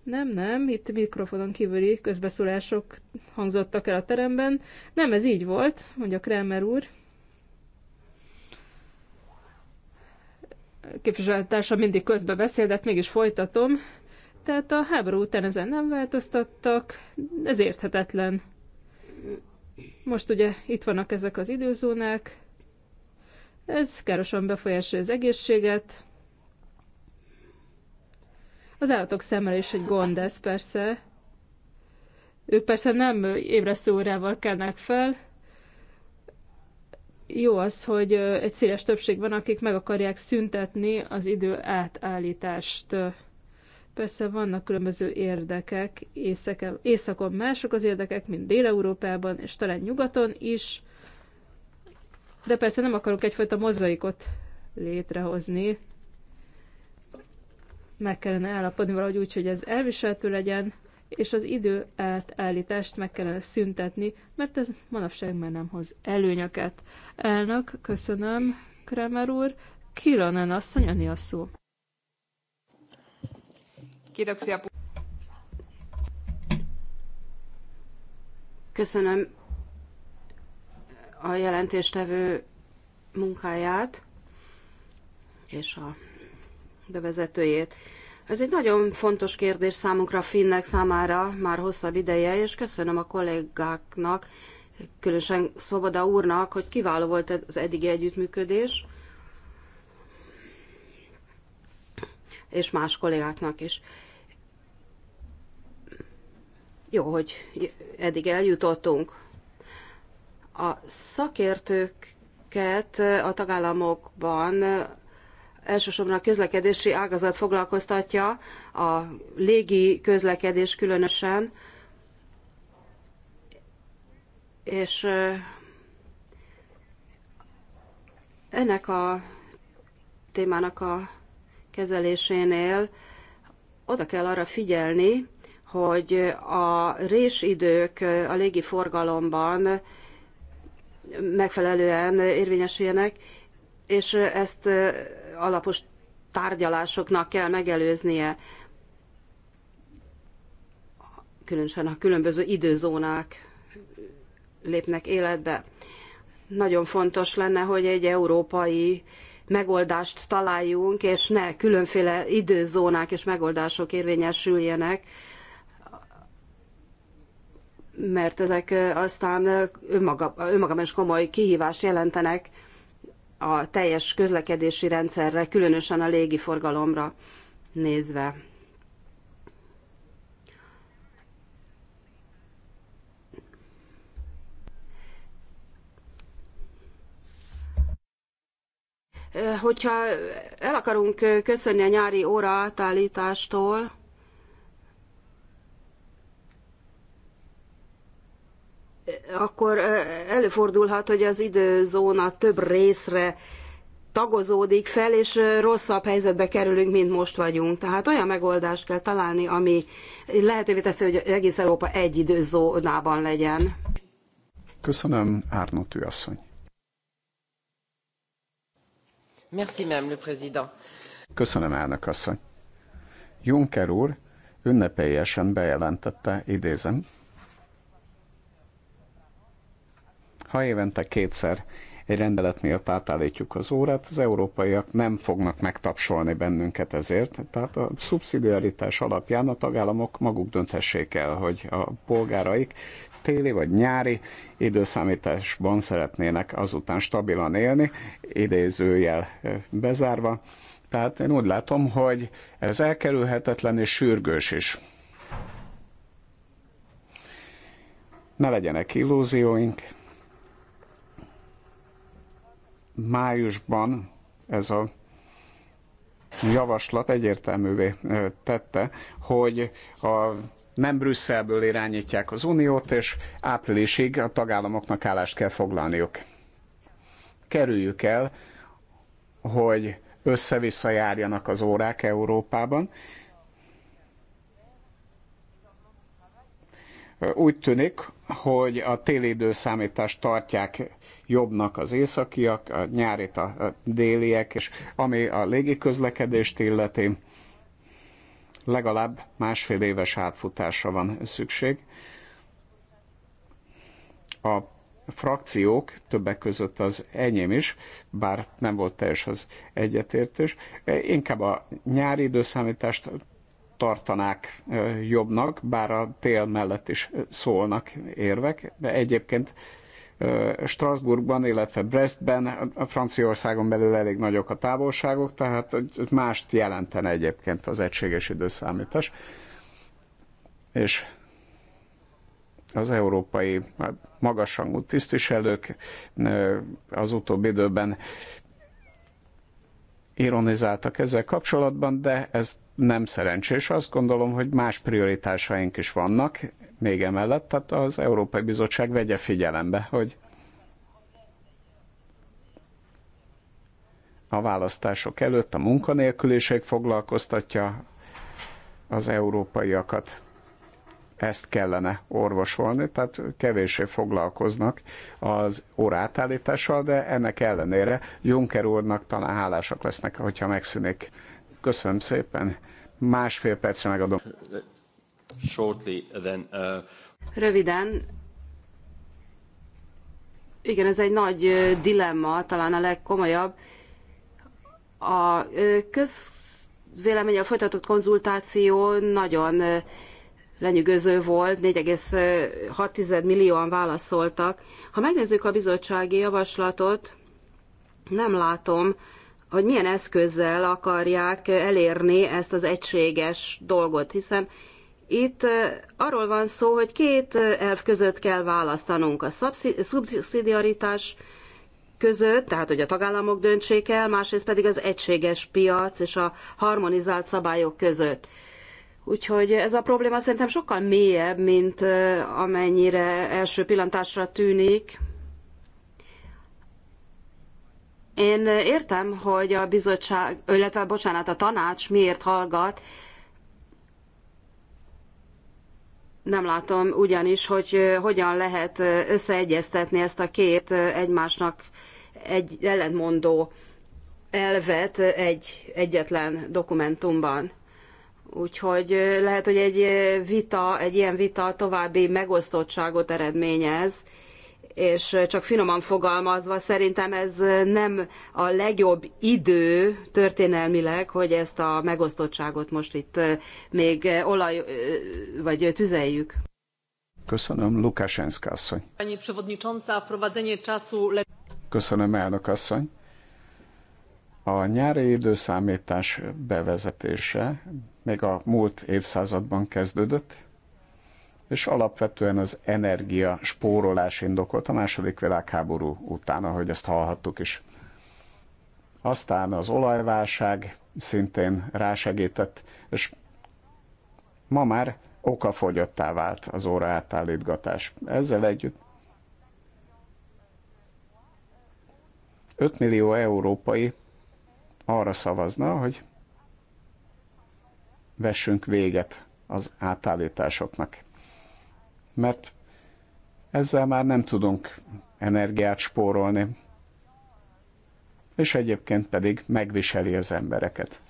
Nem, nem, itt mikrofonon kívüli közbeszólások hangzottak el a teremben. Nem, ez így volt, mondja Kramer úr. Képviselőtársa mindig közbe beszél, de hát mégis folytatom. Tehát a háború után ezen nem változtattak, ez érthetetlen. Most ugye itt vannak ezek az időzónák, ez károsan befolyásolja az egészséget, az állatok szemmel is egy gond ez persze. Ők persze nem ébresztő órával kelnek fel. Jó az, hogy egy széles többség van, akik meg akarják szüntetni az idő átállítást. Persze vannak különböző érdekek, északon, északon mások az érdekek, mint Dél-Európában, és talán nyugaton is. De persze nem akarok egyfajta mozaikot létrehozni, meg kellene állapodni valahogy úgy, hogy ez elviselhető legyen, és az idő átállítást meg kellene szüntetni, mert ez manapság már nem hoz előnyöket. Elnök, köszönöm, Kramer úr. Kilonen asszony, Ani a szó. Köszönöm a jelentéstevő munkáját és a bevezetőjét. Ez egy nagyon fontos kérdés számunkra, finnek számára már hosszabb ideje, és köszönöm a kollégáknak, különösen Szoboda úrnak, hogy kiváló volt az eddigi együttműködés, és más kollégáknak is. Jó, hogy eddig eljutottunk. A szakértőket a tagállamokban elsősorban a közlekedési ágazat foglalkoztatja, a légi közlekedés különösen, és ennek a témának a kezelésénél oda kell arra figyelni, hogy a résidők a légiforgalomban megfelelően érvényesüljenek, és ezt alapos tárgyalásoknak kell megelőznie, különösen a különböző időzónák lépnek életbe. Nagyon fontos lenne, hogy egy európai megoldást találjunk, és ne különféle időzónák és megoldások érvényesüljenek, mert ezek aztán önmaga, önmagában is komoly kihívást jelentenek a teljes közlekedési rendszerre, különösen a légiforgalomra nézve. Hogyha el akarunk köszönni a nyári óraátállítástól, akkor előfordulhat, hogy az időzóna több részre tagozódik fel, és rosszabb helyzetbe kerülünk, mint most vagyunk. Tehát olyan megoldást kell találni, ami lehetővé teszi, hogy egész Európa egy időzónában legyen. Köszönöm, Árnotű asszony. Merci, le Président. Köszönöm, elnök asszony. Juncker úr ünnepélyesen bejelentette, idézem, Ha évente kétszer egy rendelet miatt átállítjuk az órát, az európaiak nem fognak megtapsolni bennünket ezért, tehát a szubszidiaritás alapján a tagállamok maguk dönthessék el, hogy a polgáraik téli vagy nyári időszámításban szeretnének azután stabilan élni, idézőjel eh, bezárva. Tehát én úgy látom, hogy ez elkerülhetetlen és sürgős is. Ne legyenek illúzióink, májusban ez a javaslat egyértelművé tette, hogy a nem Brüsszelből irányítják az uniót, és áprilisig a tagállamoknak állást kell foglalniuk. Kerüljük el, hogy össze-vissza járjanak az órák Európában. Úgy tűnik, hogy a téli időszámítást tartják jobbnak az északiak, a nyárit a déliek, és ami a légiközlekedést illeti, legalább másfél éves átfutásra van szükség. A frakciók, többek között az enyém is, bár nem volt teljes az egyetértés, inkább a nyári időszámítást tartanák jobbnak, bár a tél mellett is szólnak érvek, de egyébként Strasbourgban, illetve Brestben, a Franciaországon belül elég nagyok a távolságok, tehát mást jelenten egyébként az egységes időszámítás. És az európai hát, magasrangú tisztviselők az utóbbi időben ironizáltak ezzel kapcsolatban, de ez nem szerencsés. Azt gondolom, hogy más prioritásaink is vannak még emellett, tehát az Európai Bizottság vegye figyelembe, hogy a választások előtt a munkanélküliség foglalkoztatja az európaiakat. Ezt kellene orvosolni, tehát kevéssé foglalkoznak az órátállítással, de ennek ellenére Juncker úrnak talán hálásak lesznek, hogyha megszűnik Köszönöm szépen. Másfél percre megadom. Shortly, then, uh... Röviden, igen, ez egy nagy dilemma, talán a legkomolyabb. A közvéleménnyel folytatott konzultáció nagyon lenyűgöző volt, 4,6 millióan válaszoltak. Ha megnézzük a bizottsági javaslatot, nem látom, hogy milyen eszközzel akarják elérni ezt az egységes dolgot, hiszen itt arról van szó, hogy két elv között kell választanunk, a szubszidiaritás között, tehát hogy a tagállamok döntsék el, másrészt pedig az egységes piac és a harmonizált szabályok között. Úgyhogy ez a probléma szerintem sokkal mélyebb, mint amennyire első pillantásra tűnik. Én értem, hogy a bizottság, illetve bocsánat, a tanács miért hallgat, nem látom ugyanis, hogy hogyan lehet összeegyeztetni ezt a két egymásnak egy ellentmondó elvet egy egyetlen dokumentumban. Úgyhogy lehet, hogy egy vita, egy ilyen vita további megosztottságot eredményez, és csak finoman fogalmazva szerintem ez nem a legjobb idő történelmileg, hogy ezt a megosztottságot most itt még olaj, vagy tüzeljük. Köszönöm, Lukasenszka asszony. Köszönöm, elnök asszony. A nyári időszámítás bevezetése még a múlt évszázadban kezdődött, és alapvetően az energia spórolás indokolt a második világháború után, ahogy ezt hallhattuk is. Aztán az olajválság szintén rásegített, és ma már okafogyottá vált az óra átállítgatás. Ezzel együtt 5 millió európai arra szavazna, hogy vessünk véget az átállításoknak mert ezzel már nem tudunk energiát spórolni, és egyébként pedig megviseli az embereket.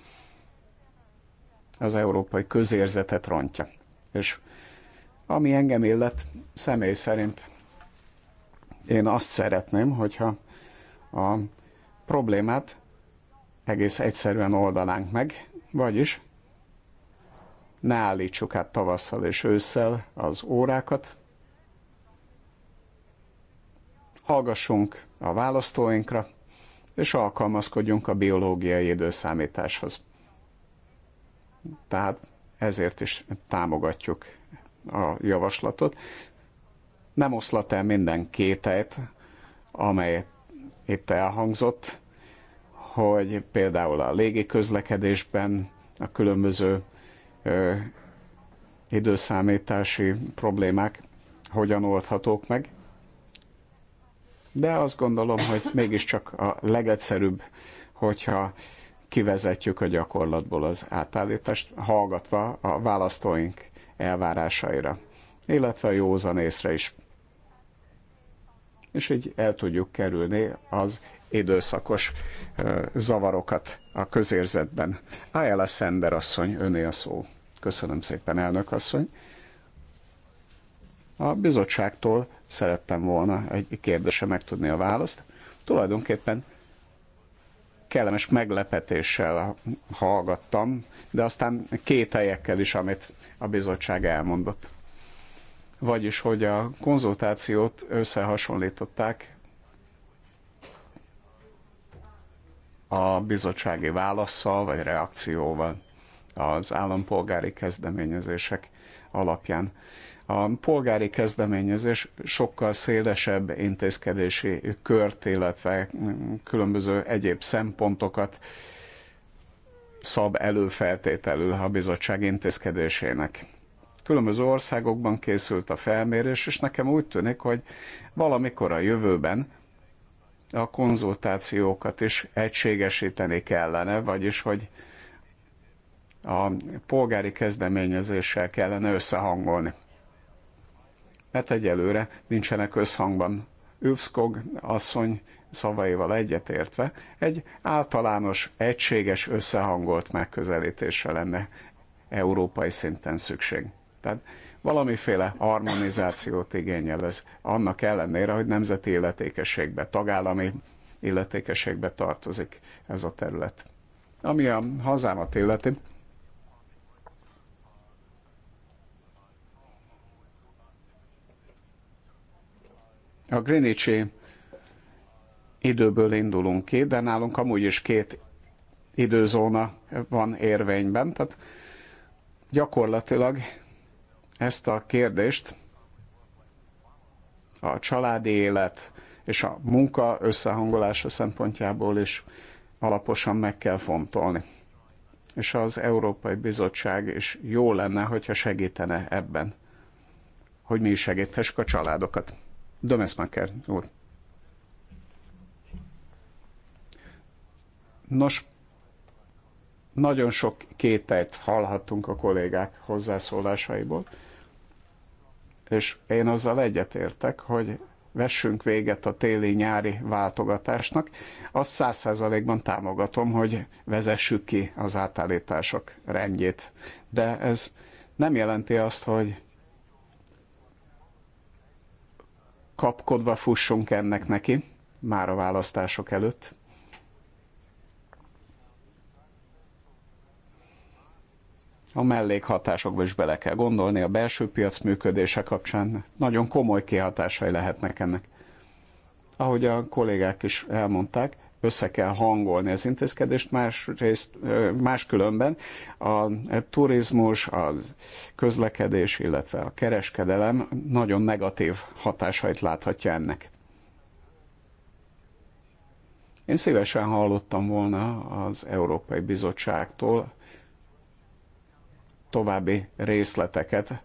Az európai közérzetet rontja. És ami engem illet, személy szerint én azt szeretném, hogyha a problémát egész egyszerűen oldanánk meg, vagyis ne állítsuk át tavasszal és ősszel az órákat, hallgassunk a választóinkra, és alkalmazkodjunk a biológiai időszámításhoz. Tehát ezért is támogatjuk a javaslatot. Nem oszlat el minden kételyt, amely itt elhangzott, hogy például a közlekedésben a különböző ö, időszámítási problémák hogyan oldhatók meg. De azt gondolom, hogy mégiscsak a legegyszerűbb, hogyha kivezetjük a gyakorlatból az átállítást, hallgatva a választóink elvárásaira, illetve a józan észre is. És így el tudjuk kerülni az időszakos zavarokat a közérzetben. a Szender asszony, öné a szó. Köszönöm szépen, elnök asszony. A bizottságtól szerettem volna egy kérdésre megtudni a választ. Tulajdonképpen kellemes meglepetéssel hallgattam, de aztán helyekkel is, amit a bizottság elmondott. Vagyis, hogy a konzultációt összehasonlították a bizottsági válaszsal vagy reakcióval az állampolgári kezdeményezések alapján. A polgári kezdeményezés sokkal szélesebb intézkedési kört, illetve különböző egyéb szempontokat szab előfeltételül a bizottság intézkedésének. Különböző országokban készült a felmérés, és nekem úgy tűnik, hogy valamikor a jövőben a konzultációkat is egységesíteni kellene, vagyis hogy a polgári kezdeményezéssel kellene összehangolni. Mert egyelőre nincsenek összhangban. Övszkog asszony szavaival egyetértve egy általános, egységes, összehangolt megközelítésre lenne európai szinten szükség. Tehát valamiféle harmonizációt igényel ez, annak ellenére, hogy nemzeti illetékességbe, tagállami illetékességbe tartozik ez a terület. Ami a hazámat illeti, a Greenwichi időből indulunk ki, de nálunk amúgy is két időzóna van érvényben, tehát gyakorlatilag ezt a kérdést a családi élet és a munka összehangolása szempontjából is alaposan meg kell fontolni. És az Európai Bizottság is jó lenne, hogyha segítene ebben, hogy mi is segíthessük a családokat. Dömeszmaker úr. Nos, nagyon sok kételyt hallhattunk a kollégák hozzászólásaiból és én azzal egyetértek, hogy vessünk véget a téli-nyári váltogatásnak. Azt száz százalékban támogatom, hogy vezessük ki az átállítások rendjét. De ez nem jelenti azt, hogy kapkodva fussunk ennek neki, már a választások előtt. a mellékhatásokba is bele kell gondolni, a belső piac működése kapcsán nagyon komoly kihatásai lehetnek ennek. Ahogy a kollégák is elmondták, össze kell hangolni az intézkedést, másrészt, máskülönben a turizmus, a közlekedés, illetve a kereskedelem nagyon negatív hatásait láthatja ennek. Én szívesen hallottam volna az Európai Bizottságtól további részleteket,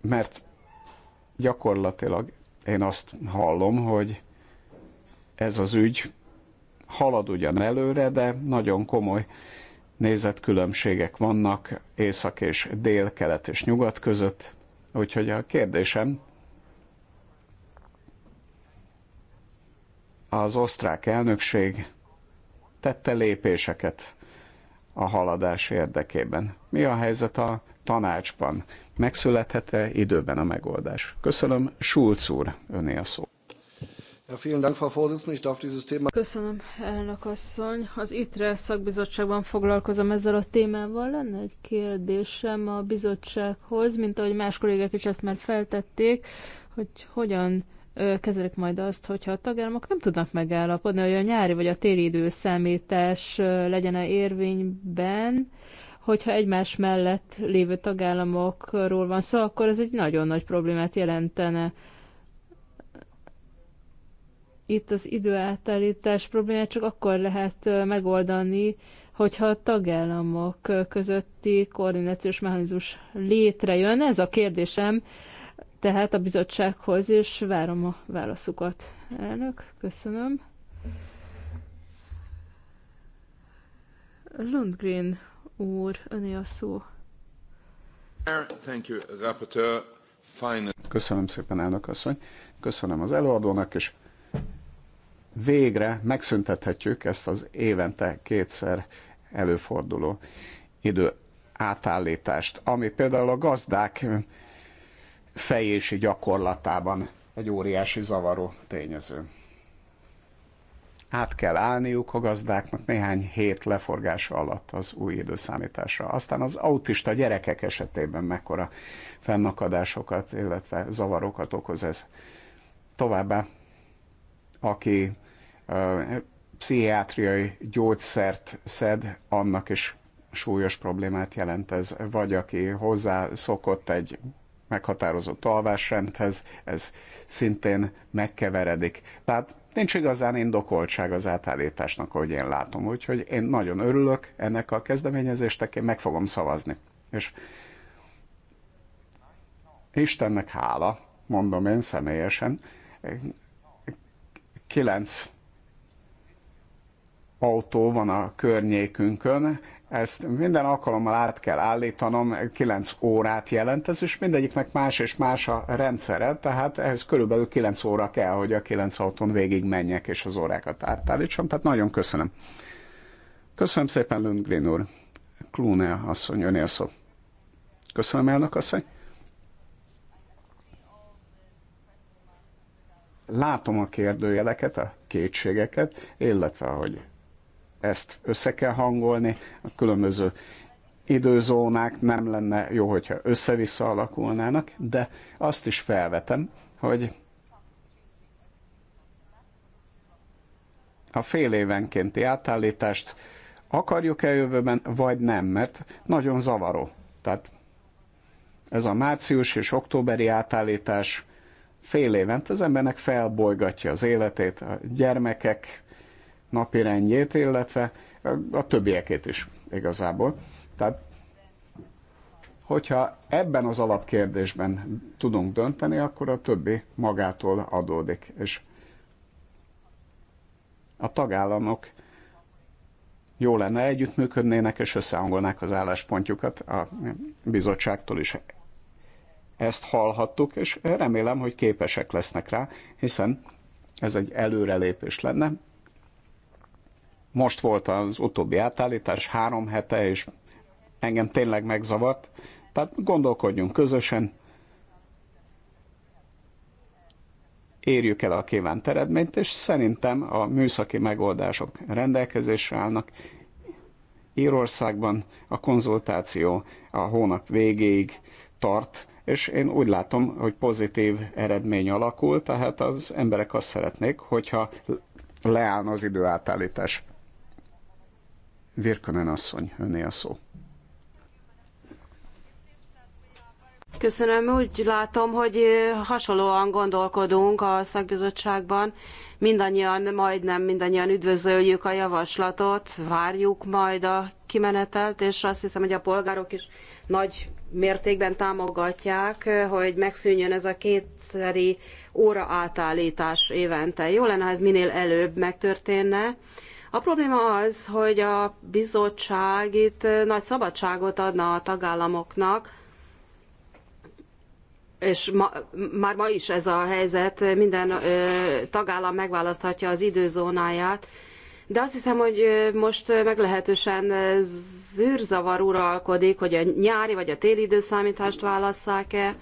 mert gyakorlatilag én azt hallom, hogy ez az ügy halad ugyan előre, de nagyon komoly nézetkülönbségek vannak észak és dél, kelet és nyugat között. Úgyhogy a kérdésem az osztrák elnökség tette lépéseket a haladás érdekében. Mi a helyzet a tanácsban? Megszülethet-e időben a megoldás? Köszönöm, Schulz úr, öné a szó. Köszönöm, elnök asszony. Az ITRE szakbizottságban foglalkozom ezzel a témával. Lenne egy kérdésem a bizottsághoz, mint ahogy más kollégák is ezt már feltették, hogy hogyan kezelik majd azt, hogyha a tagállamok nem tudnak megállapodni, hogy a nyári vagy a téli időszámítás legyen a érvényben, hogyha egymás mellett lévő tagállamokról van szó, akkor ez egy nagyon nagy problémát jelentene. Itt az időátállítás problémát csak akkor lehet megoldani, hogyha a tagállamok közötti koordinációs mechanizmus létrejön. Ez a kérdésem, tehát a bizottsághoz, és várom a válaszukat. Elnök, köszönöm. Lundgren úr, öné a szó. Köszönöm szépen, elnök asszony. Köszönöm az előadónak, és végre megszüntethetjük ezt az évente kétszer előforduló idő átállítást, ami például a gazdák fejési gyakorlatában egy óriási zavaró tényező. Át kell állniuk a gazdáknak néhány hét leforgása alatt az új időszámításra. Aztán az autista gyerekek esetében mekkora fennakadásokat, illetve zavarokat okoz ez. Továbbá, aki ö, pszichiátriai gyógyszert szed, annak is súlyos problémát jelent ez, vagy aki hozzá szokott egy meghatározott alvásrendhez, ez szintén megkeveredik. Tehát nincs igazán indokoltság az átállításnak, ahogy én látom. Úgyhogy én nagyon örülök ennek a kezdeményezéstek, én meg fogom szavazni. És Istennek hála, mondom én személyesen, kilenc autó van a környékünkön, ezt minden alkalommal át kell állítanom, 9 órát jelent ez, és mindegyiknek más és más a rendszere, tehát ehhez körülbelül 9 óra kell, hogy a 9 autón végig menjek, és az órákat átállítsam, tehát nagyon köszönöm. Köszönöm szépen, Lundgren úr. Klune asszony, önél szó. Köszönöm, elnök asszony. Látom a kérdőjeleket, a kétségeket, illetve, hogy ezt össze kell hangolni, a különböző időzónák nem lenne jó, hogyha össze-vissza alakulnának, de azt is felvetem, hogy a fél évenkénti átállítást akarjuk-e jövőben, vagy nem, mert nagyon zavaró. Tehát ez a március és októberi átállítás fél évent az embernek felbolygatja az életét, a gyermekek napi rendjét, illetve a többiekét is igazából. Tehát, hogyha ebben az alapkérdésben tudunk dönteni, akkor a többi magától adódik. És a tagállamok jó lenne együttműködnének és összehangolnák az álláspontjukat a bizottságtól is. Ezt hallhattuk, és remélem, hogy képesek lesznek rá, hiszen ez egy előrelépés lenne, most volt az utóbbi átállítás, három hete, és engem tényleg megzavart. Tehát gondolkodjunk közösen, érjük el a kívánt eredményt, és szerintem a műszaki megoldások rendelkezésre állnak. Írországban a konzultáció a hónap végéig tart, és én úgy látom, hogy pozitív eredmény alakul, tehát az emberek azt szeretnék, hogyha leállna az időátállítás. Virkönen asszony, önné a szó. Köszönöm. Úgy látom, hogy eh, hasonlóan gondolkodunk a szakbizottságban. Mindannyian, majdnem mindannyian üdvözöljük a javaslatot, várjuk majd a kimenetelt, és azt hiszem, hogy a polgárok is nagy mértékben támogatják, eh, hogy megszűnjön ez a kétszeri óra átállítás évente. Jó lenne, ha ez minél előbb megtörténne, a probléma az, hogy a bizottság itt eh, nagy szabadságot adna a tagállamoknak, és ma, már ma is ez a helyzet, eh, minden ö, eh, tagállam megválaszthatja az időzónáját, de azt hiszem, hogy most meglehetősen zűrzavar uralkodik, hogy a nyári vagy a téli időszámítást válasszák-e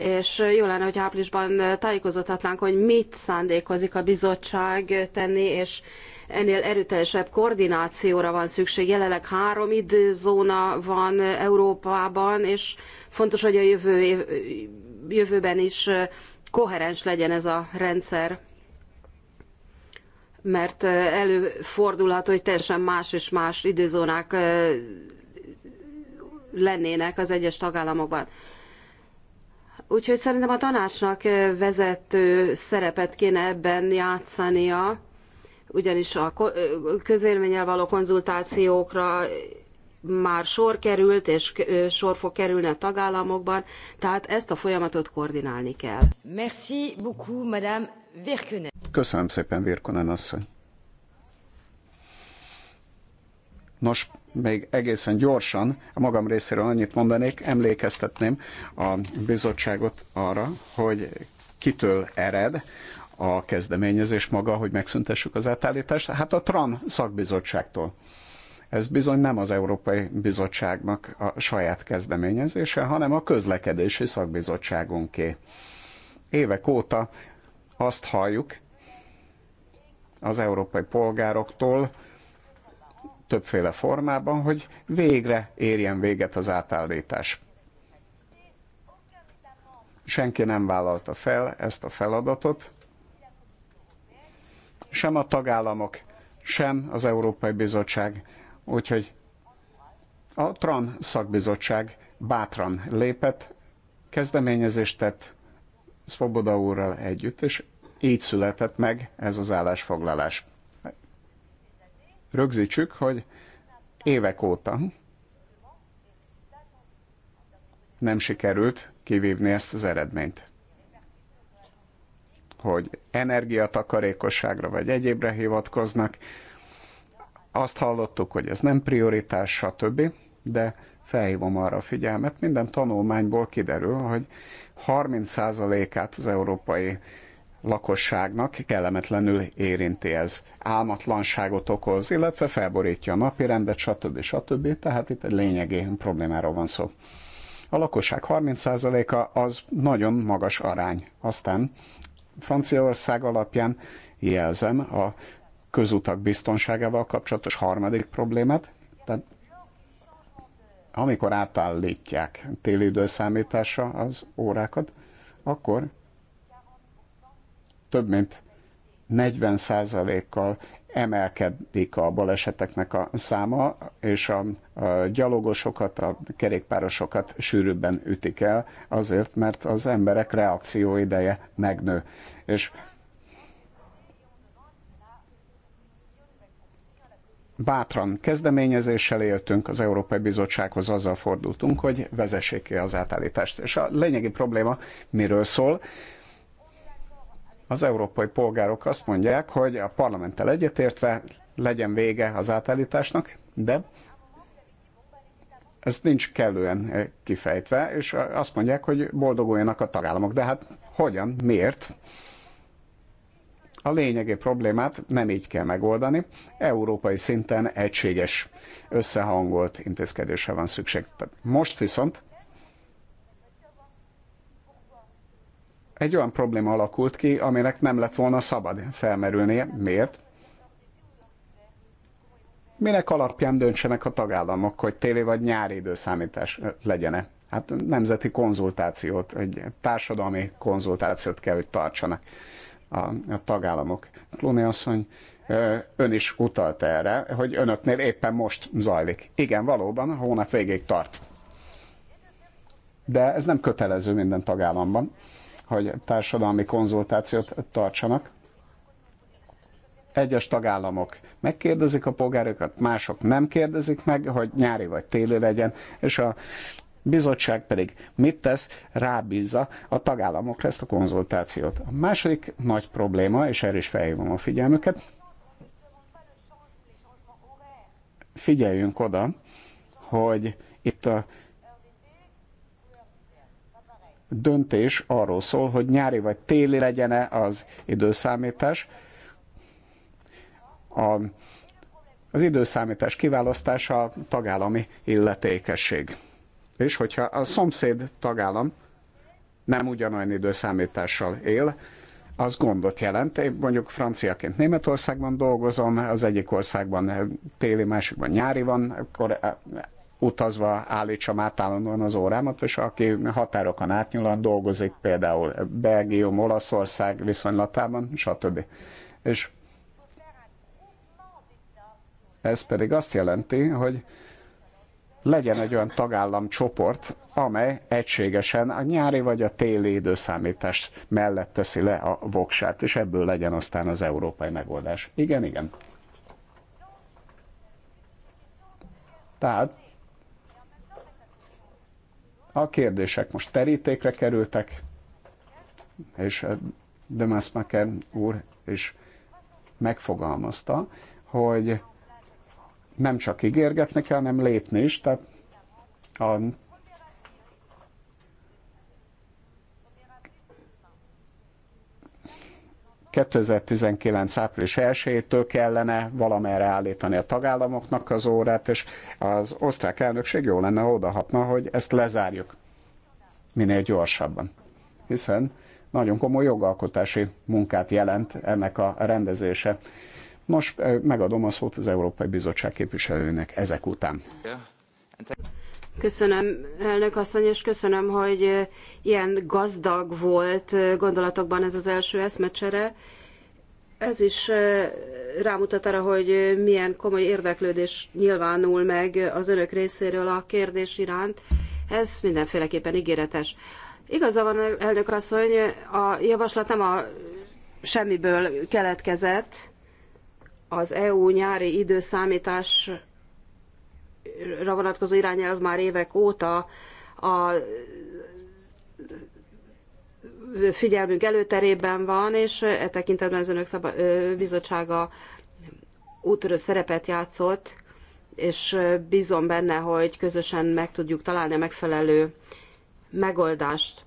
és jó lenne, hogy áprilisban tájékozódhatnánk, hogy mit szándékozik a bizottság tenni, és ennél erőteljesebb koordinációra van szükség. Jelenleg három időzóna van Európában, és fontos, hogy a jövő, jövőben is koherens legyen ez a rendszer mert előfordulhat, hogy teljesen más és más időzónák lennének az egyes tagállamokban. Úgyhogy szerintem a tanácsnak eh, vezető szerepet kéne ebben játszania, ugyanis a eh, közvéleménnyel való konzultációkra már sor került, és eh, sor fog kerülni a tagállamokban, tehát ezt a folyamatot koordinálni kell. Merci beaucoup, Madame Virkönen. Köszönöm szépen, Virkönen asszony. Nos, még egészen gyorsan, a magam részéről annyit mondanék, emlékeztetném a bizottságot arra, hogy kitől ered a kezdeményezés maga, hogy megszüntessük az átállítást. Hát a TRAN szakbizottságtól. Ez bizony nem az Európai Bizottságnak a saját kezdeményezése, hanem a közlekedési szakbizottságunké. Évek óta azt halljuk az európai polgároktól, többféle formában, hogy végre érjen véget az átállítás. Senki nem vállalta fel ezt a feladatot, sem a tagállamok, sem az Európai Bizottság, úgyhogy a TRAN szakbizottság bátran lépett, kezdeményezést tett Svoboda úrral együtt, és így született meg ez az állásfoglalás rögzítsük, hogy évek óta nem sikerült kivívni ezt az eredményt. Hogy energiatakarékosságra vagy egyébre hivatkoznak, azt hallottuk, hogy ez nem prioritás, stb., de felhívom arra a figyelmet, minden tanulmányból kiderül, hogy 30%-át az európai lakosságnak kellemetlenül érinti ez. Álmatlanságot okoz, illetve felborítja a napirendet, stb. stb. Tehát itt egy lényegi problémáról van szó. A lakosság 30%-a az nagyon magas arány. Aztán Franciaország alapján jelzem a közutak biztonságával kapcsolatos harmadik problémát. Tehát amikor átállítják téli időszámításra az órákat, akkor több mint 40%-kal emelkedik a baleseteknek a száma, és a, a gyalogosokat, a kerékpárosokat sűrűbben ütik el, azért, mert az emberek reakcióideje megnő. És bátran kezdeményezéssel éltünk, az Európai Bizottsághoz azzal fordultunk, hogy vezessék ki az átállítást. És a lényegi probléma miről szól? az európai polgárok azt mondják, hogy a parlamenttel egyetértve legyen vége az átállításnak, de ez nincs kellően kifejtve, és azt mondják, hogy boldoguljanak a tagállamok. De hát hogyan, miért? A lényegi problémát nem így kell megoldani. Európai szinten egységes, összehangolt intézkedésre van szükség. Most viszont egy olyan probléma alakult ki, aminek nem lett volna szabad felmerülnie. Miért? Minek alapján döntsenek a tagállamok, hogy téli vagy nyári időszámítás legyen-e? Hát nemzeti konzultációt, egy társadalmi konzultációt kell, hogy tartsanak a, a tagállamok. Klóni asszony, ön is utalt erre, hogy önöknél éppen most zajlik. Igen, valóban, a hónap végéig tart. De ez nem kötelező minden tagállamban hogy társadalmi konzultációt tartsanak. Egyes tagállamok megkérdezik a polgárokat, mások nem kérdezik meg, hogy nyári vagy téli legyen, és a bizottság pedig mit tesz, rábízza a tagállamokra ezt a konzultációt. A második nagy probléma, és erre is felhívom a figyelmüket, figyeljünk oda, hogy itt a döntés arról szól, hogy nyári vagy téli legyen-e az időszámítás. A, az időszámítás kiválasztása a tagállami illetékesség. És hogyha a szomszéd tagállam nem ugyanolyan időszámítással él, az gondot jelent. Én mondjuk franciaként Németországban dolgozom, az egyik országban téli, másikban nyári van, akkor utazva állítsam átállandóan az órámat, és aki határokon átnyúlóan dolgozik, például Belgium, Olaszország viszonylatában, stb. És ez pedig azt jelenti, hogy legyen egy olyan tagállam csoport, amely egységesen a nyári vagy a téli időszámítást mellett teszi le a voksát, és ebből legyen aztán az európai megoldás. Igen, igen. Tehát a kérdések most terítékre kerültek, és eh, Dömaszmaker úr is megfogalmazta, hogy nem csak ígérgetni kell, hanem lépni is, tehát a 2019. április 1-től kellene valamerre állítani a tagállamoknak az órát, és az osztrák elnökség jó lenne, odahatna, hogy ezt lezárjuk minél gyorsabban. Hiszen nagyon komoly jogalkotási munkát jelent ennek a rendezése. Most eh, megadom a szót az Európai Bizottság képviselőnek ezek után. Köszönöm, elnök asszony, és köszönöm, hogy ilyen gazdag volt gondolatokban ez az első eszmecsere. Ez is rámutat arra, hogy milyen komoly érdeklődés nyilvánul meg az önök részéről a kérdés iránt. Ez mindenféleképpen ígéretes. Igaza van, elnök asszony, a javaslat nem a semmiből keletkezett. Az EU nyári időszámítás vonatkozó irányelv már évek óta a figyelmünk előterében van, és e tekintetben az önök bizottsága útörő szerepet játszott, és bízom benne, hogy közösen meg tudjuk találni a megfelelő megoldást.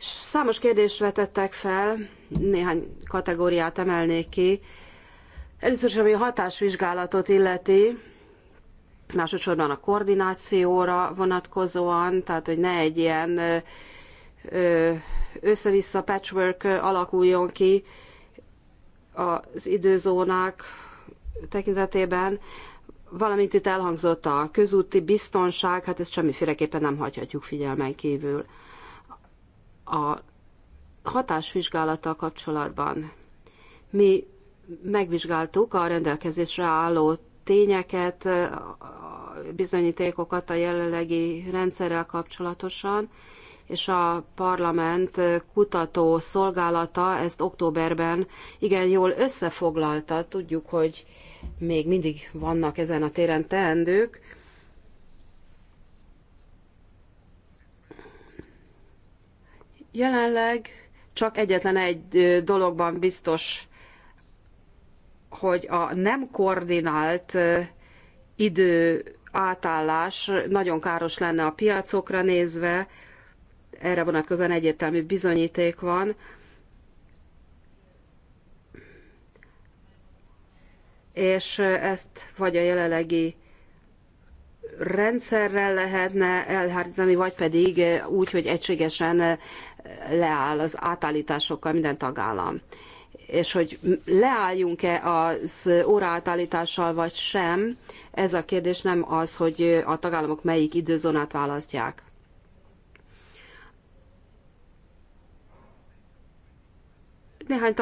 Számos kérdést vetettek fel, néhány kategóriát emelnék ki. Először is, ami a hatásvizsgálatot illeti, másodszorban a koordinációra vonatkozóan, tehát hogy ne egy ilyen össze-vissza patchwork alakuljon ki az időzónák tekintetében, valamint itt elhangzott a közúti biztonság, hát ezt semmiféleképpen nem hagyhatjuk figyelmen kívül. A hatásvizsgálattal kapcsolatban mi megvizsgáltuk a rendelkezésre álló tényeket, bizonyítékokat a jelenlegi rendszerrel kapcsolatosan, és a parlament kutató szolgálata ezt októberben igen jól összefoglalta. Tudjuk, hogy még mindig vannak ezen a téren teendők. Jelenleg csak egyetlen egy dologban biztos hogy a nem koordinált idő átállás nagyon káros lenne a piacokra nézve, erre vonatkozóan egyértelmű bizonyíték van. És ezt vagy a jelenlegi rendszerrel lehetne elhárítani, vagy pedig úgy, hogy egységesen leáll az átállításokkal minden tagállam és hogy leálljunk-e az óraátállítással vagy sem, ez a kérdés nem az, hogy a tagállamok melyik időzónát választják. Néhány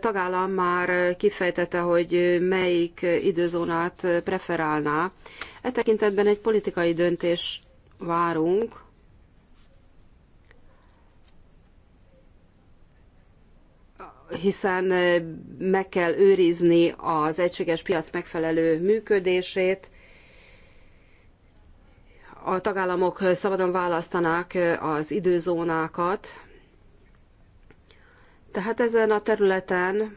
tagállam már kifejtette, hogy melyik időzónát preferálná. E tekintetben egy politikai döntést várunk, hiszen meg kell őrizni az egységes piac megfelelő működését, a tagállamok szabadon választanák az időzónákat. Tehát ezen a területen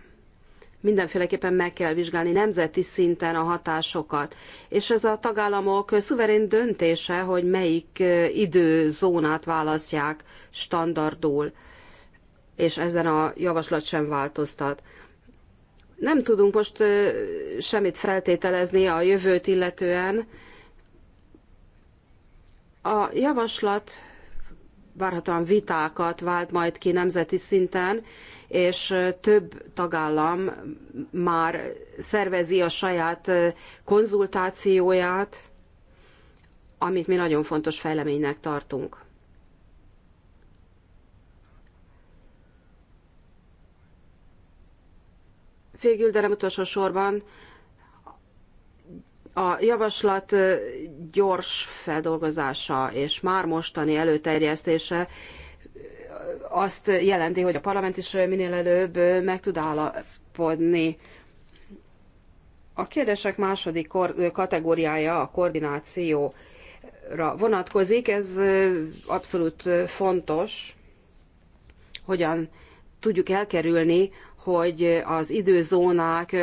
mindenféleképpen meg kell vizsgálni nemzeti szinten a hatásokat. És ez a tagállamok szuverén döntése, hogy melyik időzónát választják standardul és ezen a javaslat sem változtat. Nem tudunk most semmit feltételezni a jövőt illetően. A javaslat várhatóan vitákat vált majd ki nemzeti szinten, és több tagállam már szervezi a saját konzultációját, amit mi nagyon fontos fejleménynek tartunk. Végül, de nem utolsó sorban, a javaslat gyors feldolgozása és már mostani előterjesztése azt jelenti, hogy a parlament is minél előbb meg tud állapodni. A kérdések második kategóriája a koordinációra vonatkozik. Ez abszolút fontos, hogyan tudjuk elkerülni, hogy az időzónák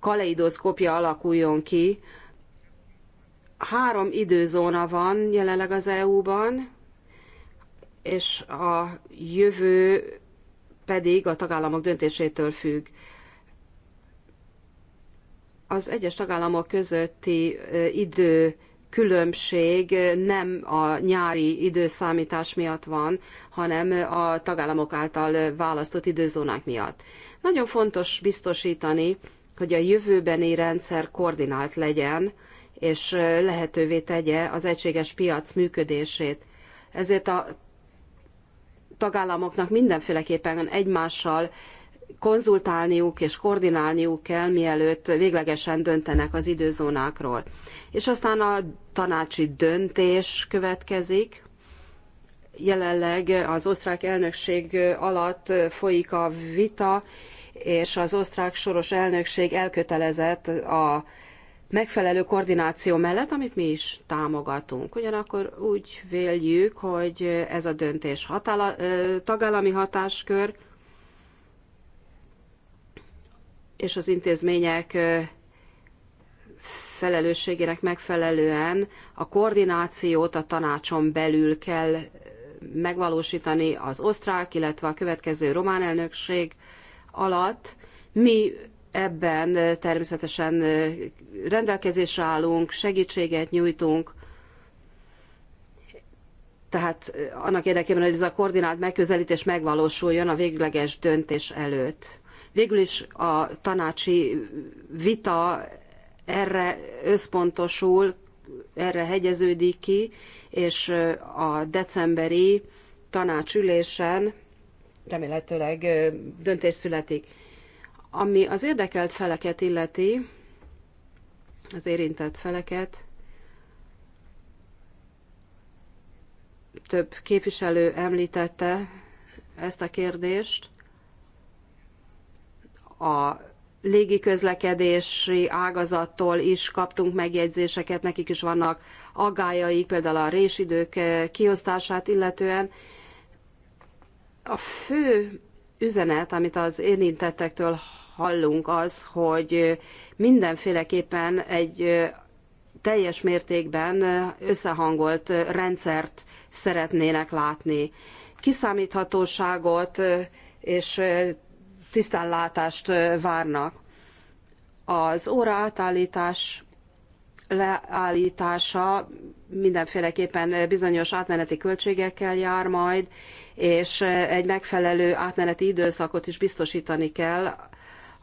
kaleidoszkopja alakuljon ki. Három időzóna van jelenleg az EU-ban, és a jövő pedig a tagállamok döntésétől függ. Az egyes tagállamok közötti idő különbség nem a nyári időszámítás miatt van, hanem a tagállamok által választott időzónák miatt. Nagyon fontos biztosítani, hogy a jövőbeni rendszer koordinált legyen, és lehetővé tegye az egységes piac működését. Ezért a tagállamoknak mindenféleképpen egymással konzultálniuk és koordinálniuk kell, mielőtt véglegesen döntenek az időzónákról. És aztán a tanácsi döntés következik. Jelenleg az osztrák elnökség alatt folyik a vita, és az osztrák soros elnökség elkötelezett a megfelelő koordináció mellett, amit mi is támogatunk. Ugyanakkor úgy véljük, hogy ez a döntés hatála, tagállami hatáskör, és az intézmények felelősségének megfelelően a koordinációt a tanácson belül kell megvalósítani az osztrák, illetve a következő román elnökség alatt. Mi ebben természetesen rendelkezésre állunk, segítséget nyújtunk, tehát annak érdekében, hogy ez a koordinált megközelítés megvalósuljon a végleges döntés előtt. Végül is a tanácsi vita erre összpontosul, erre hegyeződik ki, és a decemberi tanácsülésen remélhetőleg döntés születik. Ami az érdekelt feleket illeti, az érintett feleket, több képviselő említette ezt a kérdést a légiközlekedési ágazattól is kaptunk megjegyzéseket, nekik is vannak aggájaik, például a résidők eh, kiosztását illetően. A fő üzenet, amit az érintettektől hallunk, az, hogy mindenféleképpen egy eh, teljes mértékben eh, összehangolt rendszert szeretnének látni. Kiszámíthatóságot és tisztánlátást várnak. Az óra átállítás leállítása mindenféleképpen bizonyos átmeneti költségekkel jár majd, és egy megfelelő átmeneti időszakot is biztosítani kell,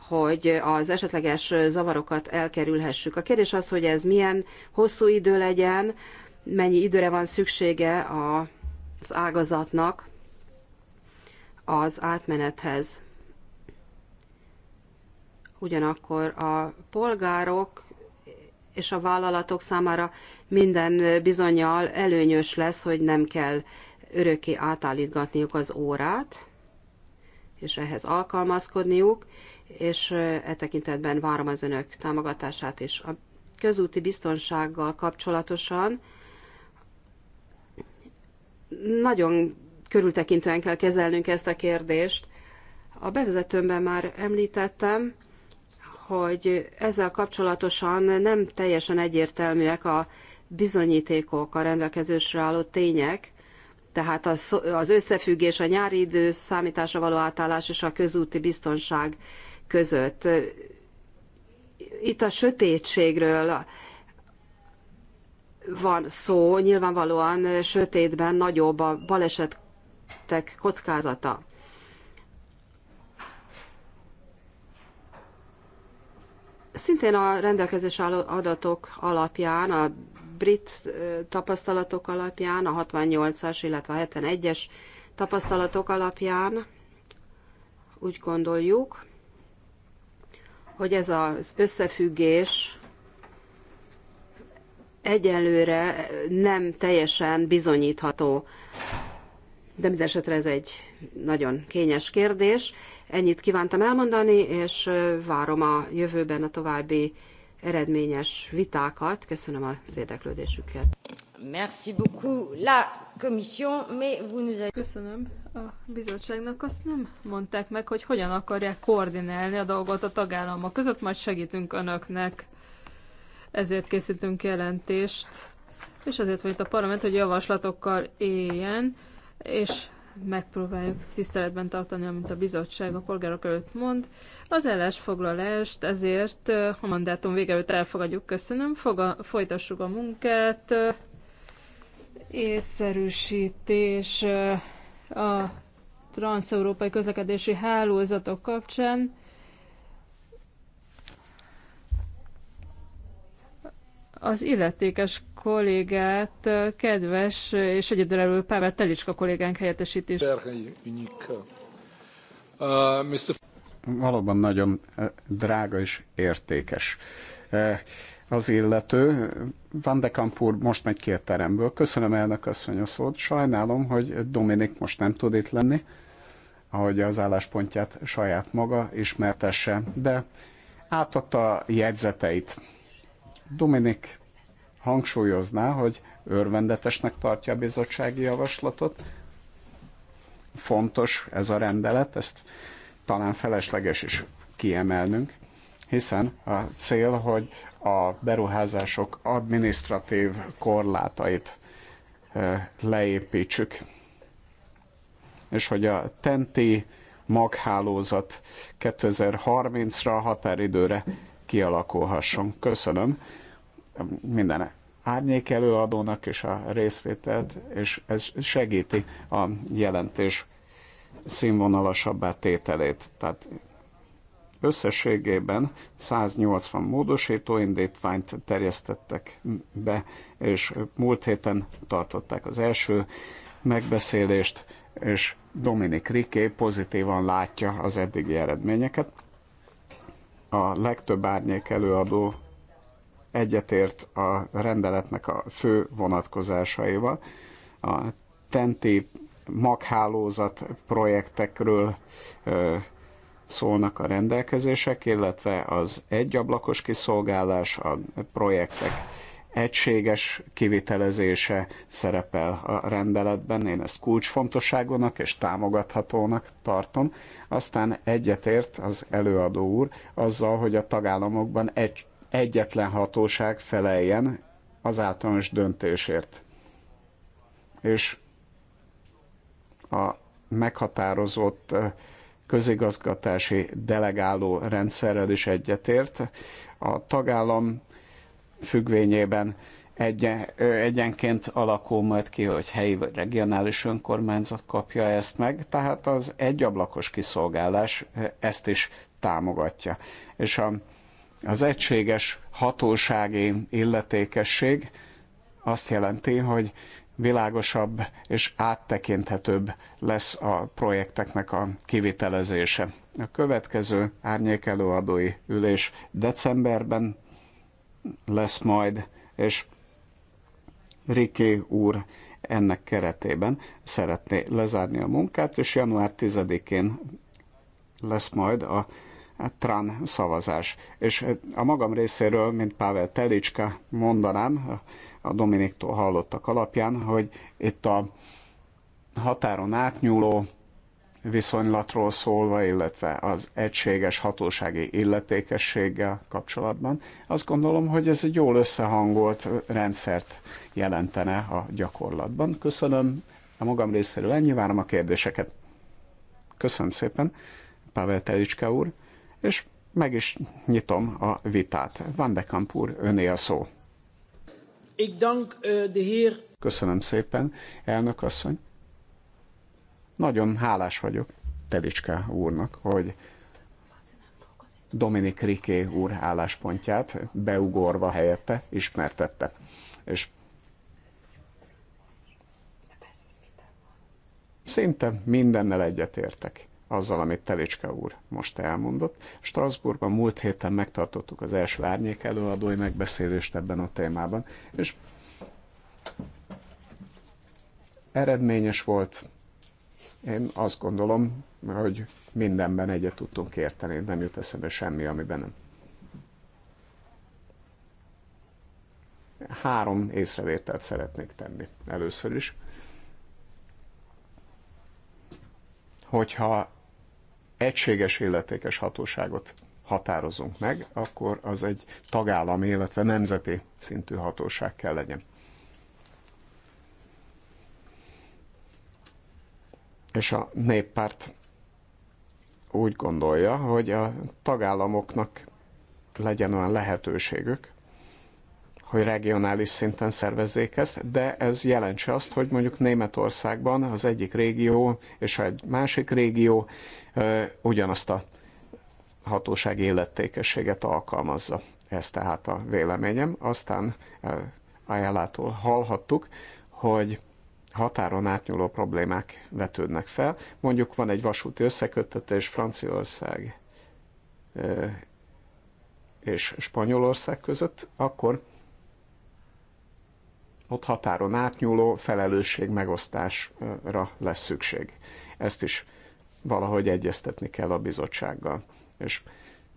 hogy az esetleges zavarokat elkerülhessük. A kérdés az, hogy ez milyen hosszú idő legyen, mennyi időre van szüksége az ágazatnak az átmenethez. Ugyanakkor a polgárok és a vállalatok számára minden bizonyal előnyös lesz, hogy nem kell örökké átállítgatniuk az órát, és ehhez alkalmazkodniuk, és e tekintetben várom az önök támogatását is. A közúti biztonsággal kapcsolatosan nagyon körültekintően kell kezelnünk ezt a kérdést. A bevezetőmben már említettem, hogy ezzel kapcsolatosan nem teljesen egyértelműek a bizonyítékok, a rendelkezésre álló tények, tehát az összefüggés a nyári idő számításra való átállás és a közúti biztonság között. Itt a sötétségről van szó, nyilvánvalóan sötétben nagyobb a balesetek kockázata. Szintén a rendelkezés adatok alapján, a brit tapasztalatok alapján, a 68-as, illetve a 71-es tapasztalatok alapján úgy gondoljuk, hogy ez az összefüggés egyelőre nem teljesen bizonyítható. De minden esetre ez egy nagyon kényes kérdés, Ennyit kívántam elmondani, és várom a jövőben a további eredményes vitákat. Köszönöm az érdeklődésüket. Merci beaucoup la commission, mais vous nous avez... Köszönöm a bizottságnak. Azt nem mondták meg, hogy hogyan akarják koordinálni a dolgot a tagállamok között, majd segítünk önöknek. Ezért készítünk jelentést, és azért van itt a parlament, hogy javaslatokkal éljen, és megpróbáljuk tiszteletben tartani, amit a bizottság a polgárok előtt mond. Az foglalást ezért a mandátum vége előtt elfogadjuk. Köszönöm. Foga, folytassuk a munkát. Észszerűsítés a transzeurópai közlekedési hálózatok kapcsán. az illetékes kollégát, kedves és egyedülálló Pável Telicska kollégánk helyettesítés. Valóban nagyon drága és értékes az illető. Van de Kampur most megy két teremből. Köszönöm elnök asszony a szót. Sajnálom, hogy Dominik most nem tud itt lenni, ahogy az álláspontját saját maga ismertesse, de átadta jegyzeteit Dominik hangsúlyozná, hogy örvendetesnek tartja a bizottsági javaslatot. Fontos ez a rendelet, ezt talán felesleges is kiemelnünk, hiszen a cél, hogy a beruházások administratív korlátait eh, leépítsük, és hogy a tenti maghálózat 2030-ra határidőre kialakulhasson. Köszönöm minden árnyék előadónak és a részvételt, és ez segíti a jelentés színvonalasabbá tételét. Tehát összességében 180 módosító indítványt terjesztettek be, és múlt héten tartották az első megbeszélést, és Dominik Riké pozitívan látja az eddigi eredményeket. A legtöbb árnyék előadó egyetért a rendeletnek a fő vonatkozásaival. A tenti maghálózat projektekről szólnak a rendelkezések, illetve az egyablakos kiszolgálás, a projektek egységes kivitelezése szerepel a rendeletben. Én ezt kulcsfontosságonak és támogathatónak tartom. Aztán egyetért az előadó úr azzal, hogy a tagállamokban egy egyetlen hatóság feleljen az általános döntésért. És a meghatározott közigazgatási delegáló rendszerrel is egyetért. A tagállam függvényében egyen, egyenként alakul majd ki, hogy helyi vagy regionális önkormányzat kapja ezt meg, tehát az egyablakos kiszolgálás ezt is támogatja. És a az egységes hatósági illetékesség azt jelenti, hogy világosabb és áttekinthetőbb lesz a projekteknek a kivitelezése. A következő árnyékelőadói ülés decemberben lesz majd, és Riki úr ennek keretében szeretné lezárni a munkát, és január 10-én lesz majd a trán szavazás. És eh, a magam részéről, mint Pável Telicska mondanám, a Dominiktól hallottak alapján, hogy itt a határon átnyúló viszonylatról szólva, illetve az egységes hatósági illetékességgel kapcsolatban, azt gondolom, hogy ez egy jól összehangolt rendszert jelentene a gyakorlatban. Köszönöm a magam részéről ennyi, várom a kérdéseket. Köszönöm szépen, Pavel Telicska úr és meg is nyitom a vitát. Van de Kampur öné a szó. Eh, Köszönöm szépen, elnök asszony. Nagyon hálás vagyok Telicska úrnak, hogy Dominik Riké úr álláspontját beugorva helyette ismertette. És szinte mindennel egyetértek azzal, amit Telicska úr most elmondott. Strasbourgban múlt héten megtartottuk az első árnyék előadói megbeszélést ebben a témában, és eredményes volt. Én azt gondolom, hogy mindenben egyet tudtunk érteni, nem jut eszembe semmi, amiben nem. Három észrevételt szeretnék tenni először is. Hogyha egységes illetékes hatóságot határozunk meg, akkor az egy tagállami, illetve nemzeti szintű hatóság kell legyen. És a néppárt úgy gondolja, hogy a tagállamoknak legyen olyan lehetőségük, hogy regionális szinten szervezzék ezt, de ez jelentse azt, hogy mondjuk Németországban az egyik régió és egy másik régió ugyanazt a hatósági illetékességet alkalmazza. Ez tehát a véleményem. Aztán ajánlától hallhattuk, hogy határon átnyúló problémák vetődnek fel. Mondjuk van egy vasúti összeköttetés Franciaország és Spanyolország között, akkor ott határon átnyúló felelősség megosztásra lesz szükség. Ezt is valahogy egyeztetni kell a bizottsággal. És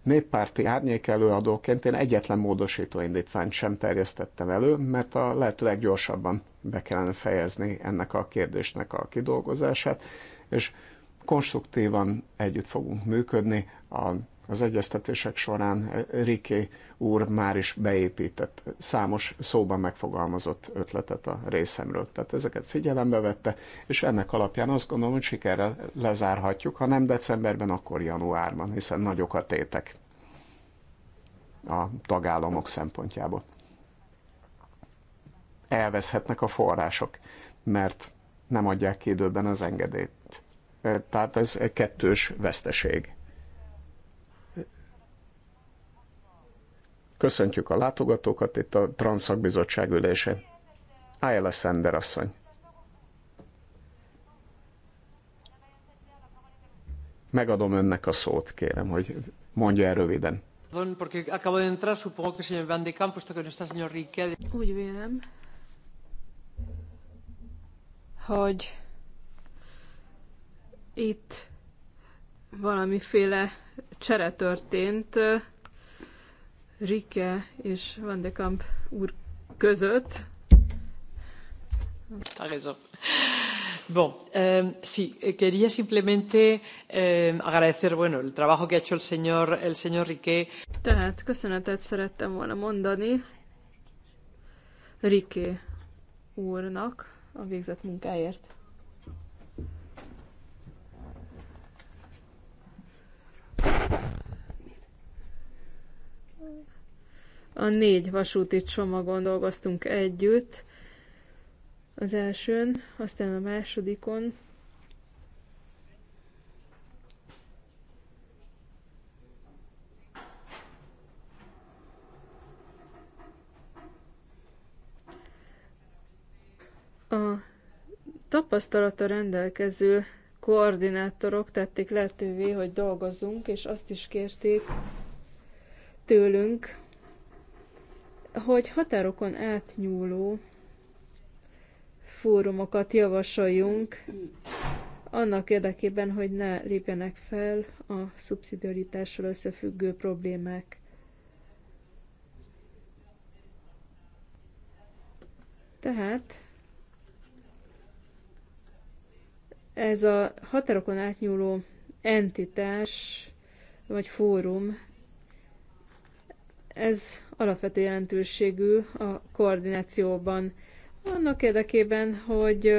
néppárti árnyék előadóként én egyetlen módosító indítványt sem terjesztettem elő, mert a lehető leggyorsabban be kellene fejezni ennek a kérdésnek a kidolgozását, és konstruktívan együtt fogunk működni a az egyeztetések során eh, Riki úr már is beépített számos szóban megfogalmazott ötletet a részemről. Tehát ezeket figyelembe vette, és ennek alapján azt gondolom, hogy sikerrel lezárhatjuk, ha nem decemberben, akkor januárban, hiszen nagyok a tétek a tagállamok szempontjából. Elveszhetnek a források, mert nem adják ki időben az engedélyt. Eh, tehát ez kettős veszteség Köszöntjük a látogatókat itt a Transzakbizottság ülésén. a Szender asszony. Megadom önnek a szót, kérem, hogy mondja el röviden. Úgy vélem, hogy itt valamiféle csere történt, Rike és Van de Kamp úr között. Bon, eh, sí, eh, quería simplemente eh, agradecer bueno, el trabajo que ha hecho el señor, el señor Riquet. Tehát köszönetet szerettem volna mondani Riquet úrnak a végzett munkáért. A négy vasúti csomagon dolgoztunk együtt, az elsőn, aztán a másodikon, a tapasztalata rendelkező koordinátorok tették lehetővé, hogy dolgozzunk, és azt is kérték tőlünk, hogy határokon átnyúló fórumokat javasoljunk annak érdekében, hogy ne lépjenek fel a szubszidiaritással összefüggő problémák. Tehát ez a határokon átnyúló entitás vagy fórum, ez alapvető jelentőségű a koordinációban. Annak érdekében, hogy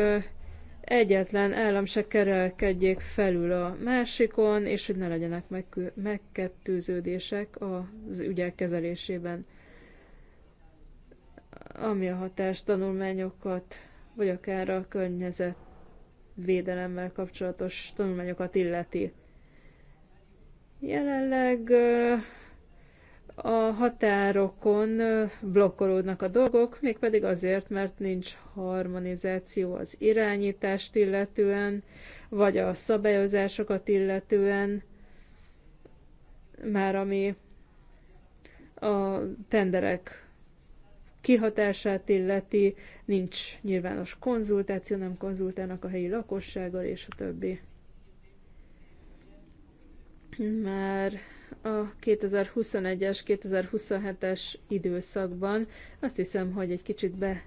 egyetlen állam se kerelkedjék felül a másikon, és hogy ne legyenek megkettőződések az ügyek kezelésében. Ami a tanulmányokat vagy akár a védelemmel kapcsolatos tanulmányokat illeti. Jelenleg a határokon blokkolódnak a dolgok, mégpedig azért, mert nincs harmonizáció az irányítást illetően, vagy a szabályozásokat illetően, már ami a tenderek kihatását illeti, nincs nyilvános konzultáció, nem konzultálnak a helyi lakossággal, és a többi. Már a 2021-es, 2027-es időszakban. Azt hiszem, hogy egy kicsit be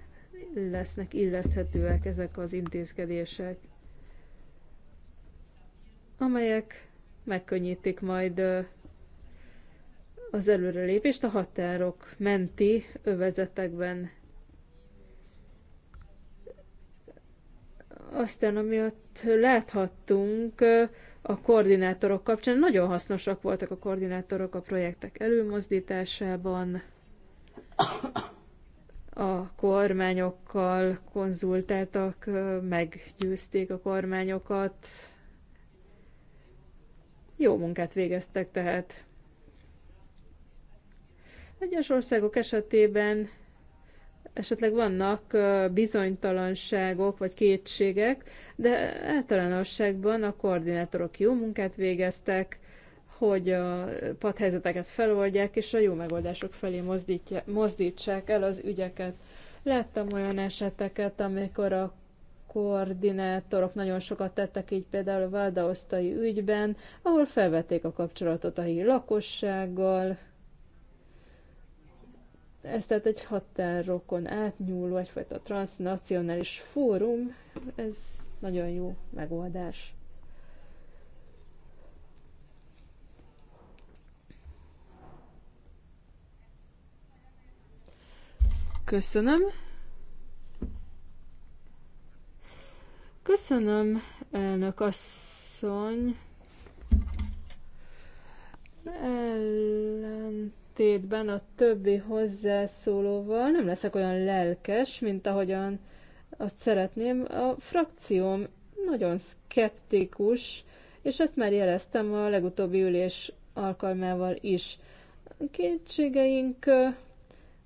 lesznek illeszthetőek ezek az intézkedések, amelyek megkönnyítik majd az előrelépést a határok menti övezetekben. Aztán, amiatt láthattunk, a koordinátorok kapcsán. Nagyon hasznosak voltak a koordinátorok a projektek előmozdításában, a kormányokkal konzultáltak, meggyőzték a kormányokat. Jó munkát végeztek tehát. Egyes országok esetében esetleg vannak bizonytalanságok vagy kétségek, de általánosságban a koordinátorok jó munkát végeztek, hogy a padhelyzeteket feloldják, és a jó megoldások felé mozdítja, mozdítsák el az ügyeket. Láttam olyan eseteket, amikor a koordinátorok nagyon sokat tettek, így például a Valdaosztai ügyben, ahol felvették a kapcsolatot a helyi lakossággal, ez tehát egy határokon átnyúló, egyfajta transnacionális fórum, ez nagyon jó megoldás. Köszönöm. Köszönöm, elnök asszony. Ellen ellentétben a többi hozzászólóval nem leszek olyan lelkes, mint ahogyan azt szeretném. A frakcióm nagyon szkeptikus, és ezt már jeleztem a legutóbbi ülés alkalmával is. A kétségeink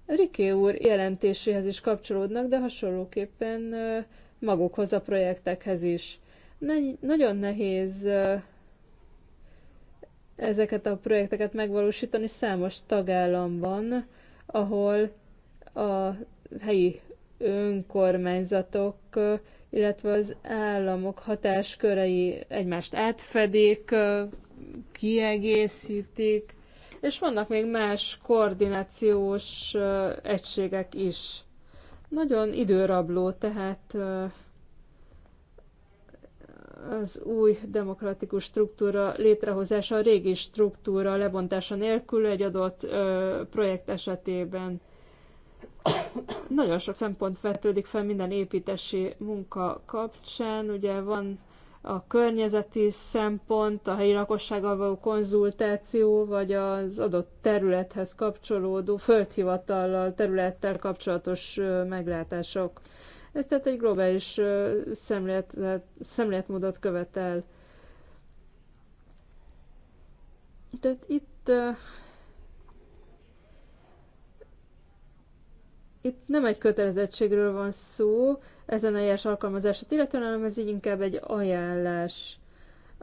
Riké úr jelentéséhez is kapcsolódnak, de hasonlóképpen magukhoz a projektekhez is. Nagy nagyon nehéz ezeket a projekteket megvalósítani számos tagállamban, ahol a helyi önkormányzatok, illetve az államok hatáskörei egymást átfedik, kiegészítik, és vannak még más koordinációs egységek is. Nagyon időrabló tehát az új demokratikus struktúra létrehozása a régi struktúra lebontása nélkül egy adott ö, projekt esetében. Nagyon sok szempont vetődik fel minden építési munka kapcsán. Ugye van a környezeti szempont, a helyi lakossággal való konzultáció, vagy az adott területhez kapcsolódó földhivatallal, területtel kapcsolatos meglátások. Ez tehát egy globális szemlélet, hát szemléletmódot követel. Tehát itt itt nem egy kötelezettségről van szó ezen eljárás alkalmazását, illetve hanem ez így inkább egy ajánlás.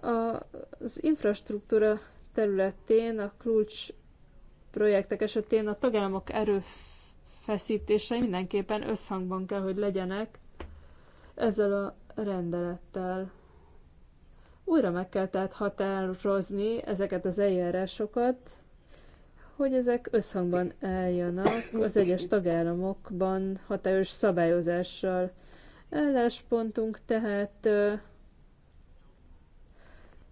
A, az infrastruktúra területén a kulcs projektek esetén a tagállamok erőf feszítései mindenképpen összhangban kell, hogy legyenek ezzel a rendelettel. Újra meg kell tehát határozni ezeket az eljárásokat, hogy ezek összhangban álljanak az egyes tagállamokban hatályos szabályozással. Álláspontunk tehát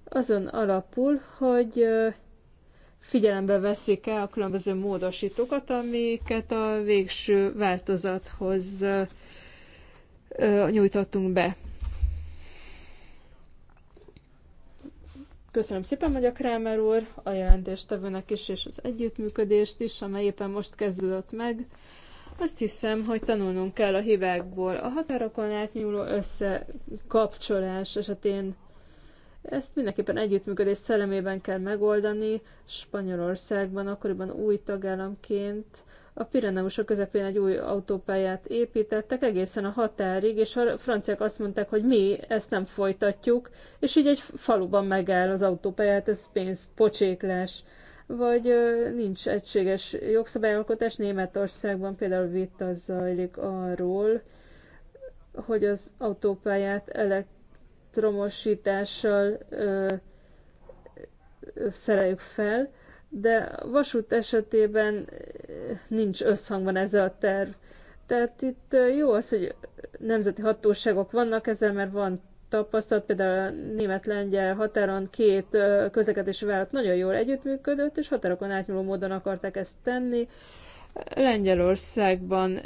azon alapul, hogy figyelembe veszik el a különböző módosítókat, amiket a végső változathoz nyújtottunk be. Köszönöm szépen, hogy a Krámer úr, a jelentéstevőnek is, és az együttműködést is, amely éppen most kezdődött meg. Azt hiszem, hogy tanulnunk kell a hibákból. A határokon átnyúló összekapcsolás esetén ezt mindenképpen együttműködés szellemében kell megoldani. Spanyolországban akkoriban új tagállamként a Pireneusok közepén egy új autópályát építettek egészen a határig, és a franciák azt mondták, hogy mi ezt nem folytatjuk, és így egy faluban megáll az autópályát, ez pénz pocséklás. Vagy nincs egységes jogszabályalkotás, Németországban például vita zajlik arról, hogy az autópályát elektronikus elektromosítással ö, szereljük fel, de vasút esetében nincs összhangban ez a terv. Tehát itt jó az, hogy nemzeti hatóságok vannak ezzel, mert van tapasztalat például a német-lengyel határon két közlekedési vállalat nagyon jól együttműködött, és határokon átnyúló módon akarták ezt tenni. Lengyelországban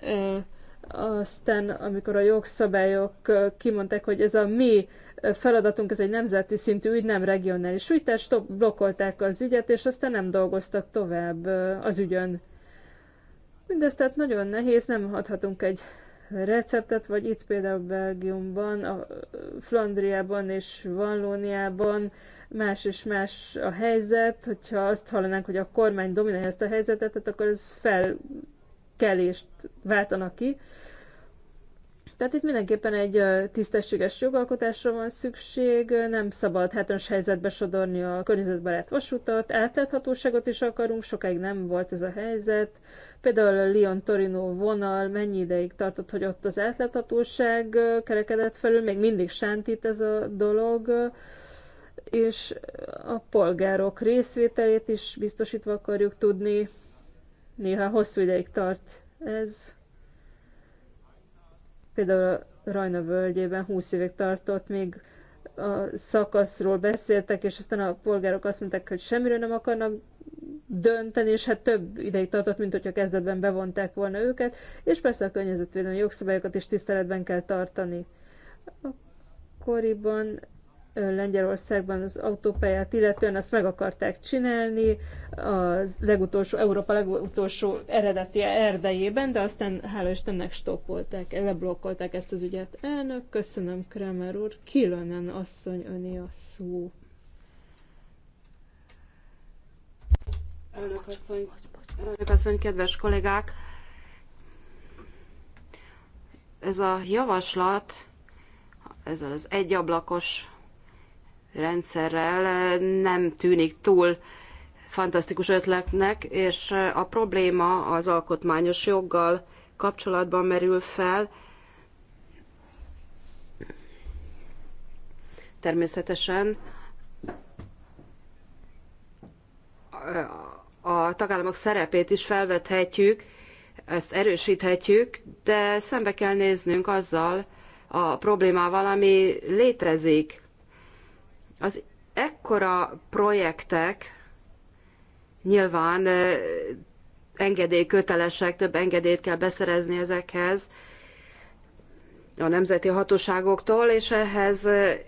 aztán, amikor a jogszabályok kimondták, hogy ez a mi feladatunk, ez egy nemzeti szintű ügy, nem regionális ügy, tehát stop, blokkolták az ügyet, és aztán nem dolgoztak tovább az ügyön. Mindez tehát nagyon nehéz, nem adhatunk egy receptet, vagy itt például Belgiumban, a Flandriában és Vallóniában más és más a helyzet, hogyha azt hallanánk, hogy a kormány dominálja ezt a helyzetet, akkor ez felkelést váltanak ki. Tehát itt mindenképpen egy tisztességes jogalkotásra van szükség, nem szabad hátrányos helyzetbe sodorni a környezetbarát vasutat, eltelthatóságot is akarunk, sokáig nem volt ez a helyzet. Például a Lyon-Torino vonal mennyi ideig tartott, hogy ott az eltelthatóság kerekedett felül, még mindig sántít ez a dolog és a polgárok részvételét is biztosítva akarjuk tudni. Néha hosszú ideig tart ez. Például Rajna völgyében 20 évig tartott, még a szakaszról beszéltek, és aztán a polgárok azt mondták, hogy semmiről nem akarnak dönteni, és hát több ideig tartott, mint hogyha kezdetben bevonták volna őket, és persze a környezetvédelmi jogszabályokat is tiszteletben kell tartani. Akkoriban Lengyelországban az autópályát illetően ezt meg akarták csinálni, az legutolsó, Európa legutolsó eredeti erdejében, de aztán hála Istennek stoppolták, leblokkolták ezt az ügyet. Elnök, köszönöm Kramer úr, Kilönen asszony öné a szó. Elnök asszony, elnök asszony, kedves kollégák! Ez a javaslat, ezzel az egyablakos rendszerrel nem tűnik túl fantasztikus ötletnek, és a probléma az alkotmányos joggal kapcsolatban merül fel. Természetesen a tagállamok szerepét is felvethetjük, ezt erősíthetjük, de szembe kell néznünk azzal a problémával, ami létezik az ekkora projektek nyilván eh, engedélykötelesek, több engedélyt kell beszerezni ezekhez a nemzeti hatóságoktól, és ehhez eh,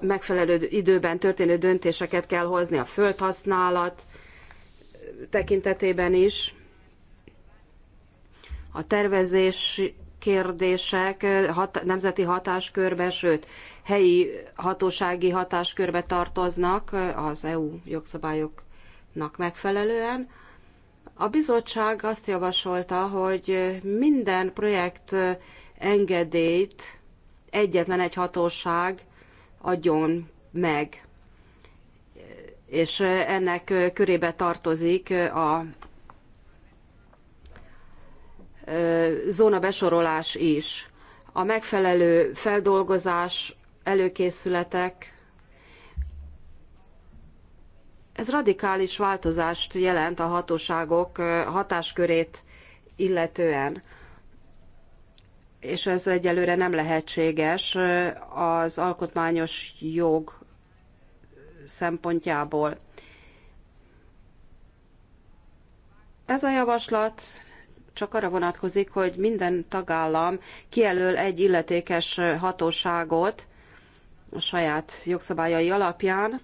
megfelelő időben történő döntéseket kell hozni a földhasználat eh, tekintetében is, a tervezési kérdések hat, nemzeti hatáskörbe, sőt, helyi hatósági hatáskörbe tartoznak az EU jogszabályoknak megfelelően. A bizottság azt javasolta, hogy minden projekt engedélyt egyetlen egy hatóság adjon meg, és ennek körébe tartozik a zóna besorolás is, a megfelelő feldolgozás, előkészületek, ez radikális változást jelent a hatóságok hatáskörét illetően. És ez egyelőre nem lehetséges az alkotmányos jog szempontjából. Ez a javaslat csak arra vonatkozik, hogy minden tagállam kijelöl egy illetékes hatóságot a saját jogszabályai alapján.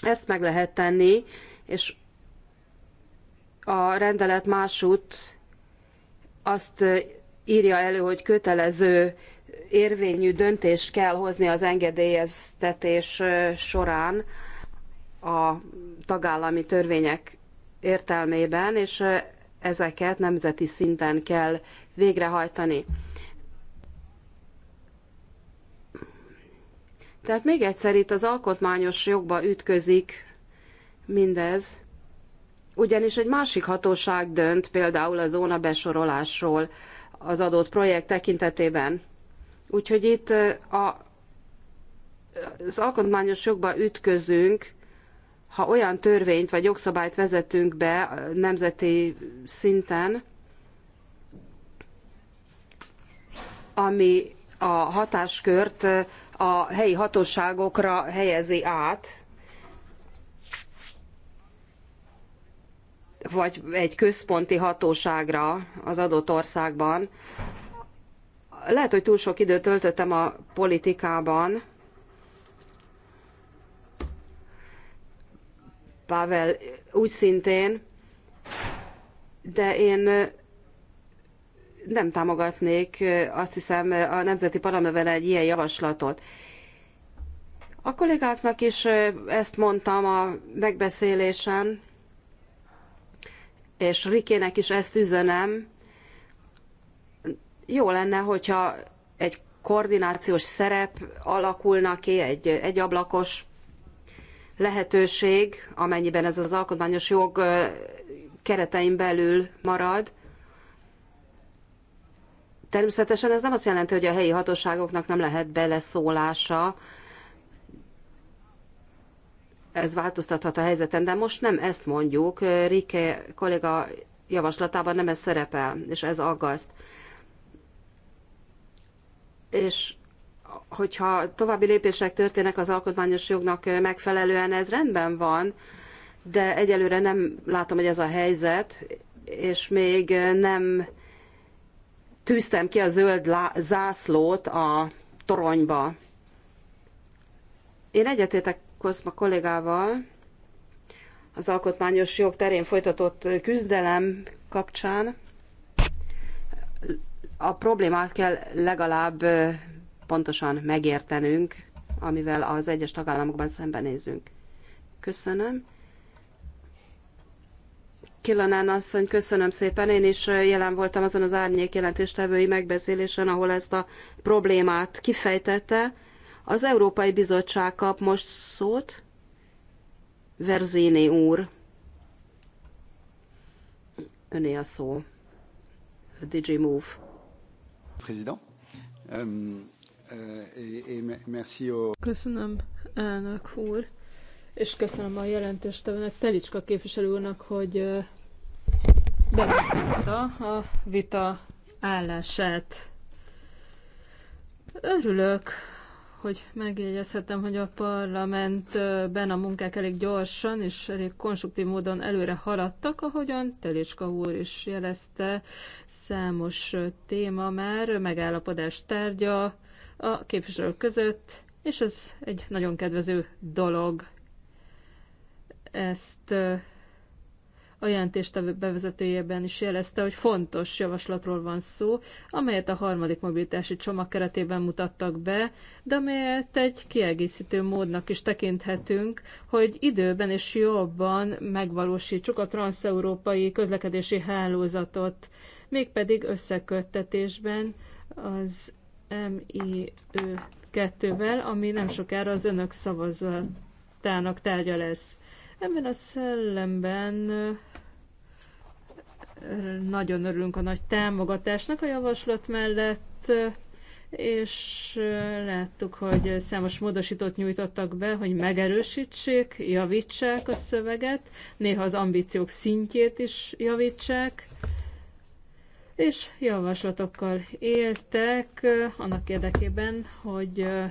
Ezt meg lehet tenni, és a rendelet másút azt írja elő, hogy kötelező érvényű döntést kell hozni az engedélyeztetés során a tagállami törvények értelmében, és ezeket nemzeti szinten kell végrehajtani. Tehát még egyszer itt az alkotmányos jogba ütközik mindez, ugyanis egy másik hatóság dönt például a zóna besorolásról az adott projekt tekintetében. Úgyhogy itt a, az alkotmányos jogba ütközünk, ha olyan törvényt vagy jogszabályt vezetünk be nemzeti szinten, ami a hatáskört a helyi hatóságokra helyezi át, vagy egy központi hatóságra az adott országban. Lehet, hogy túl sok időt töltöttem a politikában, Pavel úgy szintén, de én nem támogatnék azt hiszem a Nemzeti Parlamentben egy ilyen javaslatot. A kollégáknak is ezt mondtam a megbeszélésen, és Rikének is ezt üzenem. Jó lenne, hogyha egy koordinációs szerep alakulna ki, egy egyablakos lehetőség, amennyiben ez az alkotmányos jog keretein belül marad. Természetesen ez nem azt jelenti, hogy a helyi hatóságoknak nem lehet beleszólása, ez változtathat a helyzeten, de most nem ezt mondjuk, Rike kolléga javaslatában nem ez szerepel, és ez aggaszt. És hogyha további lépések történnek az alkotmányos jognak megfelelően, ez rendben van, de egyelőre nem látom, hogy ez a helyzet, és még nem tűztem ki a zöld zászlót a toronyba. Én egyetétek Koszma kollégával az alkotmányos jog terén folytatott küzdelem kapcsán. A problémát kell legalább pontosan megértenünk, amivel az egyes tagállamokban szembenézünk. Köszönöm. Kilanán asszony, köszönöm szépen. Én is jelen voltam azon az árnyék jelentéstevői megbeszélésen, ahol ezt a problémát kifejtette. Az Európai Bizottság kap most szót. Verzini úr. Öné a szó. Digimove. Président. Um... Eh, eh, eh, köszönöm, elnök úr, és köszönöm a jelentéstevőnek, Telicska képviselő úrnak, hogy bemutatta a vita állását. Örülök, hogy megjegyezhetem, hogy a parlamentben a munkák elég gyorsan és elég konstruktív módon előre haladtak, ahogyan Telicska úr is jelezte, számos téma már megállapodás tárgya, a képviselők között, és ez egy nagyon kedvező dolog. Ezt a jelentést a bevezetőjében is jelezte, hogy fontos javaslatról van szó, amelyet a harmadik mobilitási csomag keretében mutattak be, de amelyet egy kiegészítő módnak is tekinthetünk, hogy időben és jobban megvalósítsuk a transeurópai közlekedési hálózatot, mégpedig összeköttetésben az mi 2 vel ami nem sokára az önök szavazatának tárgya lesz. Ebben a szellemben nagyon örülünk a nagy támogatásnak a javaslat mellett, és láttuk, hogy számos módosítót nyújtottak be, hogy megerősítsék, javítsák a szöveget, néha az ambíciók szintjét is javítsák és javaslatokkal éltek eh, annak érdekében, hogy eh,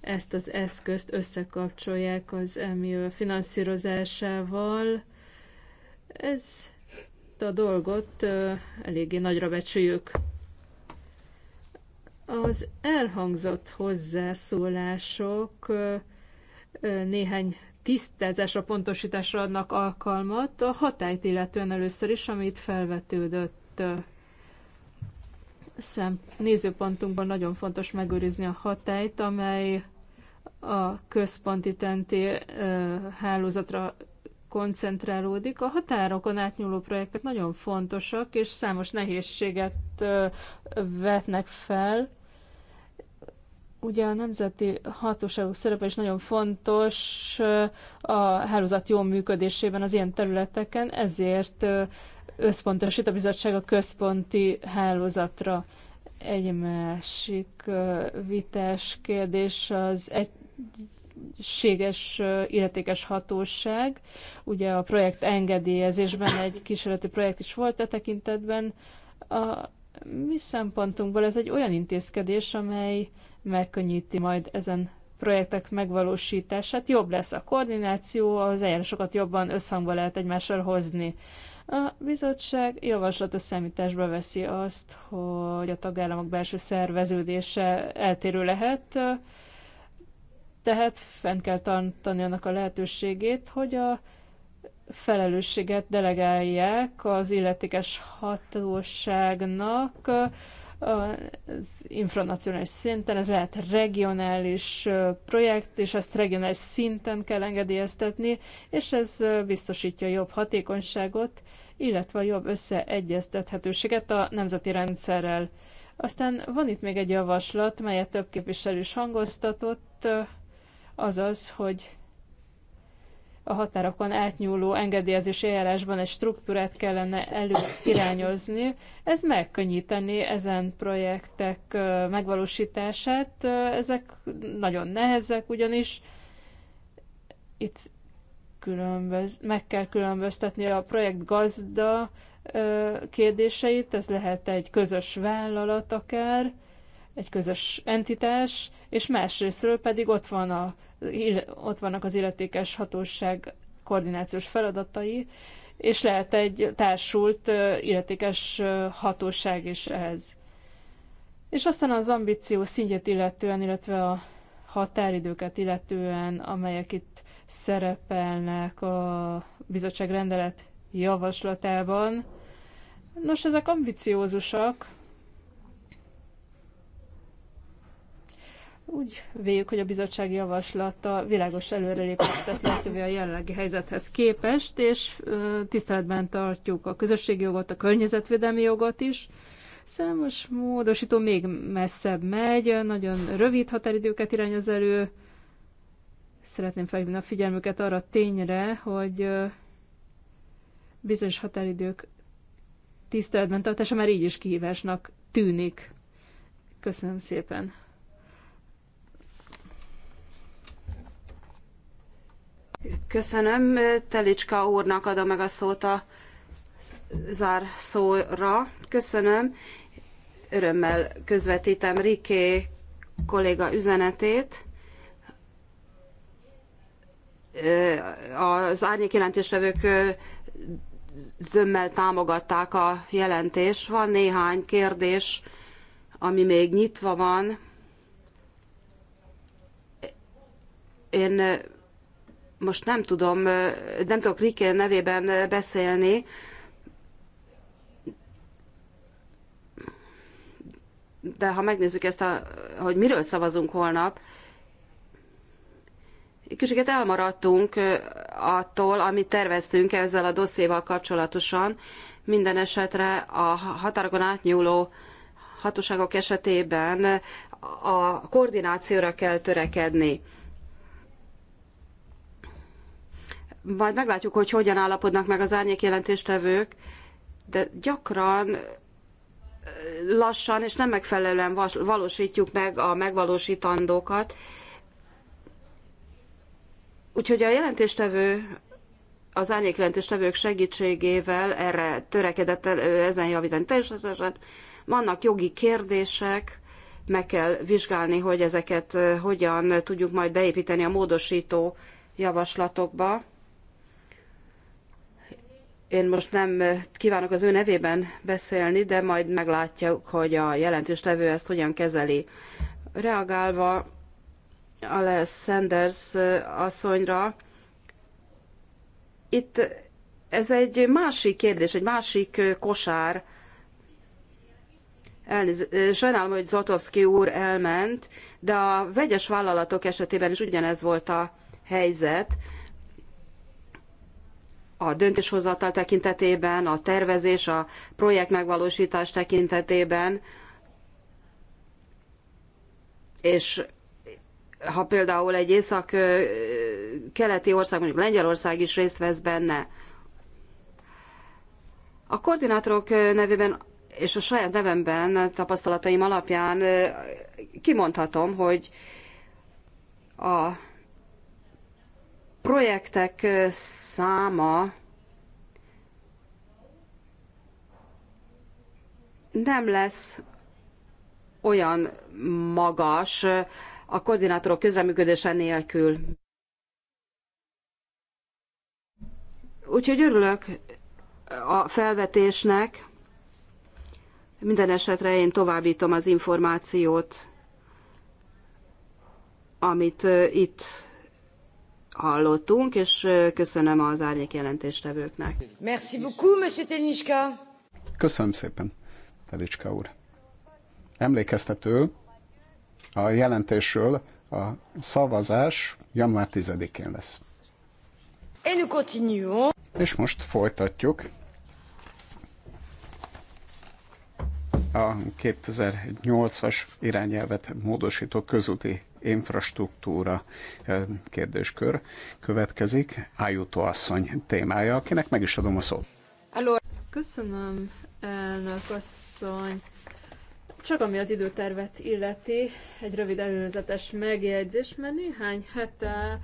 ezt az eszközt összekapcsolják az EMI finanszírozásával. Ez a dolgot eh, eléggé nagyra becsüljük. Az elhangzott hozzászólások néhány tisztázásra, pontosításra adnak alkalmat a hatályt illetően először is, amit felvetődött szem, nézőpontunkban nagyon fontos megőrizni a hatályt, amely a központi tenti hálózatra koncentrálódik. A határokon átnyúló projektek nagyon fontosak, és számos nehézséget vetnek fel. Ugye a nemzeti hatóságok szerepe is nagyon fontos a hálózat jó működésében az ilyen területeken, ezért összpontosít a bizottság a központi hálózatra. Egy másik vitás kérdés az egységes illetékes hatóság. Ugye a projekt engedélyezésben egy kísérleti projekt is volt a e tekintetben. A mi szempontunkból ez egy olyan intézkedés, amely megkönnyíti majd ezen projektek megvalósítását. Jobb lesz a koordináció, az eljárásokat jobban összhangba lehet egymással hozni. A bizottság javaslata számításba veszi azt, hogy a tagállamok belső szerveződése eltérő lehet, tehát fenn kell tartani annak a lehetőségét, hogy a felelősséget delegálják az illetékes hatóságnak az infranacionális szinten, ez lehet regionális projekt, és ezt regionális szinten kell engedélyeztetni, és ez biztosítja jobb hatékonyságot, illetve jobb összeegyeztethetőséget a nemzeti rendszerrel. Aztán van itt még egy javaslat, melyet több képviselő is hangoztatott, azaz, hogy a határokon átnyúló engedélyezési eljárásban egy struktúrát kellene előirányozni. Ez megkönnyíteni ezen projektek megvalósítását. Ezek nagyon nehezek, ugyanis itt különböz, meg kell különböztetni a projekt gazda kérdéseit, ez lehet egy közös vállalat akár, egy közös entitás, és másrésztről pedig ott van a ott vannak az illetékes hatóság koordinációs feladatai, és lehet egy társult illetékes hatóság is ehhez. És aztán az ambíció szintjét illetően, illetve a határidőket illetően, amelyek itt szerepelnek a bizottság rendelet javaslatában. Nos, ezek ambiciózusak, Úgy véljük, hogy a bizottság javaslata világos előrelépést tesz lehetővé a jelenlegi helyzethez képest, és tiszteletben tartjuk a közösségi jogot, a környezetvédelmi jogot is. Számos módosító még messzebb megy, nagyon rövid határidőket irányoz elő. Szeretném felhívni a figyelmüket arra a tényre, hogy bizonyos határidők tiszteletben tartása már így is kihívásnak tűnik. Köszönöm szépen! Köszönöm. Telicska úrnak adom meg a szót a zárszóra. Köszönöm. Örömmel közvetítem Riké kolléga üzenetét. Az árnyék jelentéstevők zömmel támogatták a jelentés Van néhány kérdés, ami még nyitva van. Én most nem tudom, nem tudok rike nevében beszélni, de ha megnézzük ezt, a, hogy miről szavazunk holnap, kicsiket elmaradtunk attól, amit terveztünk ezzel a dosszéval kapcsolatosan. Minden esetre a határokon átnyúló hatóságok esetében a koordinációra kell törekedni. majd meglátjuk, hogy hogyan állapodnak meg az árnyékjelentéstevők, jelentéstevők, de gyakran lassan és nem megfelelően valósítjuk meg a megvalósítandókat. Úgyhogy a jelentéstevő az árnyékjelentéstevők segítségével erre törekedett ezen javítani. Természetesen vannak jogi kérdések, meg kell vizsgálni, hogy ezeket hogyan tudjuk majd beépíteni a módosító javaslatokba. Én most nem kívánok az ő nevében beszélni, de majd meglátjuk, hogy a jelentős levő ezt hogyan kezeli. Reagálva a Sanders asszonyra, itt ez egy másik kérdés, egy másik kosár. Elnéz, sajnálom, hogy Zotowski úr elment, de a vegyes vállalatok esetében is ugyanez volt a helyzet a döntéshozatal tekintetében, a tervezés, a projekt megvalósítás tekintetében, és ha például egy észak-keleti ország, mondjuk Lengyelország is részt vesz benne, a koordinátorok nevében és a saját nevemben tapasztalataim alapján kimondhatom, hogy a projektek száma nem lesz olyan magas a koordinátorok közreműködése nélkül. Úgyhogy örülök a felvetésnek. Minden esetre én továbbítom az információt, amit itt hallottunk, és köszönöm az árnyék jelentéstevőknek. Merci beaucoup, monsieur Teliska. Köszönöm szépen, Telicska úr. Emlékeztető a jelentésről a szavazás január 10-én lesz. Et nous continuons. És most folytatjuk a 2008-as irányelvet módosító közúti infrastruktúra kérdéskör következik. Ájutó asszony témája, akinek meg is adom a szót. Köszönöm, elnök asszony. Csak ami az időtervet illeti, egy rövid előzetes megjegyzés, mert néhány hete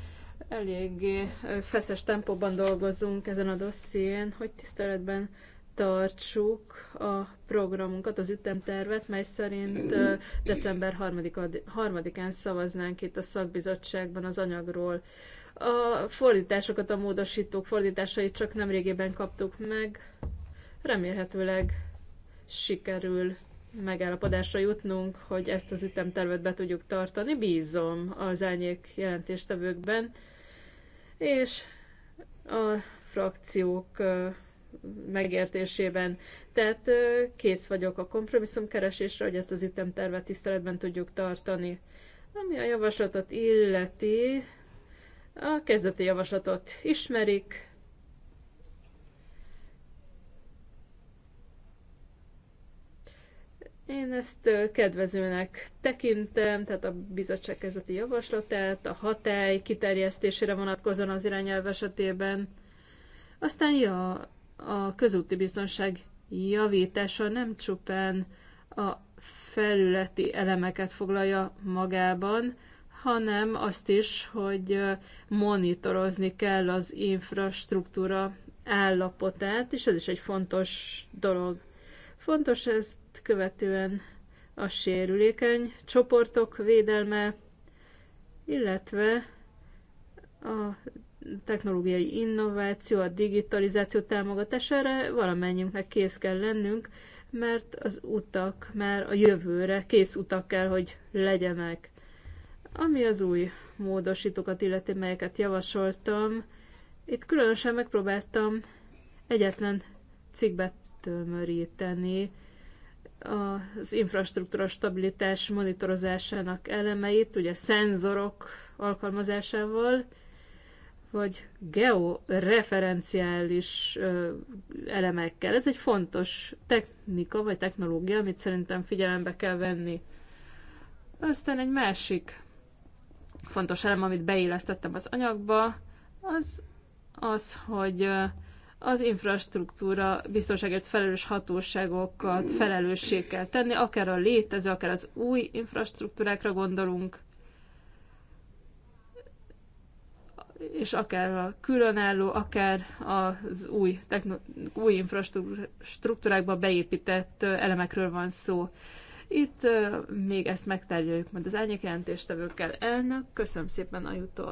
eléggé feszes tempóban dolgozunk ezen a dosszién, hogy tiszteletben betartsuk a programunkat, az ütemtervet, mely szerint december 3-án szavaznánk itt a szakbizottságban az anyagról. A fordításokat, a módosítók fordításait csak nemrégében kaptuk meg. Remélhetőleg sikerül megállapodásra jutnunk, hogy ezt az ütemtervet be tudjuk tartani. Bízom az elnyék jelentéstevőkben, és a frakciók megértésében. Tehát kész vagyok a kompromisszumkeresésre, hogy ezt az ütemtervet tiszteletben tudjuk tartani. Ami a javaslatot illeti, a kezdeti javaslatot ismerik, Én ezt kedvezőnek tekintem, tehát a bizottság kezdeti javaslatát, a hatály kiterjesztésére vonatkozóan az irányelv esetében. Aztán ja, a közúti biztonság javítása nem csupán a felületi elemeket foglalja magában, hanem azt is, hogy monitorozni kell az infrastruktúra állapotát, és ez is egy fontos dolog. Fontos ezt követően a sérülékeny csoportok védelme, illetve a technológiai innováció, a digitalizáció támogatására valamennyiünknek kész kell lennünk, mert az utak már a jövőre kész utak kell, hogy legyenek. Ami az új módosítókat illeti, melyeket javasoltam, itt különösen megpróbáltam egyetlen cikkbe tömöríteni az infrastruktúra stabilitás monitorozásának elemeit, ugye szenzorok alkalmazásával, vagy georeferenciális elemekkel. Ez egy fontos technika vagy technológia, amit szerintem figyelembe kell venni. Aztán egy másik fontos elem, amit beillesztettem az anyagba, az az, hogy az infrastruktúra biztonságért felelős hatóságokat felelősség kell tenni, akár a létező, akár az új infrastruktúrákra gondolunk, és akár a különálló, akár az új, techno- új infrastruktúrákba beépített elemekről van szó. Itt még ezt megtárgyaljuk majd az jelentéstevőkkel. Elnök, köszönöm szépen a jutó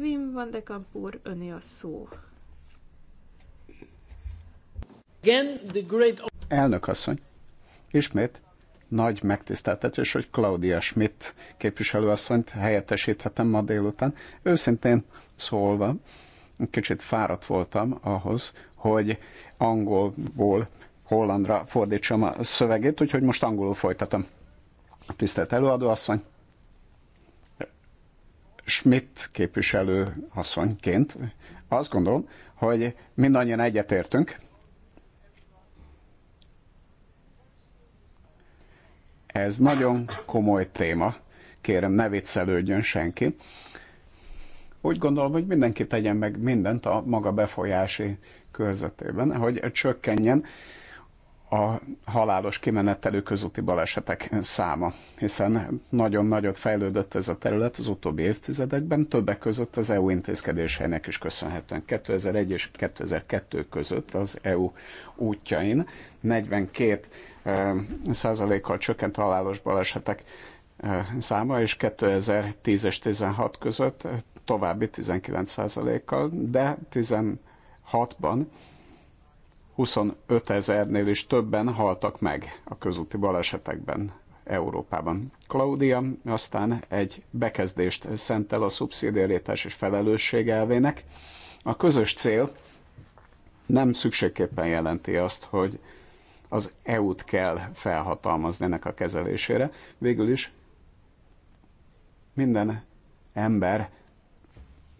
Wim van de Kampur, öné a szó. Elnök asszony, ismét nagy megtiszteltetés, hogy Claudia Schmidt képviselőasszonyt helyettesíthetem ma délután. Őszintén szólva, kicsit fáradt voltam ahhoz, hogy angolból hollandra fordítsam a szövegét, úgyhogy most angolul folytatom. Tisztelt előadóasszony, Schmidt képviselő asszonyként azt gondolom, hogy mindannyian egyetértünk, Ez nagyon komoly téma, kérem ne viccelődjön senki. Úgy gondolom, hogy mindenki tegyen meg mindent a maga befolyási körzetében, hogy csökkenjen a halálos kimenetelő közúti balesetek száma, hiszen nagyon nagyot fejlődött ez a terület az utóbbi évtizedekben, többek között az EU intézkedéseinek is köszönhetően. 2001 és 2002 között az EU útjain 42 eh, százalékkal csökkent a halálos balesetek eh, száma, és 2010 és 16 között további 19 százalékkal, de 16-ban 25 ezernél is többen haltak meg a közúti balesetekben Európában. Claudia aztán egy bekezdést szentel a szubszidiarítás és felelősség elvének. A közös cél nem szükségképpen jelenti azt, hogy az EU-t kell felhatalmazni ennek a kezelésére. Végül is minden ember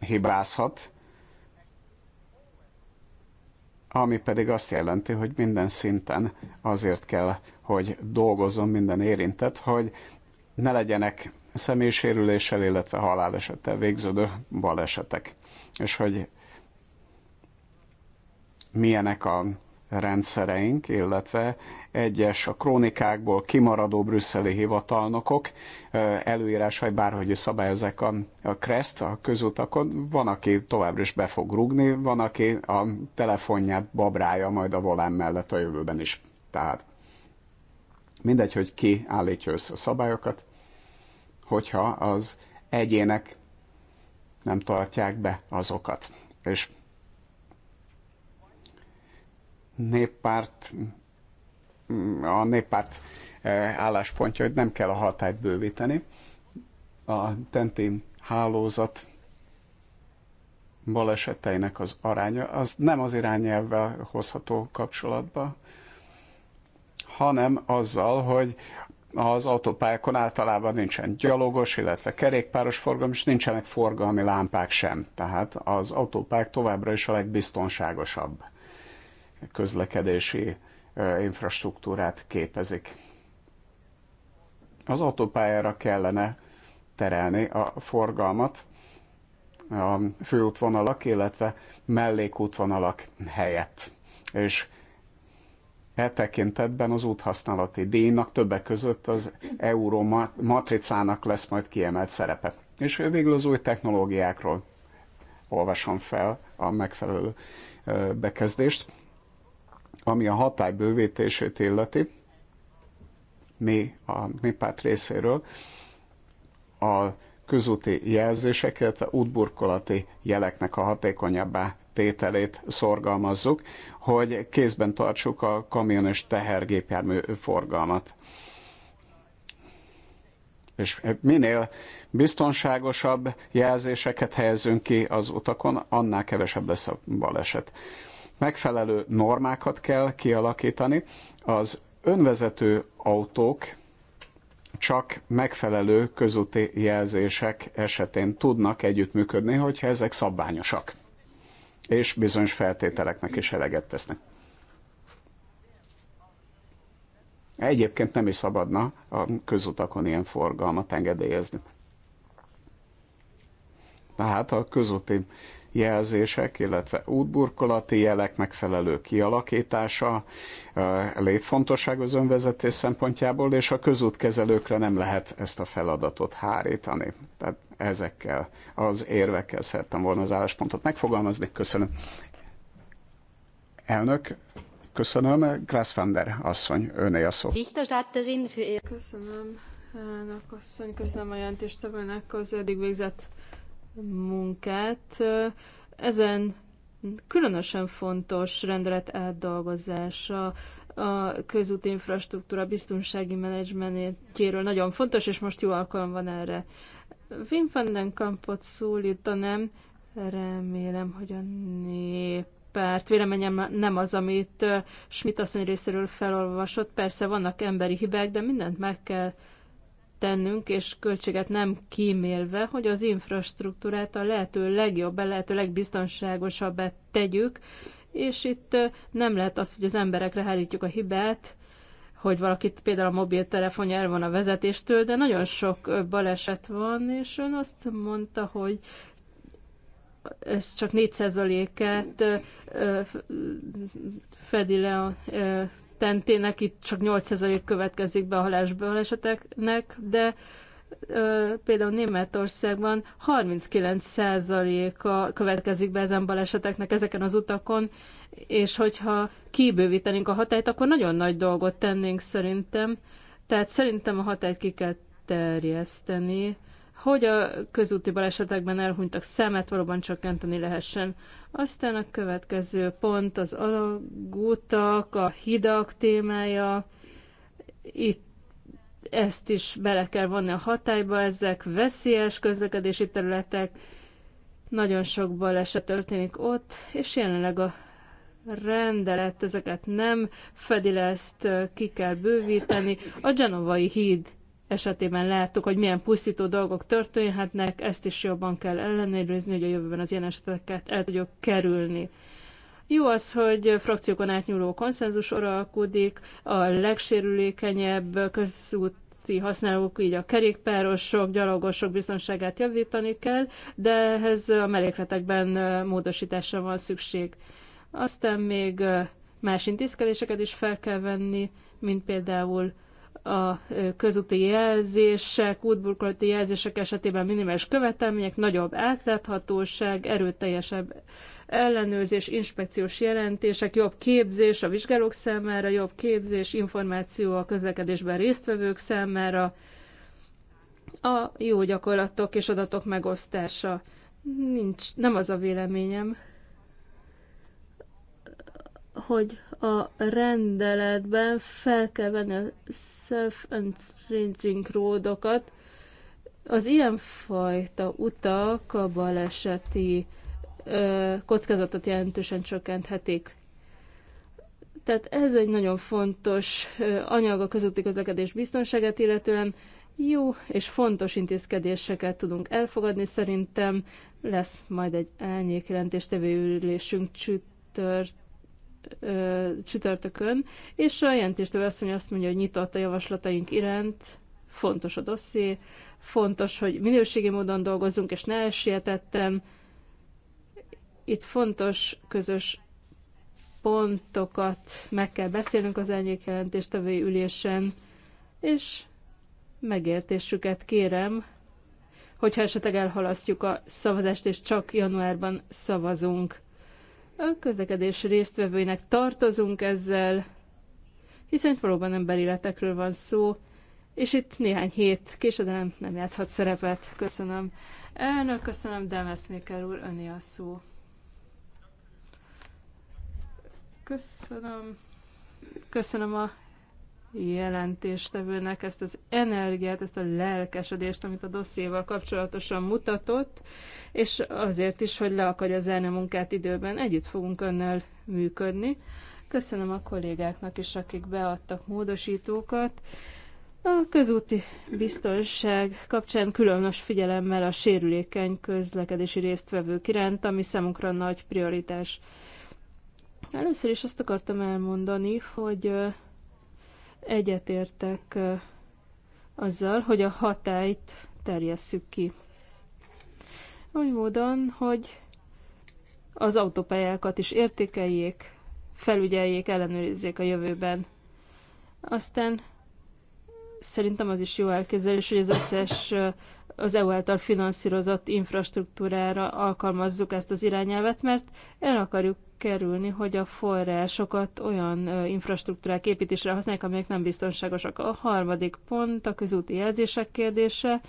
hibázhat, ami pedig azt jelenti, hogy minden szinten azért kell, hogy dolgozzon minden érintett, hogy ne legyenek személysérüléssel, illetve halálesettel végződő balesetek. És hogy milyenek a rendszereink, illetve egyes a krónikákból kimaradó brüsszeli hivatalnokok hogy bárhogy szabályozzák a, a kreszt a közutakon. Van, aki továbbra is be fog rugni, van, aki a telefonját babrája majd a volán mellett a jövőben is. Tehát mindegy, hogy ki állítja össze a szabályokat, hogyha az egyének nem tartják be azokat. És néppárt, a néppárt eh, álláspontja, hogy nem kell a hatályt bővíteni. A tenti hálózat baleseteinek az aránya, az nem az irányelvvel hozható kapcsolatba, hanem azzal, hogy az autópályákon általában nincsen gyalogos, illetve kerékpáros forgalom, és nincsenek forgalmi lámpák sem. Tehát az autópályák továbbra is a legbiztonságosabb közlekedési infrastruktúrát képezik. Az autópályára kellene terelni a forgalmat a főútvonalak, illetve mellékútvonalak helyett. És e tekintetben az úthasználati díjnak többek között az euró matricának lesz majd kiemelt szerepe. És végül az új technológiákról olvasom fel a megfelelő bekezdést ami a hatály bővítését illeti, mi a NIPÁT részéről a közúti jelzések, illetve útburkolati jeleknek a hatékonyabbá tételét szorgalmazzuk, hogy kézben tartsuk a kamion és tehergépjármű forgalmat. És minél biztonságosabb jelzéseket helyezünk ki az utakon, annál kevesebb lesz a baleset. Megfelelő normákat kell kialakítani. Az önvezető autók csak megfelelő közúti jelzések esetén tudnak együttműködni, hogyha ezek szabványosak, és bizonyos feltételeknek is eleget tesznek. Egyébként nem is szabadna a közutakon ilyen forgalmat engedélyezni. Tehát a közúti jelzések, illetve útburkolati jelek megfelelő kialakítása létfontosság az önvezetés szempontjából, és a közútkezelőkre nem lehet ezt a feladatot hárítani. Tehát ezekkel az érvekkel szerettem volna az álláspontot megfogalmazni. Köszönöm. Elnök, köszönöm. Grász Vander asszony, öné a szó. Köszönöm, elnök asszony, köszönöm a jelentéstevőnek az eddig végzett munkát. Ezen különösen fontos rendelet átdolgozása a közúti infrastruktúra biztonsági menedzsmentjéről nagyon fontos, és most jó alkalom van erre. Wim van den Kampot szólítanám, remélem, hogy a nép párt véleményem nem az, amit Schmidt asszony részéről felolvasott. Persze vannak emberi hibák, de mindent meg kell tennünk, és költséget nem kímélve, hogy az infrastruktúrát a lehető legjobb, a lehető legbiztonságosabbá tegyük, és itt nem lehet az, hogy az emberekre hárítjuk a hibát, hogy valakit például a mobiltelefonja el van a vezetéstől, de nagyon sok baleset van, és ön azt mondta, hogy ez csak 4%-át fedi le a tentének, itt csak 8% következik be a eseteknek, de például Németországban 39%-a következik be ezen baleseteknek ezeken az utakon, és hogyha kibővítenénk a hatályt, akkor nagyon nagy dolgot tennénk szerintem. Tehát szerintem a hatályt ki kell terjeszteni hogy a közúti balesetekben elhunytak szemet valóban csökkenteni lehessen. Aztán a következő pont az alagútak, a hidak témája. Itt ezt is bele kell vonni a hatályba, ezek veszélyes közlekedési területek, nagyon sok baleset történik ott, és jelenleg a rendelet ezeket nem fedi le, ezt ki kell bővíteni. A Genovai híd esetében láttuk, hogy milyen pusztító dolgok történhetnek, ezt is jobban kell ellenőrizni, hogy a jövőben az ilyen eseteket el tudjuk kerülni. Jó az, hogy frakciókon átnyúló konszenzus uralkodik, a legsérülékenyebb közút használók, így a kerékpárosok, gyalogosok biztonságát javítani kell, de ehhez a mellékletekben módosításra van szükség. Aztán még más intézkedéseket is fel kell venni, mint például a közúti jelzések, útburkolati jelzések esetében minimális követelmények, nagyobb átláthatóság, erőteljesebb ellenőrzés, inspekciós jelentések, jobb képzés a vizsgálók számára, jobb képzés, információ a közlekedésben résztvevők számára, a jó gyakorlatok és adatok megosztása. Nincs, nem az a véleményem, hogy a rendeletben fel kell venni a self-entringing ródokat. Az ilyenfajta utak a baleseti ö, kockázatot jelentősen csökkenthetik. Tehát ez egy nagyon fontos anyag a közúti közlekedés biztonságát illetően. Jó és fontos intézkedéseket tudunk elfogadni szerintem. Lesz majd egy elnyék jelentéstevő ülésünk csütört ö, csütörtökön, és a jelentéstől asszony azt mondja, hogy nyitott a javaslataink iránt, fontos a dosszié, fontos, hogy minőségi módon dolgozzunk, és ne elsietettem. Itt fontos közös pontokat meg kell beszélnünk az elnyékjelentéstevői ülésen, és megértésüket kérem, hogyha esetleg elhalasztjuk a szavazást, és csak januárban szavazunk. A közlekedés résztvevőinek tartozunk ezzel, hiszen itt valóban emberéletekről van szó, és itt néhány hét késedelem nem játszhat szerepet. Köszönöm. Elnök, köszönöm, Demeszméker úr, öné a szó. Köszönöm. Köszönöm a jelentéstevőnek ezt az energiát, ezt a lelkesedést, amit a dosszéval kapcsolatosan mutatott, és azért is, hogy le akarja zárni a munkát időben. Együtt fogunk önnel működni. Köszönöm a kollégáknak is, akik beadtak módosítókat. A közúti biztonság kapcsán különös figyelemmel a sérülékeny közlekedési résztvevők iránt, ami számunkra nagy prioritás. Először is azt akartam elmondani, hogy Egyetértek azzal, hogy a hatályt terjesszük ki. Úgy módon, hogy az autópályákat is értékeljék, felügyeljék, ellenőrizzék a jövőben. Aztán szerintem az is jó elképzelés, hogy az összes az EU által finanszírozott infrastruktúrára alkalmazzuk ezt az irányelvet, mert el akarjuk kerülni, hogy a forrásokat olyan infrastruktúrák építésre használják, amelyek nem biztonságosak. A harmadik pont a közúti jelzések kérdése.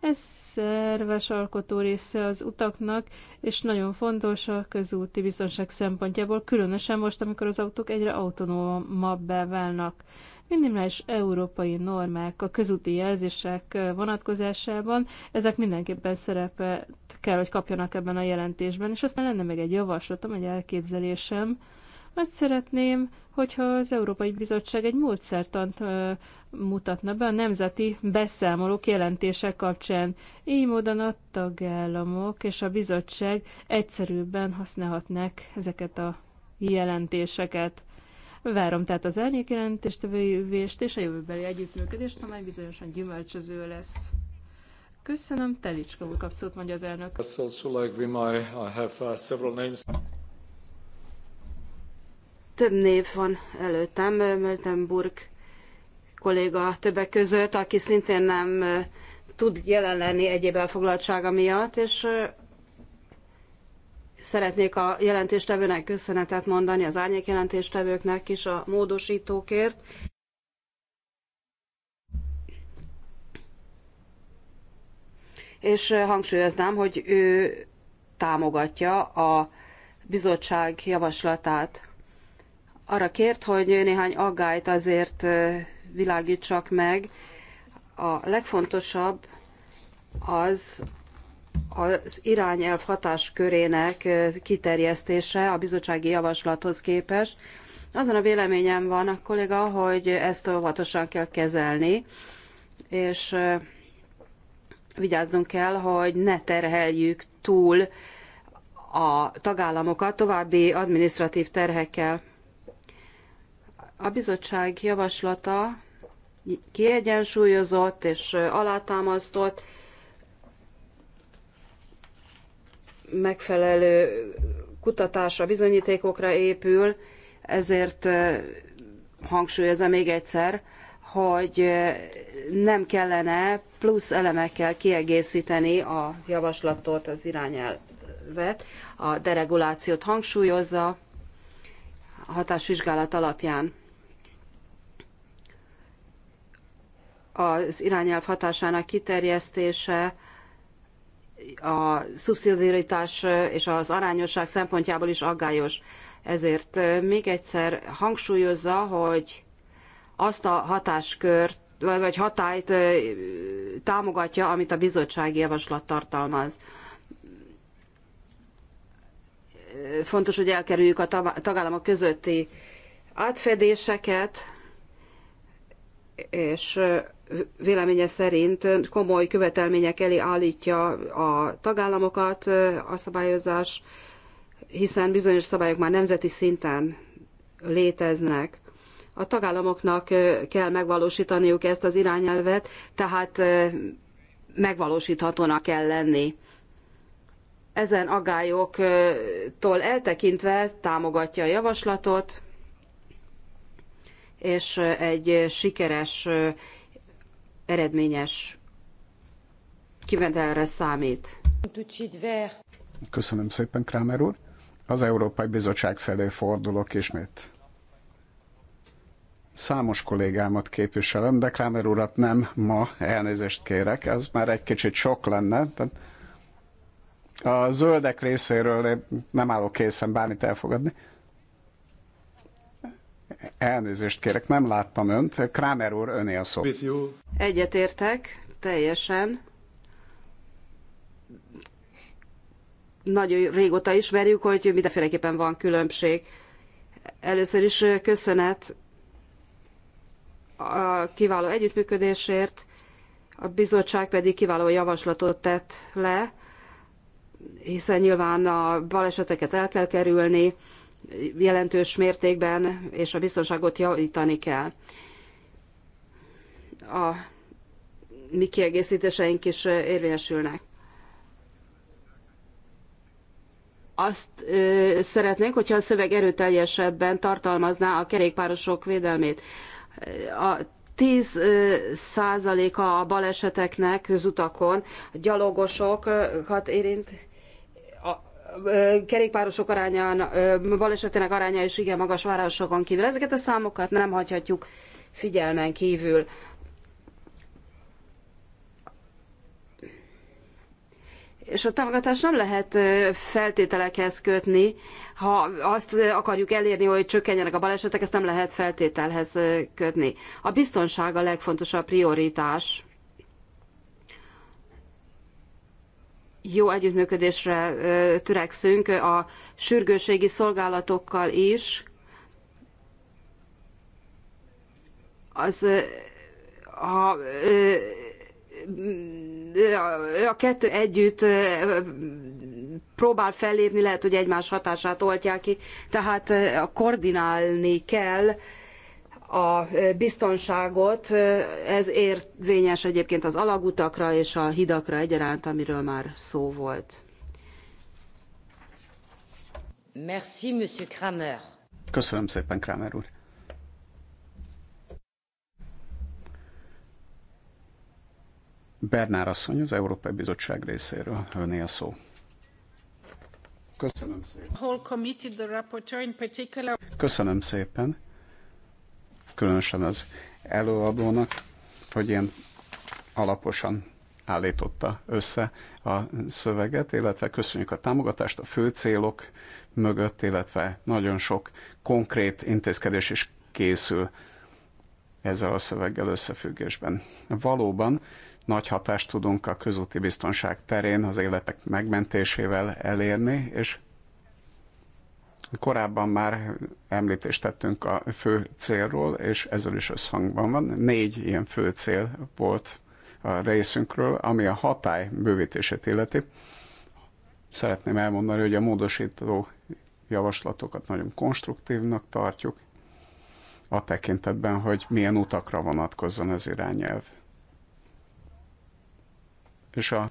Ez szerves alkotó része az utaknak, és nagyon fontos a közúti biztonság szempontjából, különösen most, amikor az autók egyre autonómabbá válnak minimális európai normák a közúti jelzések vonatkozásában, ezek mindenképpen szerepet kell, hogy kapjanak ebben a jelentésben, és aztán lenne meg egy javaslatom, egy elképzelésem, azt szeretném, hogyha az Európai Bizottság egy módszertant mutatna be a nemzeti beszámolók jelentések kapcsán. Így módon a tagállamok és a bizottság egyszerűbben használhatnák ezeket a jelentéseket. Várom tehát az árnyékjelentéstevőjövést és a jövőbeli együttműködést, amely bizonyosan gyümölcsöző lesz. Köszönöm, Telicska úr kapszót mondja az elnök. Uh, uh, Több név van előttem, uh, Möltenburg kolléga többek között, aki szintén nem tud jelen lenni egyéb elfoglaltsága miatt, és Szeretnék a jelentéstevőnek köszönetet mondani, az árnyék jelentéstevőknek is a módosítókért. És hangsúlyoznám, hogy ő támogatja a bizottság javaslatát. Arra kért, hogy néhány aggályt azért világítsak meg. A legfontosabb az, az irányelv hatáskörének kiterjesztése a bizottsági javaslathoz képest. Azon a véleményem van a kolléga, hogy ezt óvatosan kell kezelni, és vigyáznunk kell, hogy ne terheljük túl a tagállamokat további administratív terhekkel. A bizottság javaslata kiegyensúlyozott és alátámasztott, megfelelő kutatásra, bizonyítékokra épül, ezért hangsúlyozom még egyszer, hogy nem kellene plusz elemekkel kiegészíteni a javaslatot, az irányelvet, a deregulációt hangsúlyozza a hatásvizsgálat alapján. Az irányelv hatásának kiterjesztése a szubszidiaritás és az arányosság szempontjából is aggályos. Ezért még egyszer hangsúlyozza, hogy azt a hatáskört, vagy hatályt támogatja, amit a bizottsági javaslat tartalmaz. Fontos, hogy elkerüljük a tagállamok közötti átfedéseket, és véleménye szerint komoly követelmények elé állítja a tagállamokat a szabályozás, hiszen bizonyos szabályok már nemzeti szinten léteznek. A tagállamoknak kell megvalósítaniuk ezt az irányelvet, tehát megvalósíthatónak kell lenni. Ezen agályoktól eltekintve támogatja a javaslatot, és egy sikeres, eredményes kivetelre számít. Köszönöm szépen, Krámer úr. Az Európai Bizottság felé fordulok ismét. Számos kollégámat képviselem, de Krámer urat nem ma elnézést kérek, ez már egy kicsit sok lenne. a zöldek részéről nem állok készen bármit elfogadni. Elnézést kérek, nem láttam önt. Kramer úr, öné a szó. Egyetértek, teljesen. Nagyon régóta ismerjük, hogy mindenféleképpen van különbség. Először is köszönet a kiváló együttműködésért, a bizottság pedig kiváló javaslatot tett le, hiszen nyilván a baleseteket el kell kerülni, jelentős mértékben, és a biztonságot javítani kell. A mi kiegészítéseink is érvényesülnek. Azt ö, szeretnénk, hogyha a szöveg erőteljesebben tartalmazná a kerékpárosok védelmét. A 10 százaléka a baleseteknek közutakon gyalogosokat érint, kerékpárosok arányán, balesetének aránya is igen magas városokon kívül. Ezeket a számokat nem hagyhatjuk figyelmen kívül. És a támogatás nem lehet feltételekhez kötni. Ha azt akarjuk elérni, hogy csökkenjenek a balesetek, ezt nem lehet feltételhez kötni. A biztonság a legfontosabb prioritás. jó együttműködésre törekszünk a sürgőségi szolgálatokkal is. Az a, a kettő együtt próbál fellépni, lehet, hogy egymás hatását oltják ki, tehát koordinálni kell a biztonságot. Ez érvényes egyébként az alagutakra és a hidakra egyaránt, amiről már szó volt. Merci, Monsieur Kramer. Köszönöm szépen, Kramer úr. Bernár asszony az Európai Bizottság részéről, öné a szó. Köszönöm szépen. Köszönöm szépen különösen az előadónak, hogy ilyen alaposan állította össze a szöveget, illetve köszönjük a támogatást a fő célok mögött, illetve nagyon sok konkrét intézkedés is készül ezzel a szöveggel összefüggésben. Valóban nagy hatást tudunk a közúti biztonság terén az életek megmentésével elérni, és korábban már említést tettünk a fő célról, és ezzel is összhangban van. Négy ilyen fő cél volt a részünkről, ami a hatály bővítését illeti. Szeretném elmondani, hogy a módosító javaslatokat nagyon konstruktívnak tartjuk, a tekintetben, hogy milyen utakra vonatkozzon az irányelv. És a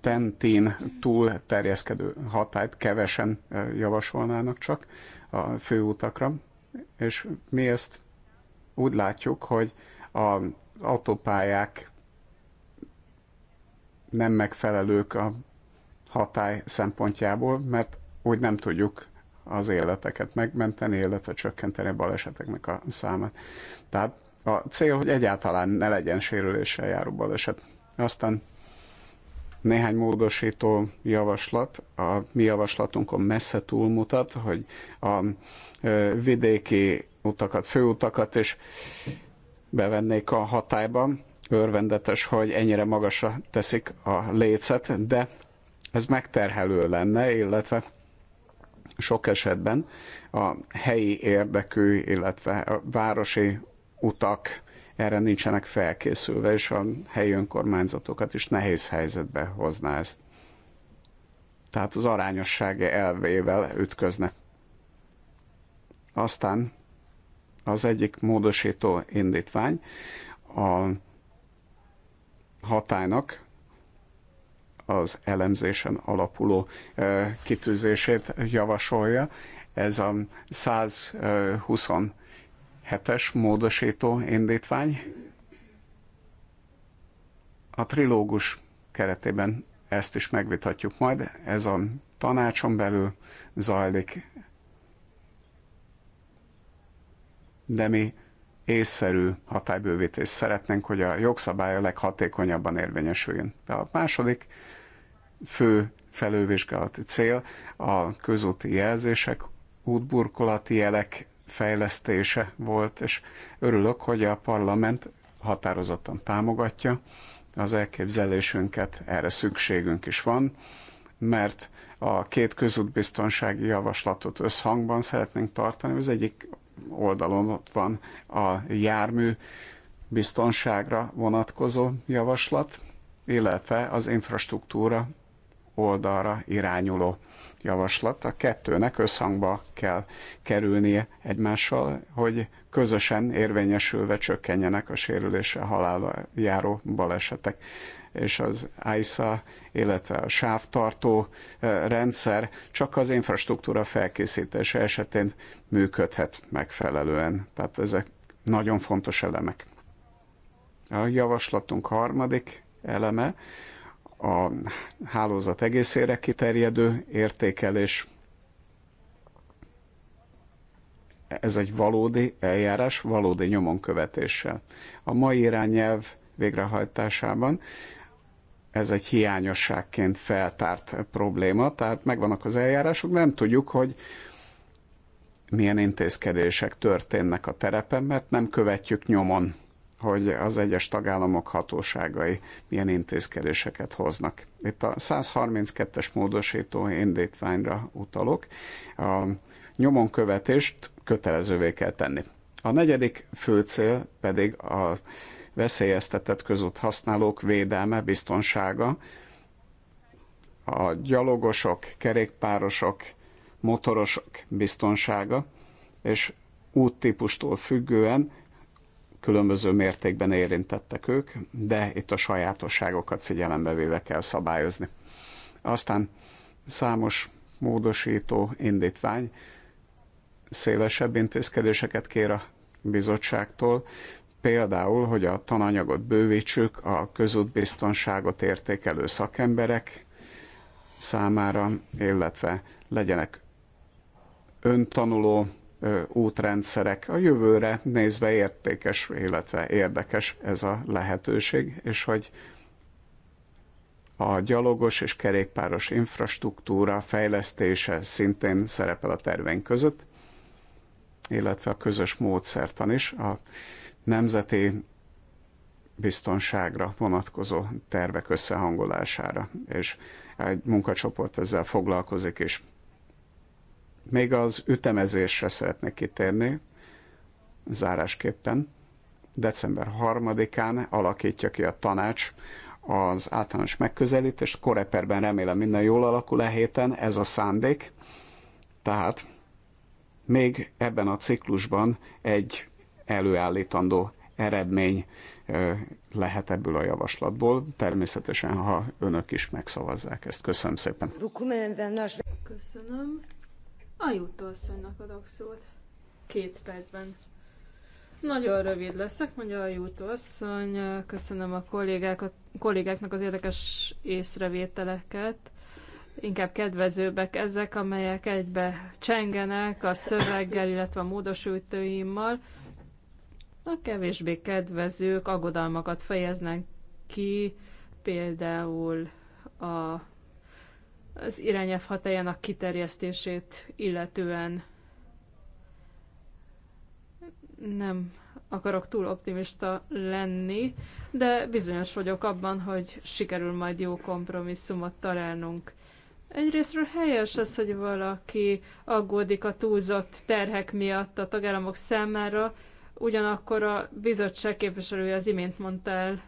tentén túl terjeszkedő hatályt kevesen eh, javasolnának csak, a főutakra, és mi ezt úgy látjuk, hogy az autópályák nem megfelelők a hatály szempontjából, mert úgy nem tudjuk az életeket megmenteni, illetve csökkenteni a baleseteknek a számát. Tehát a cél, hogy egyáltalán ne legyen sérüléssel járó baleset. Aztán néhány módosító javaslat, a mi javaslatunkon messze túlmutat, hogy a vidéki utakat, főutakat is bevennék a hatályba. Örvendetes, hogy ennyire magasra teszik a lécet, de ez megterhelő lenne, illetve sok esetben a helyi érdekű, illetve a városi utak erre nincsenek felkészülve, és a helyi önkormányzatokat is nehéz helyzetbe hozná ezt. Tehát az arányosság elvével ütközne. Aztán az egyik módosító indítvány a hatálynak az elemzésen alapuló kitűzését javasolja. Ez a 120 hetes módosító indítvány a trilógus keretében ezt is megvitatjuk majd. Ez a tanácson belül zajlik, de mi észszerű hatálybővítést szeretnénk, hogy a jogszabály a leghatékonyabban érvényesüljön. De a második fő felővizsgálati cél a közúti jelzések, útburkolati jelek fejlesztése volt, és örülök, hogy a parlament határozottan támogatja az elképzelésünket, erre szükségünk is van, mert a két közútbiztonsági javaslatot összhangban szeretnénk tartani. Az egyik oldalon ott van a jármű biztonságra vonatkozó javaslat, illetve az infrastruktúra oldalra irányuló javaslat. A kettőnek összhangba kell kerülnie egymással, hogy közösen érvényesülve csökkenjenek a sérülése halála járó balesetek és az ISA, illetve a sávtartó eh, rendszer csak az infrastruktúra felkészítése esetén működhet megfelelően. Tehát ezek nagyon fontos elemek. A javaslatunk harmadik eleme a hálózat egészére kiterjedő értékelés. Ez egy valódi eljárás, valódi nyomon követéssel. A mai irányelv végrehajtásában ez egy hiányosságként feltárt probléma, tehát megvannak az eljárások, nem tudjuk, hogy milyen intézkedések történnek a terepen, mert nem követjük nyomon hogy az egyes tagállamok hatóságai milyen intézkedéseket hoznak. Itt a 132-es módosító indítványra utalok. A nyomon követést kötelezővé kell tenni. A negyedik fő cél pedig a veszélyeztetett között használók védelme, biztonsága, a gyalogosok, kerékpárosok, motorosok biztonsága, és úttípustól függően különböző mértékben érintettek ők, de itt a sajátosságokat figyelembe véve kell szabályozni. Aztán számos módosító indítvány szélesebb intézkedéseket kér a bizottságtól, például, hogy a tananyagot bővítsük a közútbiztonságot értékelő szakemberek számára, illetve legyenek öntanuló útrendszerek. A jövőre nézve értékes, illetve érdekes ez a lehetőség, és hogy a gyalogos és kerékpáros infrastruktúra fejlesztése szintén szerepel a terveink között, illetve a közös módszertan is a nemzeti biztonságra vonatkozó tervek összehangolására, és egy munkacsoport ezzel foglalkozik, és még az ütemezésre szeretnék kitérni, zárásképpen. December 3-án alakítja ki a tanács az általános megközelítést. Koreperben remélem minden jól alakul a e héten, ez a szándék. Tehát még ebben a ciklusban egy előállítandó eredmény lehet ebből a javaslatból, természetesen, ha önök is megszavazzák ezt. Köszönöm szépen. Köszönöm. A jutóasszonynak adok szót. Két percben. Nagyon rövid leszek, mondja a jutóasszony. Köszönöm a kollégáknak az érdekes észrevételeket. Inkább kedvezőbbek ezek, amelyek egybe csengenek a szöveggel, illetve a módosítóimmal. A kevésbé kedvezők aggodalmakat fejeznek ki, például a az irányelv hatájának kiterjesztését illetően nem akarok túl optimista lenni, de bizonyos vagyok abban, hogy sikerül majd jó kompromisszumot találnunk. Egyrésztről helyes az, hogy valaki aggódik a túlzott terhek miatt a tagállamok számára, ugyanakkor a bizottság képviselője az imént mondta el,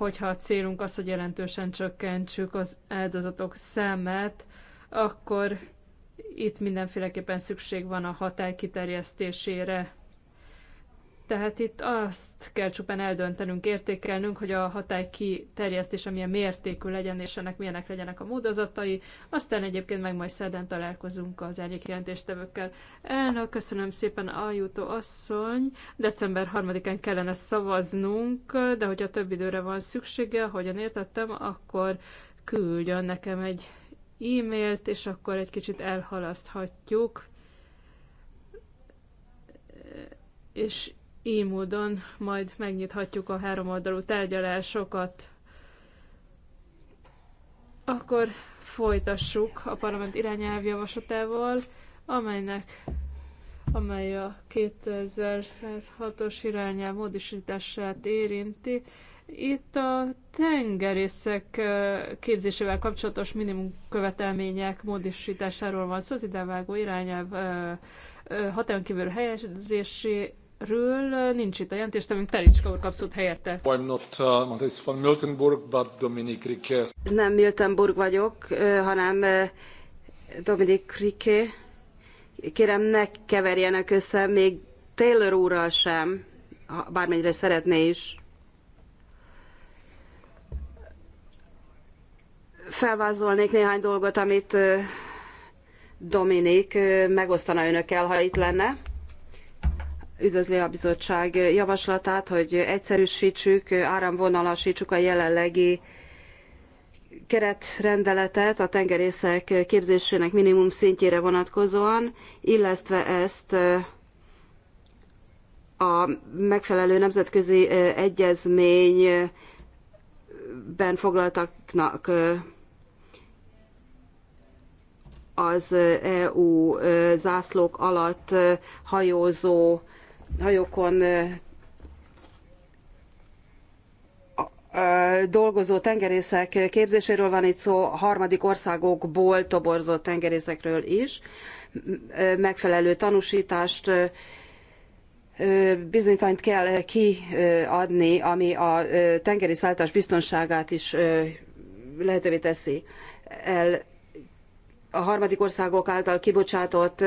hogyha a célunk az, hogy jelentősen csökkentsük az áldozatok számát, akkor itt mindenféleképpen szükség van a hatály kiterjesztésére. Tehát itt azt kell csupán eldöntenünk, értékelnünk, hogy a hatály kiterjesztése milyen mértékű legyen, és ennek milyenek legyenek a módozatai. Aztán egyébként meg majd szerdán találkozunk az jelentéstevőkkel. Elnök, köszönöm szépen, Aljutó asszony. December 3-án kellene szavaznunk, de hogyha több időre van szüksége, hogyan értettem, akkor küldjön nekem egy e-mailt, és akkor egy kicsit elhalaszthatjuk. És így módon majd megnyithatjuk a háromoldalú tárgyalásokat. Akkor folytassuk a parlament irányelv javaslatával, amelynek amely a 2106-os irányelv módosítását érinti. Itt a tengerészek képzésével kapcsolatos minimum követelmények módosításáról van szó, az idevágó irányelv hatályon kívül helyezési ről nincs itt a jelentéstevünk, Tericska úr kapszott helyette. I'm not uh, from Miltenburg, but Dominique Riquet. Nem Miltenburg vagyok, hanem Dominik Riquet. Kérem, ne keverjenek össze még Taylor úrral sem, bármennyire szeretné is. Felvázolnék néhány dolgot, amit Dominik megosztana önökkel, ha itt lenne üdvözli a bizottság javaslatát, hogy egyszerűsítsük, áramvonalasítsuk a jelenlegi keretrendeletet a tengerészek képzésének minimum szintjére vonatkozóan, illesztve ezt a megfelelő nemzetközi egyezményben foglaltaknak az EU zászlók alatt hajózó hajókon dolgozó tengerészek képzéséről van itt szó, harmadik országokból toborzott tengerészekről is, megfelelő tanúsítást, bizonyítványt kell kiadni, ami a tengeri szállítás biztonságát is lehetővé teszi. El a harmadik országok által kibocsátott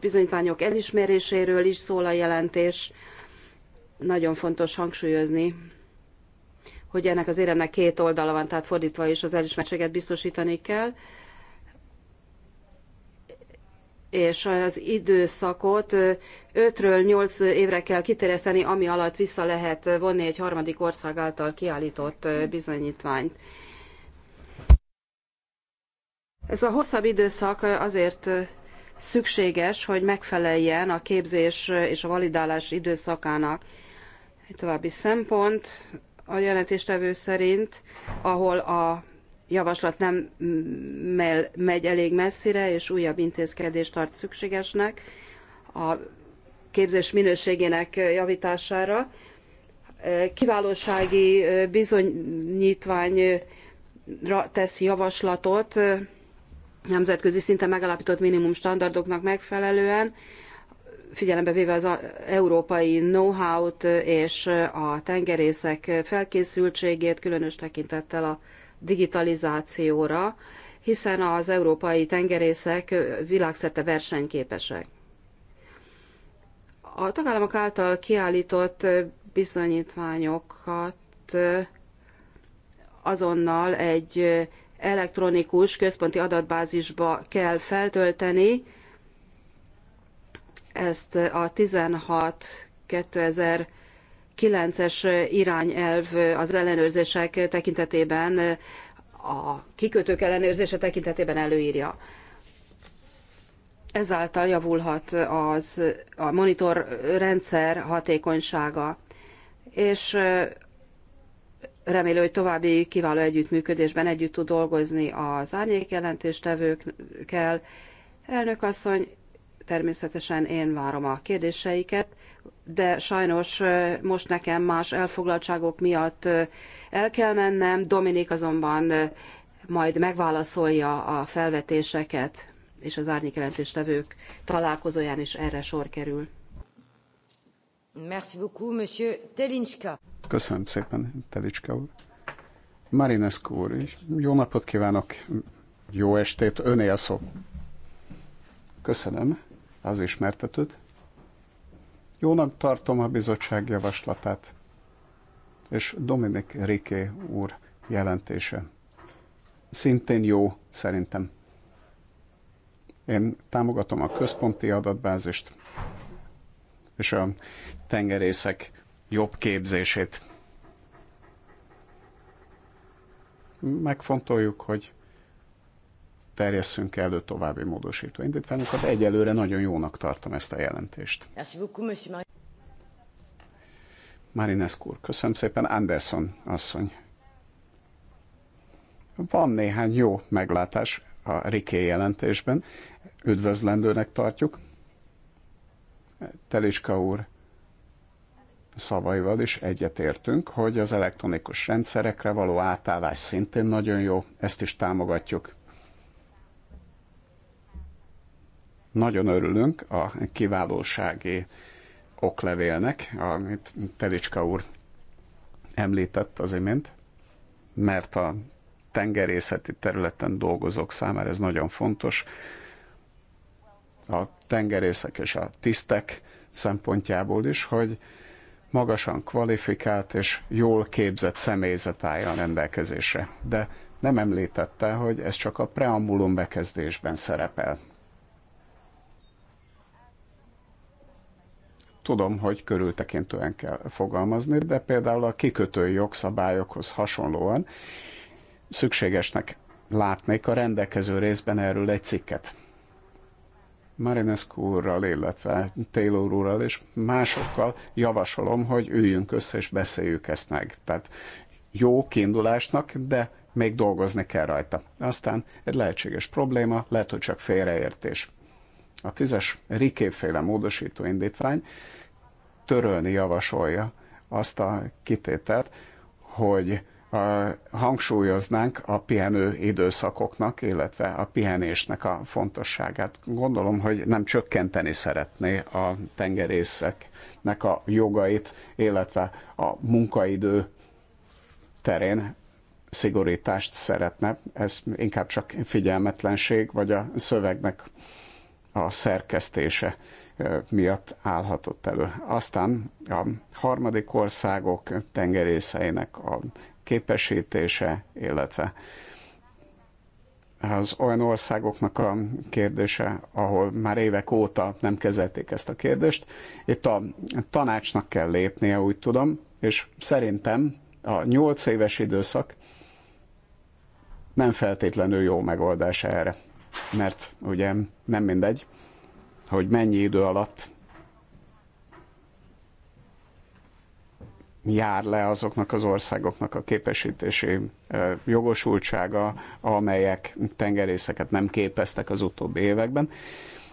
bizonyítványok elismeréséről is szól a jelentés. Nagyon fontos hangsúlyozni, hogy ennek az éremnek két oldala van, tehát fordítva is az elismertséget biztosítani kell és az időszakot 5-ről 8 évre kell kiterjeszteni, ami alatt vissza lehet vonni egy harmadik ország által kiállított bizonyítványt. Ez a hosszabb időszak azért szükséges, hogy megfeleljen a képzés és a validálás időszakának. Egy további szempont a jelentéstevő szerint, ahol a javaslat nem megy elég messzire, és újabb intézkedést tart szükségesnek a képzés minőségének javítására. Kiválósági bizonyítványra tesz javaslatot, nemzetközi szinten megalapított minimum standardoknak megfelelően, figyelembe véve az európai know-how-t és a tengerészek felkészültségét, különös tekintettel a digitalizációra, hiszen az európai tengerészek világszerte versenyképesek. A tagállamok által kiállított bizonyítványokat azonnal egy elektronikus központi adatbázisba kell feltölteni. Ezt a 16 2009 es irányelv az ellenőrzések tekintetében, a kikötők ellenőrzése tekintetében előírja. Ezáltal javulhat az, a monitor rendszer hatékonysága, és remélő, hogy további kiváló együttműködésben együtt tud dolgozni az árnyékjelentéstevőkkel. Elnök asszony, természetesen én várom a kérdéseiket, de sajnos most nekem más elfoglaltságok miatt el kell mennem. Dominik azonban majd megválaszolja a felvetéseket, és az árnyékjelentéstevők találkozóján is erre sor kerül. Merci beaucoup, Monsieur Telinska. Köszönöm szépen, Telicska úr. Marinescu úr, és jó napot kívánok, jó estét, öné a szó. Köszönöm az ismertetőt. Jónak tartom a bizottság javaslatát, és Dominik Riké úr jelentése. Szintén jó, szerintem. Én támogatom a központi adatbázist, és a tengerészek jobb képzését. Megfontoljuk, hogy terjesszünk elő további módosító indítványokat. Egyelőre nagyon jónak tartom ezt a jelentést. Marines úr, köszönöm szépen. Anderson asszony. Van néhány jó meglátás a Riké jelentésben. Üdvözlendőnek tartjuk. Teliska úr szavaival is egyetértünk, hogy az elektronikus rendszerekre való átállás szintén nagyon jó, ezt is támogatjuk. Nagyon örülünk a kiválósági oklevélnek, amit Telicska úr említett az imént, mert a tengerészeti területen dolgozók számára ez nagyon fontos. A tengerészek és a tisztek szempontjából is, hogy magasan kvalifikált és jól képzett személyzet álljon rendelkezésre. De nem említette, hogy ez csak a preambulum bekezdésben szerepel. Tudom, hogy körültekintően kell fogalmazni, de például a kikötői jogszabályokhoz hasonlóan szükségesnek látnék a rendelkező részben erről egy cikket. Marinescu úrral, illetve Taylor úrral és másokkal javasolom, hogy üljünk össze és beszéljük ezt meg. Tehát jó kiindulásnak, de még dolgozni kell rajta. Aztán egy lehetséges probléma, lehet, hogy csak félreértés. A tízes rikéféle módosító indítvány törölni javasolja azt a kitételt, hogy hangsúlyoznánk a pihenő időszakoknak, illetve a pihenésnek a fontosságát. Gondolom, hogy nem csökkenteni szeretné a tengerészeknek a jogait, illetve a munkaidő terén szigorítást szeretne. Ez inkább csak figyelmetlenség, vagy a szövegnek a szerkesztése miatt állhatott elő. Aztán a harmadik országok tengerészeinek a képesítése, illetve az olyan országoknak a kérdése, ahol már évek óta nem kezelték ezt a kérdést. Itt a tanácsnak kell lépnie, úgy tudom, és szerintem a nyolc éves időszak nem feltétlenül jó megoldás erre. Mert ugye nem mindegy, hogy mennyi idő alatt jár le azoknak az országoknak a képesítési jogosultsága, amelyek tengerészeket nem képeztek az utóbbi években.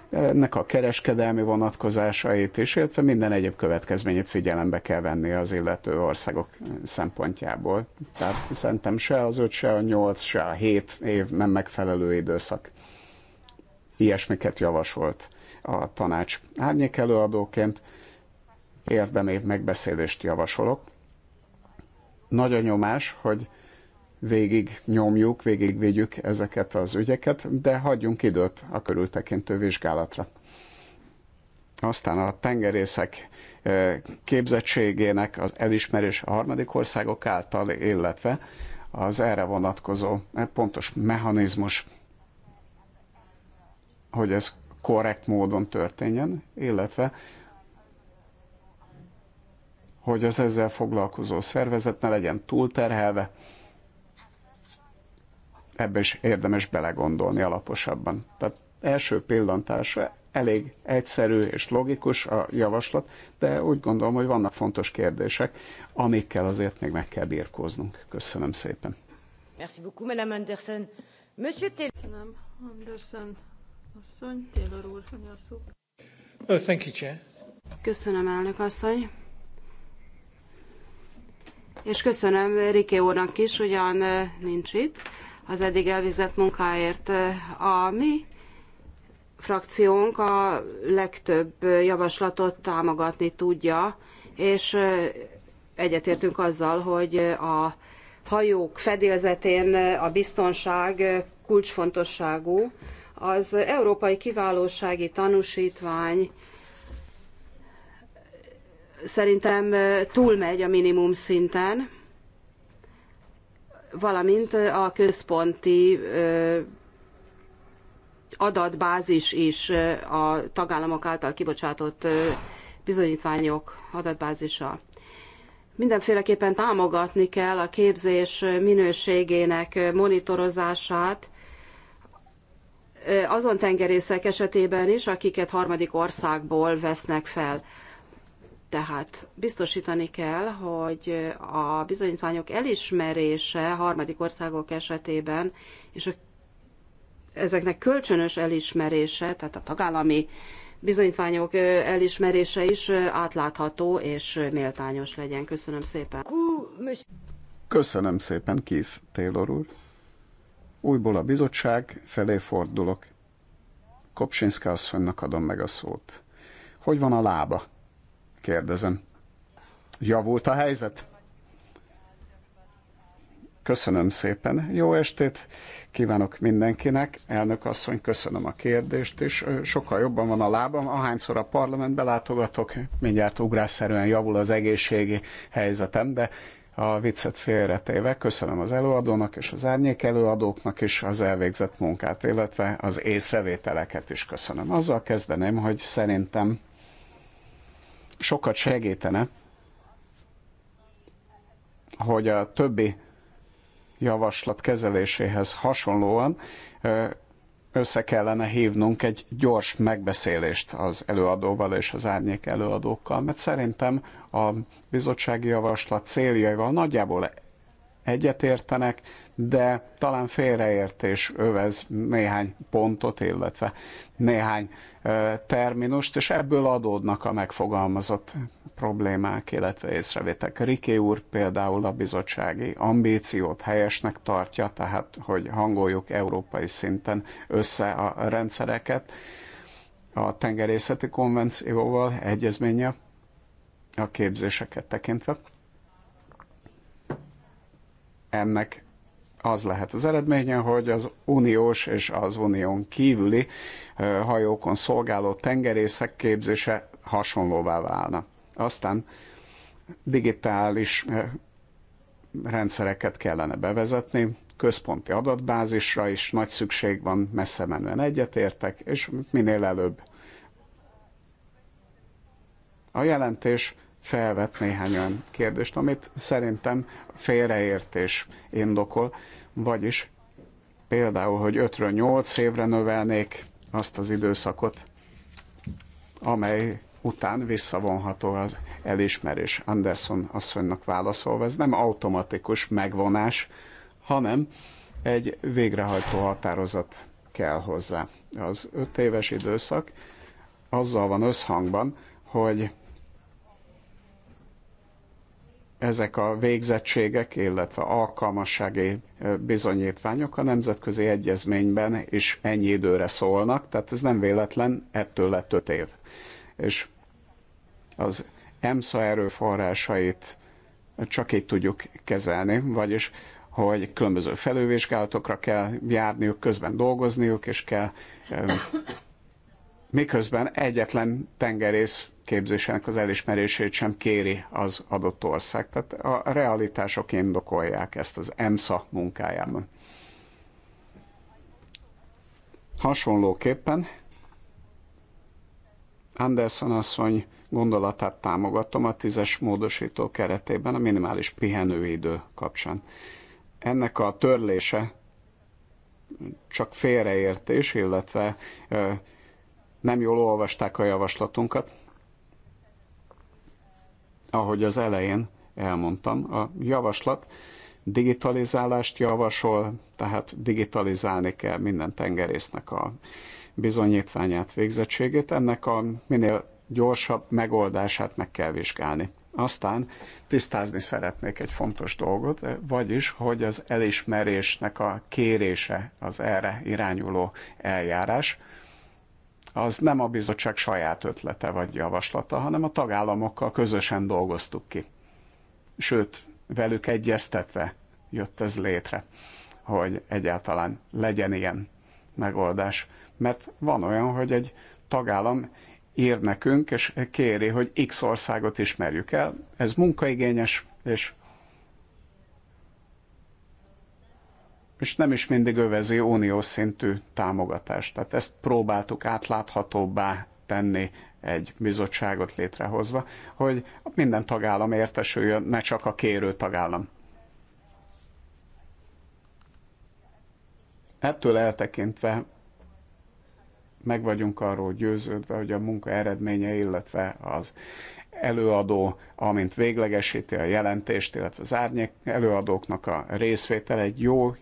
Ennek a kereskedelmi vonatkozásait is, illetve minden egyéb következményét figyelembe kell venni az illető országok szempontjából. Tehát szerintem se az 5, se a 8, se a 7 év nem megfelelő időszak. Ilyesmiket javasolt a tanács árnyék előadóként érdemi megbeszélést javasolok. Nagy a nyomás, hogy végig nyomjuk, végig vigyük ezeket az ügyeket, de hagyjunk időt a körültekintő vizsgálatra. Aztán a tengerészek eh, képzettségének az elismerés a harmadik országok által, illetve az erre vonatkozó eh, pontos mechanizmus, hogy ez korrekt módon történjen, illetve hogy az ezzel foglalkozó szervezet ne legyen túlterhelve. Ebbe is érdemes belegondolni alaposabban. Tehát első pillantásra elég egyszerű és logikus a javaslat, de úgy gondolom, hogy vannak fontos kérdések, amikkel azért még meg kell birkóznunk. Köszönöm szépen. Merci beaucoup, Madame Anderson. Monsieur Taylor. Köszönöm, Anderson. Asszony, Taylor úr, a szó. Oh, thank you, Chair. Köszönöm, elnök asszony. És köszönöm Riké úrnak is, ugyan nincs itt, az eddig elvizett munkáért. A mi frakciónk a legtöbb javaslatot támogatni tudja, és egyetértünk azzal, hogy a hajók fedélzetén a biztonság kulcsfontosságú. Az Európai Kiválósági Tanúsítvány szerintem túlmegy a minimum szinten, valamint a központi adatbázis is a tagállamok által kibocsátott bizonyítványok adatbázisa. Mindenféleképpen támogatni kell a képzés minőségének monitorozását azon tengerészek esetében is, akiket harmadik országból vesznek fel. Tehát biztosítani kell, hogy a bizonyítványok elismerése harmadik országok esetében, és a, ezeknek kölcsönös elismerése, tehát a tagállami bizonyítványok elismerése is átlátható és méltányos legyen. Köszönöm szépen. Köszönöm szépen, Keith Taylor úr. Újból a bizottság felé fordulok. Kopcsinszka asszonynak adom meg a szót. Hogy van a lába? kérdezem. Javult a helyzet? Köszönöm szépen. Jó estét kívánok mindenkinek. Elnök asszony, köszönöm a kérdést, is. sokkal jobban van a lábam. Ahányszor a parlamentbe látogatok, mindjárt ugrásszerűen javul az egészségi helyzetem, de a viccet félretéve köszönöm az előadónak és az árnyék előadóknak is az elvégzett munkát, illetve az észrevételeket is köszönöm. Azzal kezdeném, hogy szerintem sokat segítene, hogy a többi javaslat kezeléséhez hasonlóan össze kellene hívnunk egy gyors megbeszélést az előadóval és az árnyék előadókkal, mert szerintem a bizottsági javaslat céljaival nagyjából egyetértenek, de talán félreértés övez néhány pontot, illetve néhány terminust, és ebből adódnak a megfogalmazott problémák, illetve észrevétek. Riké úr például a bizottsági ambíciót helyesnek tartja, tehát hogy hangoljuk európai szinten össze a rendszereket a tengerészeti konvencióval, egyezménye a képzéseket tekintve. Ennek az lehet az eredménye, hogy az uniós és az unión kívüli hajókon szolgáló tengerészek képzése hasonlóvá válna. Aztán digitális rendszereket kellene bevezetni, központi adatbázisra is nagy szükség van, messze menően egyetértek, és minél előbb. A jelentés felvet néhány olyan kérdést, amit szerintem félreértés indokol, vagyis például, hogy 5-ről 8 évre növelnék azt az időszakot, amely után visszavonható az elismerés. Anderson asszonynak válaszolva, ez nem automatikus megvonás, hanem egy végrehajtó határozat kell hozzá. Az 5 éves időszak azzal van összhangban, hogy ezek a végzettségek, illetve alkalmassági bizonyítványok a nemzetközi egyezményben is ennyi időre szólnak, tehát ez nem véletlen, ettől lett öt év. És az EMSZA erőforrásait csak így tudjuk kezelni, vagyis hogy különböző felővizsgálatokra kell járniuk, közben dolgozniuk, és kell miközben egyetlen tengerész képzésének az elismerését sem kéri az adott ország. Tehát a realitások indokolják ezt az EMSA munkájában. Hasonlóképpen Anderson asszony gondolatát támogatom a tízes módosító keretében a minimális pihenőidő kapcsán. Ennek a törlése csak félreértés, illetve nem jól olvasták a javaslatunkat. Ahogy az elején elmondtam, a javaslat digitalizálást javasol, tehát digitalizálni kell minden tengerésznek a bizonyítványát, végzettségét. Ennek a minél gyorsabb megoldását meg kell vizsgálni. Aztán tisztázni szeretnék egy fontos dolgot, vagyis, hogy az elismerésnek a kérése az erre irányuló eljárás az nem a bizottság saját ötlete vagy javaslata, hanem a tagállamokkal közösen dolgoztuk ki. Sőt, velük egyeztetve jött ez létre, hogy egyáltalán legyen ilyen megoldás. Mert van olyan, hogy egy tagállam ír nekünk, és kéri, hogy X országot ismerjük el, ez munkaigényes, és és nem is mindig övezi uniós szintű támogatást. Tehát ezt próbáltuk átláthatóbbá tenni egy bizottságot létrehozva, hogy minden tagállam értesüljön, ne csak a kérő tagállam. Ettől eltekintve meg vagyunk arról győződve, hogy a munka eredménye, illetve az előadó, amint véglegesíti a jelentést, illetve az árnyék előadóknak a részvétel egy jó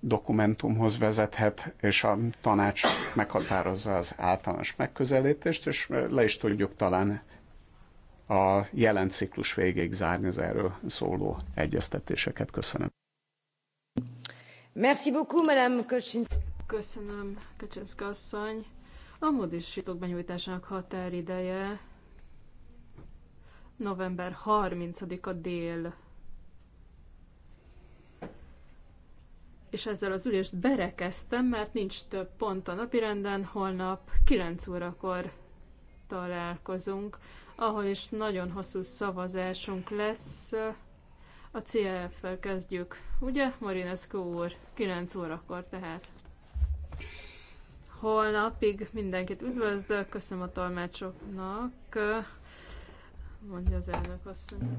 dokumentumhoz vezethet, és a tanács meghatározza az általános megközelítést, és le is tudjuk talán a jelen ciklus végéig zárni az erről szóló egyeztetéseket. Köszönöm. Merci beaucoup, Madame Kocsin. Köszönöm, Kocsinszka asszony. A módosítók benyújtásának határideje november 30-a dél. És ezzel az ülést berekeztem, mert nincs több pont a napirenden, holnap 9 órakor találkozunk, ahol is nagyon hosszú szavazásunk lesz. A CLF-fel kezdjük, ugye, Marinescu úr? 9 órakor tehát. Holnapig mindenkit üdvözlök, köszönöm a tolmácsoknak mondja az elnök asszony.